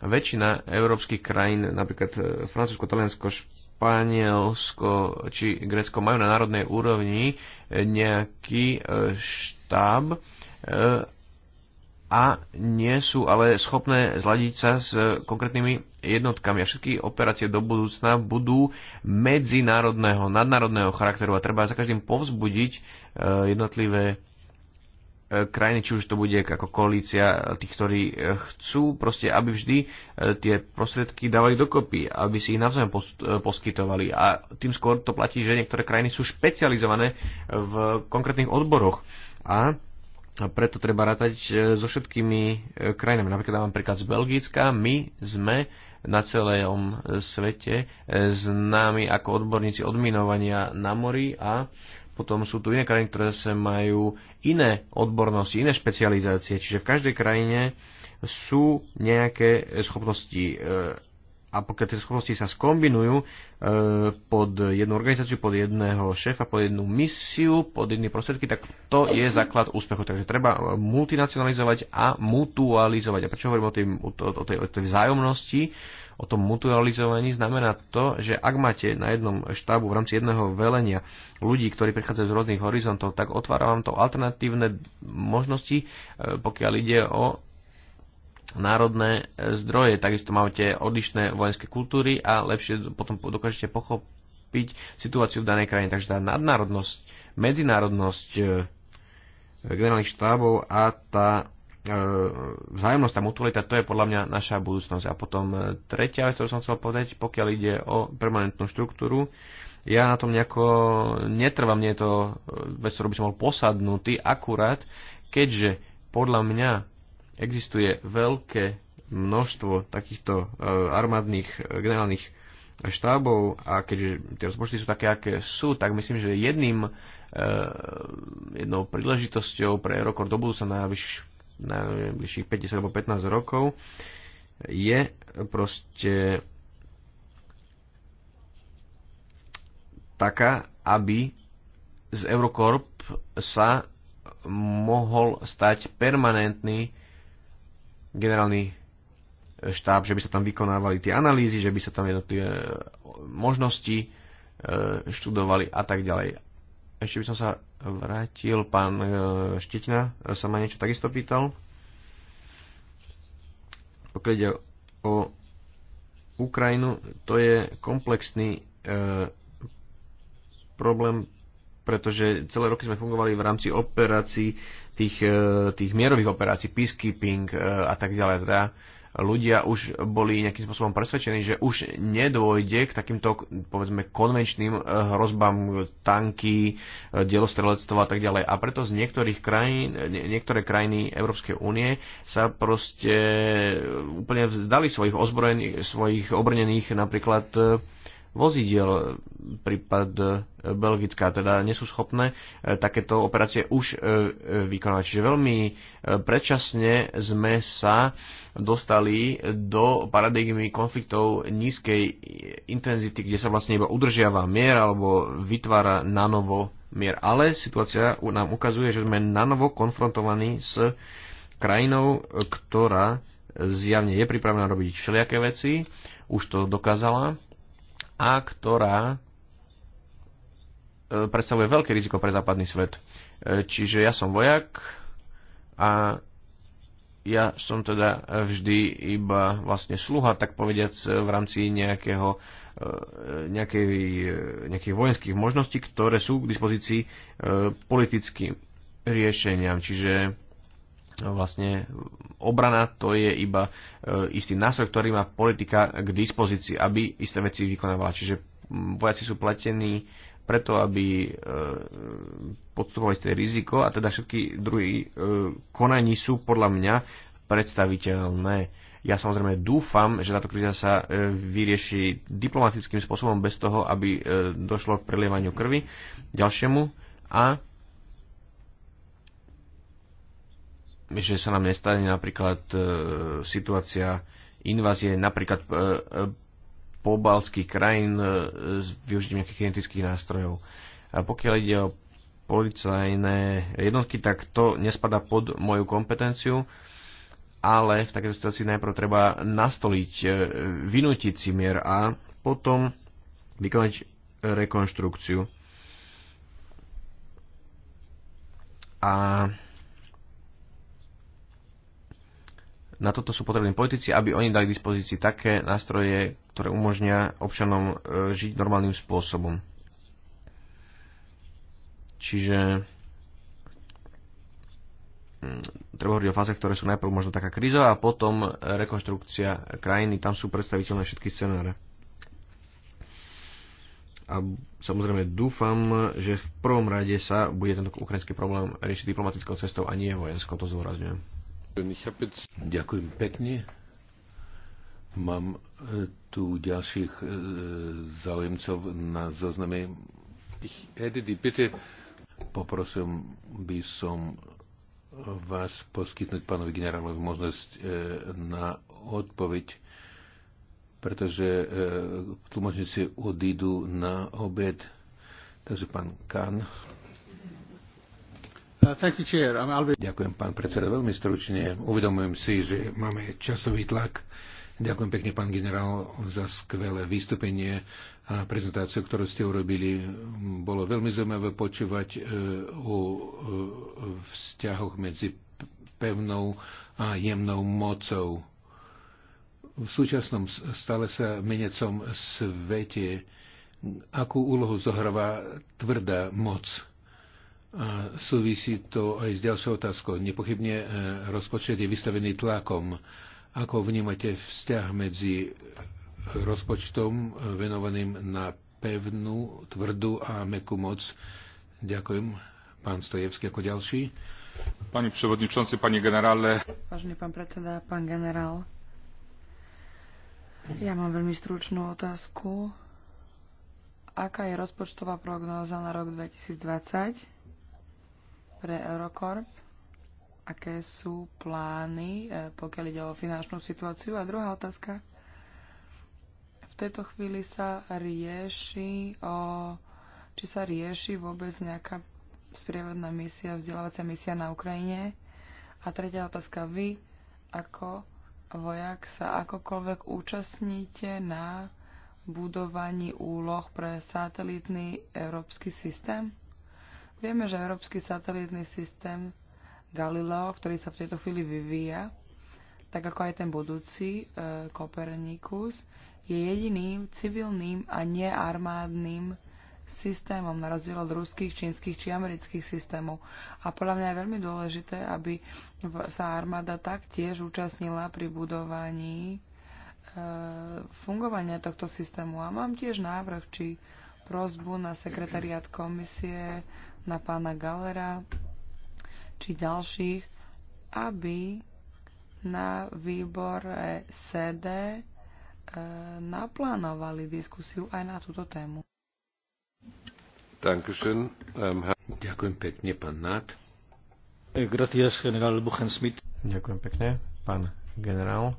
väčšina európskych krajín, napríklad e, Francúzsko, Taliansko, Španielsko či Grécko, majú na národnej úrovni e, nejaký e, štáb a nie sú ale schopné zladiť sa s konkrétnymi jednotkami a všetky operácie do budúcna budú medzinárodného, nadnárodného charakteru a treba za každým povzbudiť jednotlivé E, krajiny, či už to bude ako koalícia tých, ktorí e, chcú, proste aby vždy e, tie prostriedky dávali dokopy, aby si ich navzájom poskytovali. A tým skôr to platí, že niektoré krajiny sú špecializované v konkrétnych odboroch. A preto treba rátať so všetkými krajinami. Napríklad dávam príklad z Belgicka. My sme na celom svete známi ako odborníci odminovania na mori a potom sú tu iné krajiny, ktoré zase majú iné odbornosti, iné špecializácie. Čiže v každej krajine sú nejaké schopnosti eh, a pokiaľ tie schopnosti sa skombinujú eh, pod jednu organizáciu, pod jedného šéfa, pod jednu misiu, pod jedné prostriedky, tak to je základ úspechu. Takže treba multinacionalizovať a mutualizovať. A prečo hovorím o tej, o tej, o tej vzájomnosti? o tom mutualizovaní znamená to, že ak máte na jednom štábu v rámci jedného velenia ľudí, ktorí prichádzajú z rôznych horizontov, tak otvára vám to alternatívne možnosti, e, pokiaľ ide o národné e, zdroje. Takisto máte odlišné vojenské kultúry a lepšie potom dokážete pochopiť situáciu v danej krajine. Takže tá nadnárodnosť, medzinárodnosť e, generálnych štábov a tá E, vzájomnosť, tá mutualita, to je podľa mňa naša budúcnosť. A potom e, tretia vec, ktorú som chcel povedať, pokiaľ ide o permanentnú štruktúru, ja na tom nejako netrvám, nie je to e, vec, ktorú by som bol posadnutý, akurát, keďže podľa mňa existuje veľké množstvo takýchto armádnych generálnych štábov a keďže tie rozpočty sú také, aké sú, tak myslím, že jedným, jednou príležitosťou pre rokor do budúca na vyš, najbližších 50 alebo 15 rokov je proste taká, aby z Eurocorp sa mohol stať permanentný generálny štáb, že by sa tam vykonávali tie analýzy, že by sa tam jednotlivé e, možnosti e, študovali a tak ďalej. Ešte by som sa vrátil. Pán e, Štetina e, sa ma niečo takisto pýtal. Pokiaľ ide o Ukrajinu, to je komplexný e, problém, pretože celé roky sme fungovali v rámci operácií, tých, e, tých mierových operácií, peacekeeping e, a tak ďalej. Teda ľudia už boli nejakým spôsobom presvedčení, že už nedôjde k takýmto, povedzme, konvenčným eh, hrozbám tanky, eh, dielostrelectva a tak ďalej. A preto z niektorých krajín, niektoré krajiny Európskej únie sa proste eh, úplne vzdali svojich ozbrojených, svojich obrnených napríklad vozidiel, e, prípad e, Belgická, teda nie sú schopné e, takéto operácie už vykonávať. Čiže veľmi predčasne sme sa dostali do paradigmy konfliktov nízkej intenzity, kde sa vlastne iba udržiava mier alebo vytvára na novo mier. Ale situácia nám ukazuje, že sme na novo konfrontovaní s krajinou, ktorá zjavne je pripravená robiť všelijaké veci, už to dokázala a ktorá e, predstavuje veľké riziko pre západný svet. E, čiže ja som vojak a ja som teda vždy iba vlastne sluha, tak povediac, v rámci nejakého, e, nejakej, nejakých vojenských možností, ktoré sú k dispozícii politickým riešeniam. Čiže vlastne obrana to je iba e, istý nástroj, ktorý má politika k dispozícii, aby isté veci vykonávala. Čiže vojaci sú platení preto, aby e, podstupovali ste riziko a teda všetky druhy e, konaní sú podľa mňa predstaviteľné. Ja samozrejme dúfam, že táto kríza sa vyrieši diplomatickým spôsobom bez toho, aby došlo k prelievaniu krvi ďalšiemu a že sa nám nestane napríklad e, situácia invázie napríklad e, e, pobalských krajín e, s využitím nejakých kinetických nástrojov. A pokiaľ ide o policajné jednotky, tak to nespada pod moju kompetenciu, ale v takéto situácii najprv treba nastoliť, e, vynútiť si mier a potom vykonať rekonštrukciu. A Na toto sú potrební politici, aby oni dali k dispozícii také nástroje, ktoré umožnia občanom e, žiť normálnym spôsobom. Čiže mm, treba hovoriť o fáze, ktoré sú najprv možno taká kríza a potom rekonštrukcia krajiny. Tam sú predstaviteľné všetky scenáre. A samozrejme dúfam, že v prvom rade sa bude tento ukrajinský problém riešiť diplomatickou cestou a nie vojenskou, to zdôrazňujem. Ďakujem pekne. Mám e, tu ďalších e, záujemcov na zozname. poprosím by som vás poskytnúť pánovi generálovi možnosť e, na odpoveď, pretože e, tlmočníci odídu na obed. Takže pán Kahn. Uh, Ďakujem, pán predseda, veľmi stručne. Uvedomujem si, že máme časový tlak. Ďakujem pekne, pán generál, za skvelé vystúpenie a prezentáciu, ktorú ste urobili. Bolo veľmi zaujímavé počúvať uh, o uh, vzťahoch medzi pevnou a jemnou mocou. V súčasnom stále sa menecom svete, akú úlohu zohráva tvrdá moc a súvisí to aj s ďalšou otázkou. Nepochybne e, rozpočet je vystavený tlakom. Ako vnímate vzťah medzi rozpočtom e, venovaným na pevnú, tvrdú a mekú moc? Ďakujem. Pán Stojevský ako ďalší. Pani przewodniczący, panie generále. Vážený pán predseda, pán generál. Ja mám veľmi stručnú otázku. Aká je rozpočtová prognóza na rok 2020? pre Eurocorp? Aké sú plány, e, pokiaľ ide o finančnú situáciu? A druhá otázka. V tejto chvíli sa rieši o, či sa rieši vôbec nejaká sprievodná misia, vzdelávacia misia na Ukrajine. A tretia otázka. Vy ako vojak sa akokoľvek účastníte na budovaní úloh pre satelitný európsky systém? Vieme, že Európsky satelitný systém Galileo, ktorý sa v tejto chvíli vyvíja, tak ako aj ten budúci e, Kopernikus, je jediným civilným a nearmádnym systémom na rozdiel od ruských, čínskych či amerických systémov. A podľa mňa je veľmi dôležité, aby sa armáda taktiež účastnila pri budovaní e, fungovania tohto systému. A mám tiež návrh či prozbu na sekretariat komisie na pána Galera či ďalších, aby na výbore e, e, naplánovali diskusiu aj na túto tému. Ähm, Ďakujem pekne, pán Nát. Eh, gracias, generál Ďakujem pekne, pán generál.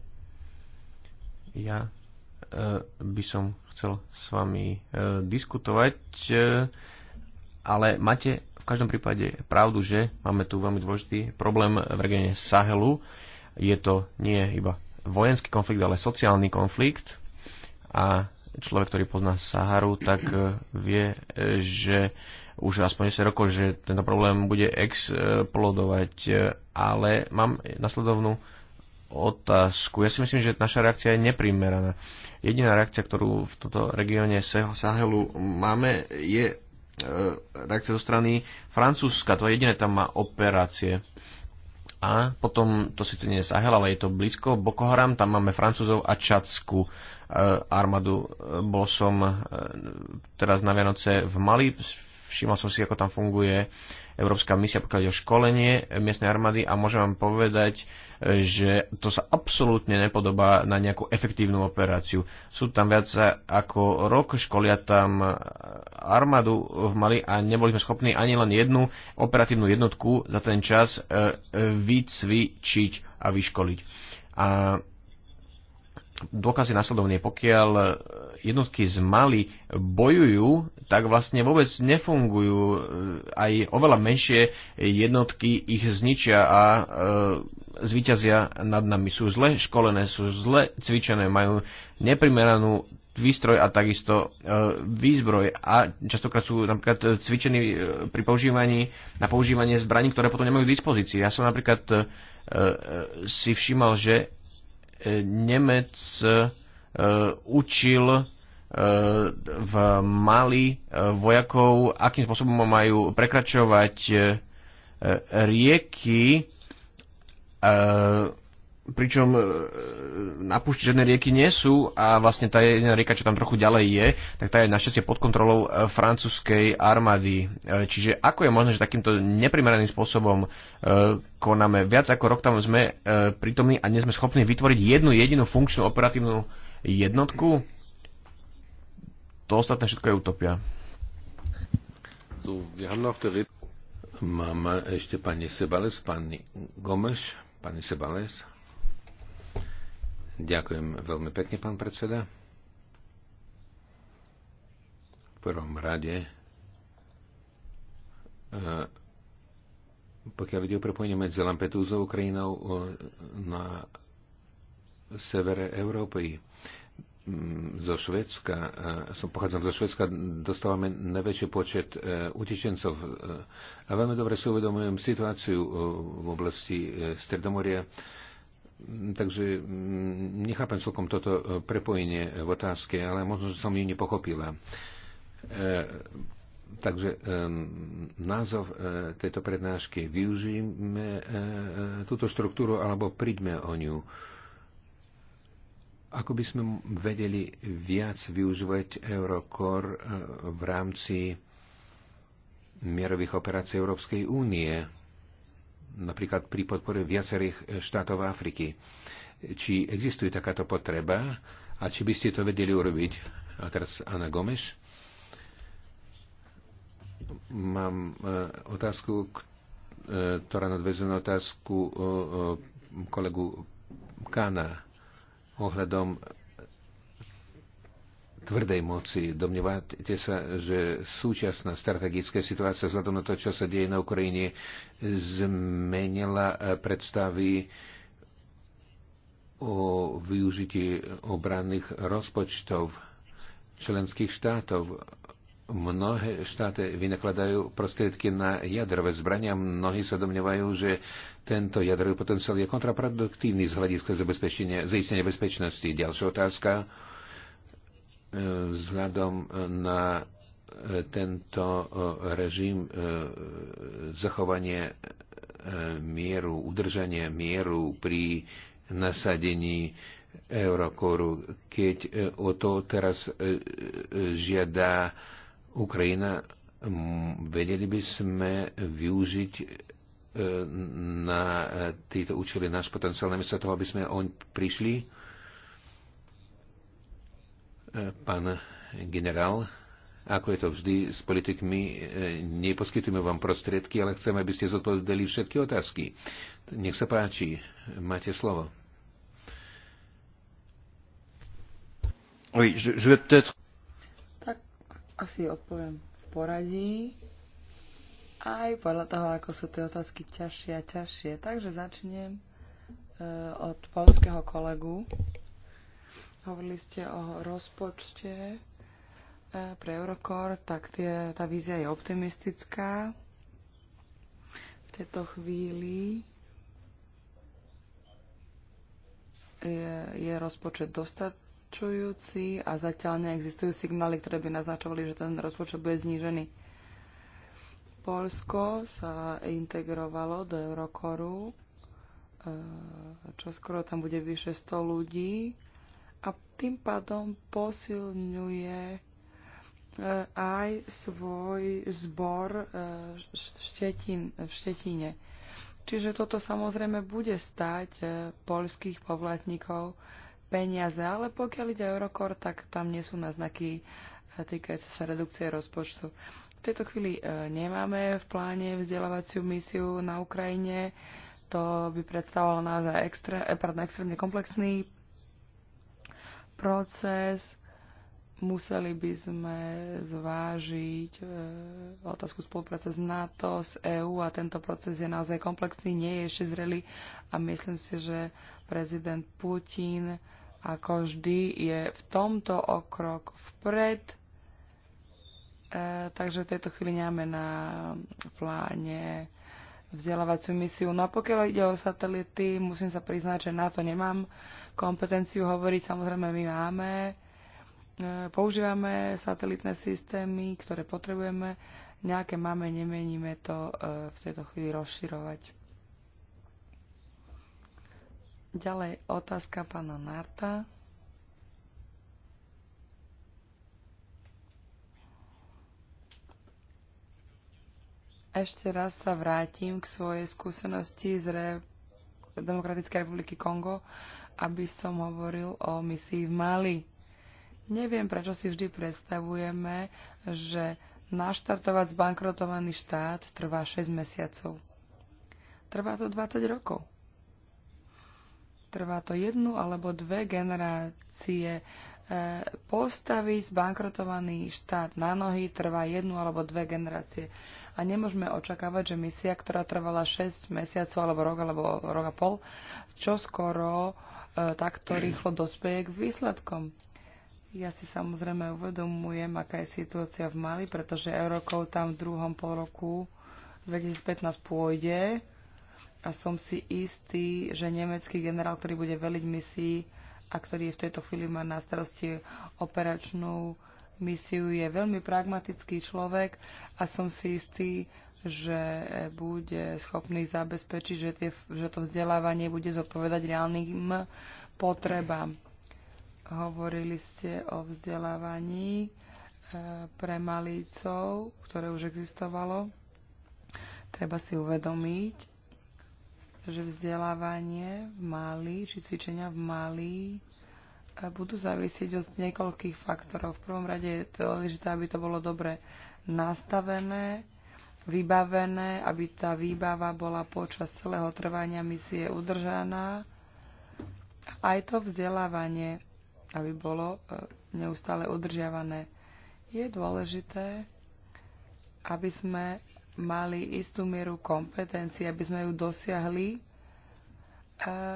Ja eh, by som chcel s vami eh, diskutovať ale máte v každom prípade pravdu, že máme tu veľmi dôležitý problém v regióne Sahelu. Je to nie iba vojenský konflikt, ale sociálny konflikt a človek, ktorý pozná Saharu, tak e, vie, e, že už aspoň 10 rokov, že tento problém bude explodovať. E, ale mám nasledovnú otázku. Ja si myslím, že naša reakcia je neprimeraná. Jediná reakcia, ktorú v tomto regióne Sahelu máme, je E, reakcia zo strany Francúzska. To je jediné, tam má operácie. A potom, to síce nie je Sahel, ale je to blízko, Boko Haram, tam máme Francúzov a Čadskú e, armádu. E, bol som teraz na Vianoce v Mali, všimol som si, ako tam funguje Európska misia, pokiaľ o školenie miestnej armády a môžem vám povedať, že to sa absolútne nepodobá na nejakú efektívnu operáciu. Sú tam viac ako rok, školia tam armádu v Mali a neboli sme schopní ani len jednu operatívnu jednotku za ten čas e, e, vycvičiť a vyškoliť. A dôkazy následovne, Pokiaľ e, jednotky z Mali bojujú, tak vlastne vôbec nefungujú. E, aj oveľa menšie jednotky ich zničia a e, zvíťazia nad nami. Sú zle školené, sú zle cvičené, majú neprimeranú výstroj a takisto e, výzbroj a častokrát sú napríklad cvičení e, pri používaní na používanie zbraní, ktoré potom nemajú k dispozícii. Ja som napríklad e, e, si všímal, že Nemec e, učil e, v Mali e, vojakov, akým spôsobom majú prekračovať rieky pričom e, na púšti žiadne rieky nie sú a vlastne tá jedna rieka, čo tam trochu ďalej je, tak tá je našťastie pod kontrolou e, francúzskej armády. E, čiže ako je možné, že takýmto neprimeraným spôsobom konáme? Viac ako rok tam sme prítomní a nie sme schopní vytvoriť jednu jedinú funkčnú operatívnu jednotku? To ostatné všetko je utopia. Máme ešte pani Sebales, pani Gomes, pani Sebales. Ďakujem veľmi pekne, pán predseda. V prvom rade, eh, pokiaľ ide o prepojenie medzi Lampedúzou, krajinou eh, na severe Európy, mm, zo Švedska, eh, som pochádzam zo Švedska, dostávame najväčší počet utečencov a veľmi dobre si uvedomujem situáciu v oblasti Stredomoria Takže mm, nechápem celkom toto e, prepojenie e, v otázke, ale možno, že som ju nepochopila. E, takže názov tejto prednášky využijeme túto štruktúru alebo príďme o ňu. Ako by sme vedeli viac využívať Eurocore v rámci mierových operácií Európskej únie? napríklad pri podpore viacerých e, štátov Afriky. Či existuje takáto potreba a či by ste to vedeli urobiť? A teraz Anna Gomeš. Mám e, otázku, e, ktorá nadvezuje na otázku kolegu Kána ohľadom tvrdej moci. Domnievate sa, že súčasná strategická situácia vzhľadom na to, čo sa deje na Ukrajine, zmenila eh, predstavy o využití obranných rozpočtov členských štátov. Mnohé štáty vynakladajú prostriedky na jadrové zbrania. Mnohí sa domnievajú, že tento jadrový potenciál je kontraproduktívny z hľadiska zabezpečenia, zaistenia bezpečnosti. Ďalšia otázka vzhľadom e, na e, tento e, režim zachovanie mieru, udržania mieru pri nasadení Eurokoru, keď o to teraz žiada Ukrajina, vedeli by sme využiť na tieto účely náš potenciál, namiesto toho, aby sme oň prišli? Pán generál, ako je to vždy s politikmi, e, neposkytujeme vám prostriedky, ale chceme, aby ste zodpovedali všetky otázky. Nech sa páči, máte slovo. Oui, je, je vais peut-être... Tak asi odpoviem v poradí. Aj podľa toho, ako sú tie otázky ťažšie a ťažšie. Takže začnem e, od polského kolegu. Hovorili ste o rozpočte e, pre Eurocore, tak tie, tá vízia je optimistická. V tejto chvíli je, je rozpočet dostačujúci a zatiaľ neexistujú signály, ktoré by naznačovali, že ten rozpočet bude znížený. Polsko sa integrovalo do Eurokoru, e, čo skoro tam bude vyše 100 ľudí tým pádom posilňuje eh, aj svoj zbor eh, v Štetine. Čiže toto samozrejme bude stať eh, poľských povlatníkov peniaze, ale pokiaľ ide Eurokor, tak tam nie sú náznaky týkajúce sa redukcie rozpočtu. V tejto chvíli nemáme v pláne vzdelávaciu misiu na Ukrajine. To by predstavovalo naozaj extré, pardon, extrémne komplexný proces, museli by sme zvážiť e, otázku spolupráce s NATO, s EÚ a tento proces je naozaj komplexný, nie je ešte zrelý a myslím si, že prezident Putin ako vždy je v tomto okrok vpred. E, takže v tejto chvíli nemáme na pláne vzdelávaciu misiu. No a pokiaľ ide o satelity, musím sa priznať, že na to nemám kompetenciu hovoriť. Samozrejme, my máme, e, používame satelitné systémy, ktoré potrebujeme, nejaké máme, nemeníme to e, v tejto chvíli rozširovať. Ďalej otázka pána Narta. Ešte raz sa vrátim k svojej skúsenosti z Re- Demokratickej republiky Kongo aby som hovoril o misii v Mali. Neviem, prečo si vždy predstavujeme, že naštartovať zbankrotovaný štát trvá 6 mesiacov. Trvá to 20 rokov. Trvá to jednu alebo dve generácie. E, postaviť zbankrotovaný štát na nohy trvá jednu alebo dve generácie a nemôžeme očakávať, že misia, ktorá trvala 6 mesiacov alebo rok alebo rok a pol, čo skoro E, takto rýchlo dospeje k výsledkom. Ja si samozrejme uvedomujem, aká je situácia v Mali, pretože Eurokov tam v druhom pol roku 2015 pôjde a som si istý, že nemecký generál, ktorý bude veliť misii a ktorý v tejto chvíli má na starosti operačnú misiu, je veľmi pragmatický človek a som si istý, že bude schopný zabezpečiť, že, tie, že to vzdelávanie bude zodpovedať reálnym potrebám. Hovorili ste o vzdelávaní eh, pre malícov, ktoré už existovalo. Treba si uvedomiť, že vzdelávanie v Mali, či cvičenia v Mali eh, budú závisieť od niekoľkých faktorov. V prvom rade je dôležité, aby to bolo dobre nastavené, vybavené, aby tá výbava bola počas celého trvania misie udržaná. Aj to vzdelávanie, aby bolo e, neustále udržiavané. Je dôležité, aby sme mali istú mieru kompetencií, aby sme ju dosiahli. E,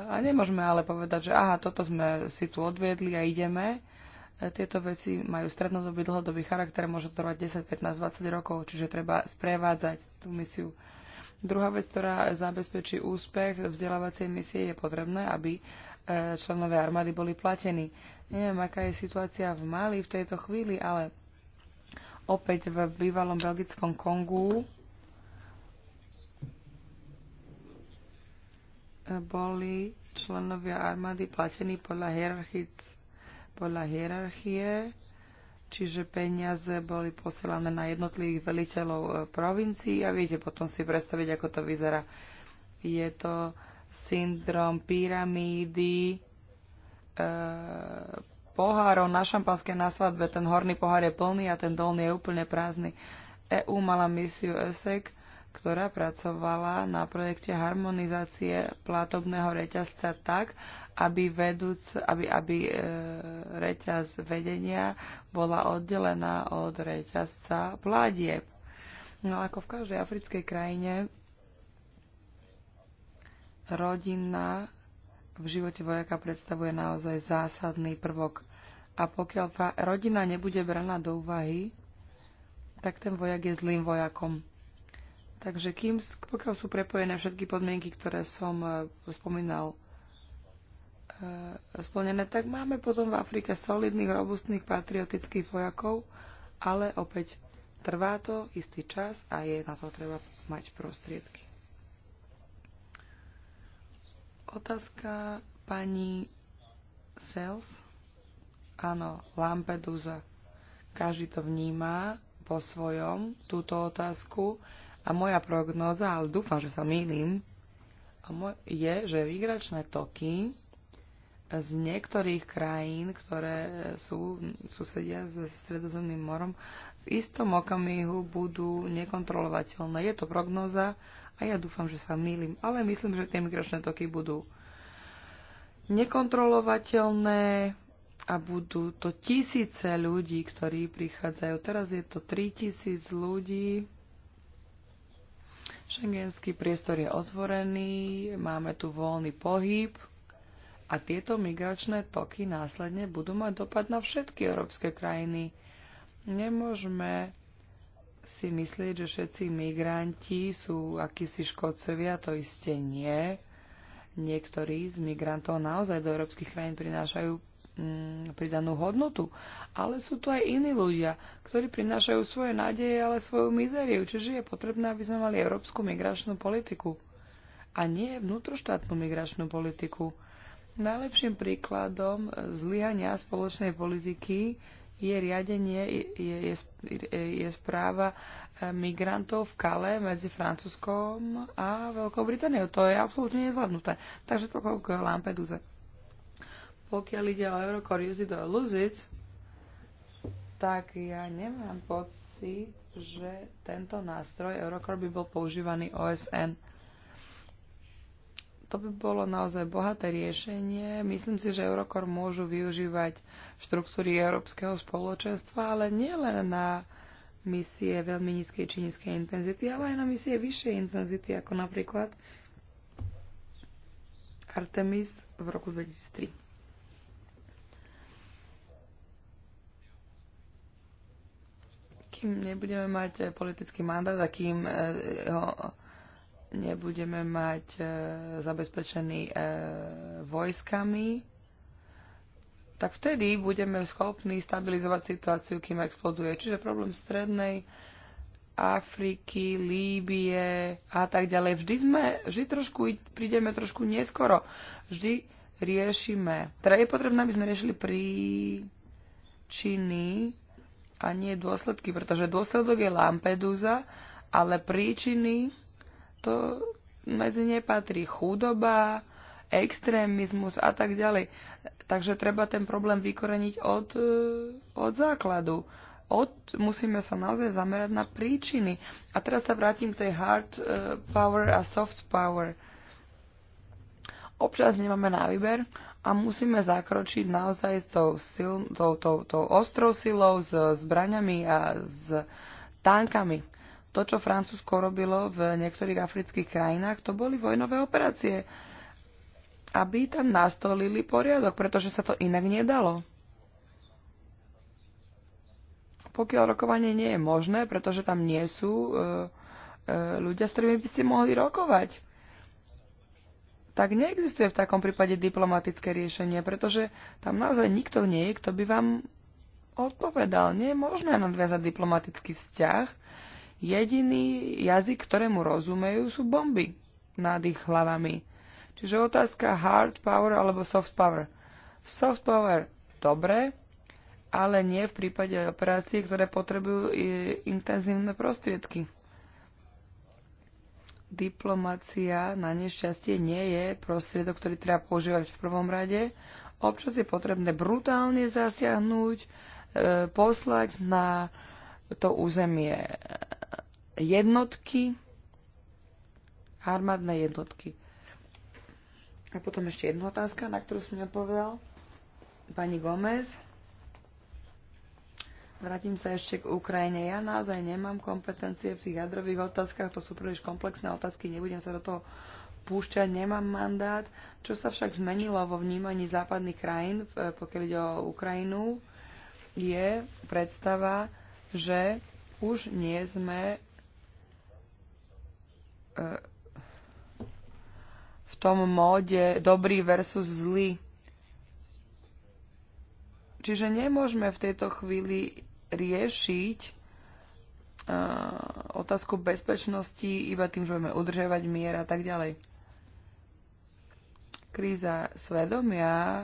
a nemôžeme ale povedať, že aha, toto sme si tu odviedli a ideme. Tieto veci majú strednodobý, dlhodobý charakter, môže trvať 10, 15, 20 rokov, čiže treba sprevádzať tú misiu. Druhá vec, ktorá zabezpečí úspech vzdelávacej misie, je potrebné, aby e, členové armády boli platení. Neviem, aká je situácia v Mali v tejto chvíli, ale opäť v bývalom belgickom Kongu e, boli členovia armády platení podľa hierarchických podľa hierarchie, čiže peniaze boli posielané na jednotlivých veliteľov e, provincií a viete potom si predstaviť, ako to vyzerá. Je to syndrom pyramídy, e, pohárov na šampanské na svadbe. Ten horný pohár je plný a ten dolný je úplne prázdny. EU mala misiu ESEC, ktorá pracovala na projekte harmonizácie platobného reťazca tak, aby, vedúc, aby, aby e, reťaz vedenia bola oddelená od reťazca vládieb. No ako v každej africkej krajine, rodina v živote vojaka predstavuje naozaj zásadný prvok. A pokiaľ rodina nebude braná do úvahy, tak ten vojak je zlým vojakom. Takže kým, pokiaľ sú prepojené všetky podmienky, ktoré som e, spomínal, e, splnené, tak máme potom v Afrike solidných, robustných, patriotických vojakov, ale opäť trvá to istý čas a je na to treba mať prostriedky. Otázka pani Sales. Áno, Lampedusa. Každý to vníma po svojom, túto otázku. A moja prognóza, ale dúfam, že sa mýlim, je, že migračné toky z niektorých krajín, ktoré sú susedia s Stredozemným morom, v istom okamihu budú nekontrolovateľné. Je to prognóza a ja dúfam, že sa mýlim, ale myslím, že tie migračné toky budú nekontrolovateľné a budú to tisíce ľudí, ktorí prichádzajú. Teraz je to 3000 ľudí, Schengenský priestor je otvorený, máme tu voľný pohyb a tieto migračné toky následne budú mať dopad na všetky európske krajiny. Nemôžeme si myslieť, že všetci migranti sú akísi škodcovia, to isté nie. Niektorí z migrantov naozaj do európskych krajín prinášajú Mm, pridanú hodnotu. Ale sú tu aj iní ľudia, ktorí prinášajú svoje nádeje, ale svoju mizériu. Čiže je potrebné, aby sme mali európsku migračnú politiku a nie vnútroštátnu migračnú politiku. Najlepším príkladom zlyhania spoločnej politiky je riadenie, je, je, je správa eh, migrantov v Kale medzi Francúzskom a Veľkou Britániou. To je absolútne nezvládnuté. Takže toľko k Lampeduze. Pokiaľ ide o Eurocore Use It or Lose It, tak ja nemám pocit, že tento nástroj Eurocore by bol používaný OSN. To by bolo naozaj bohaté riešenie. Myslím si, že Eurocore môžu využívať štruktúry Európskeho spoločenstva, ale nielen na misie veľmi nízkej či nízkej intenzity, ale aj na misie vyššej intenzity, ako napríklad Artemis v roku 2003. kým nebudeme mať e, politický mandát a kým e, ho nebudeme mať e, zabezpečený vojskami, tak vtedy budeme schopní stabilizovať situáciu, kým exploduje. Čiže problém strednej Afriky, Líbie a tak ďalej. Vždy sme, vždy trošku, prídeme trošku neskoro. Vždy riešime. Teda je potrebné, aby sme riešili príčiny a nie dôsledky, pretože dôsledok je Lampedusa, ale príčiny to medzi ne patrí chudoba, extrémizmus a tak ďalej. Takže treba ten problém vykoreniť od, eh, od základu. Od, musíme sa naozaj zamerať na príčiny. A teraz sa vrátim k tej hard eh, power a soft power. Občas nemáme na výber a musíme zakročiť naozaj s tou, sil, tou, tou, tou ostrou silou, s zbraňami a s tankami. To, čo Francúzsko robilo v niektorých afrických krajinách, to boli vojnové operácie, aby tam nastolili poriadok, pretože sa to inak nedalo. Pokiaľ rokovanie nie je možné, pretože tam nie sú e, e, ľudia, s ktorými by ste mohli rokovať tak neexistuje v takom prípade diplomatické riešenie, pretože tam naozaj nikto nie je, kto by vám odpovedal. Nie je možné nadviazať diplomatický vzťah. Jediný jazyk, ktorému rozumejú, sú bomby nad ich hlavami. Čiže otázka hard power alebo soft power. Soft power dobre, ale nie v prípade operácií, ktoré potrebujú eh, intenzívne prostriedky diplomácia na nešťastie nie je prostriedok, ktorý treba používať v prvom rade. Občas je potrebné brutálne zasiahnuť, e, poslať na to územie jednotky, armádne jednotky. A potom ešte jedna otázka, na ktorú som neodpovedal. Pani Gomez. Vrátim sa ešte k Ukrajine. Ja naozaj nemám kompetencie v tých jadrových otázkach, to sú príliš komplexné otázky, nebudem sa do toho púšťať, nemám mandát. Čo sa však zmenilo vo vnímaní západných krajín, pokiaľ ide o Ukrajinu, je predstava, že už nie sme e, v tom móde dobrý versus zlý. Čiže nemôžeme v tejto chvíli riešiť uh, otázku bezpečnosti iba tým, že budeme udržiavať mier a tak ďalej. Kríza svedomia e,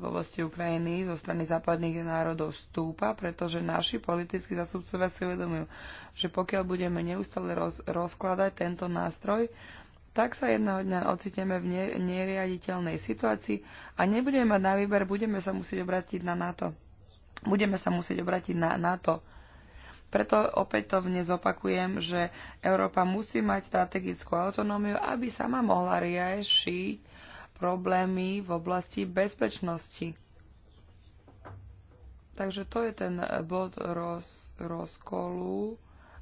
v oblasti Ukrajiny zo strany západných národov stúpa, pretože naši politickí zastupcovia si uvedomujú, že pokiaľ budeme neustále roz, rozkladať tento nástroj, uh, tak sa jedného dňa ocitneme v neriaditeľnej situácii a nebudeme mať na výber, budeme sa musieť obrátiť na NATO. Budeme sa musieť obrátiť na NATO. Preto opätovne zopakujem, že Európa musí mať strategickú autonómiu, aby sama mohla riešiť problémy v oblasti bezpečnosti. Takže to je ten bod roz, rozkolu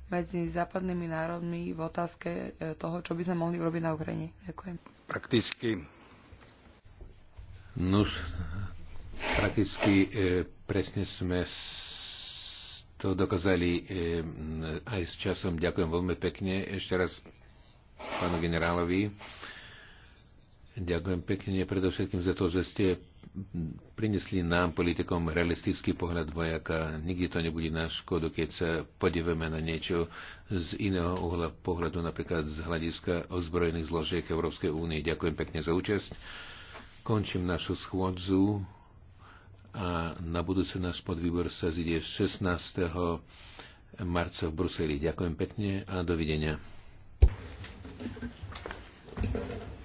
medzi západnými národmi v otázke e, toho, čo by sme mohli urobiť na Ukrajine. Ďakujem. Prakticky. Nuž, prakticky e, presne sme to dokázali e, aj s časom. Ďakujem veľmi pekne. Ešte raz pánu generálovi. Ďakujem pekne predovšetkým za to, že ste priniesli nám, politikom, realistický pohľad vojaka. Nikdy to nebude na škodu, keď sa podívame na niečo z iného uhla pohľadu, napríklad z hľadiska ozbrojených zložiek Európskej únie. Ďakujem pekne za účasť. Končím našu schôdzu a na budúce náš podvýbor sa zide 16. marca v Bruseli. Ďakujem pekne a dovidenia. Thank you.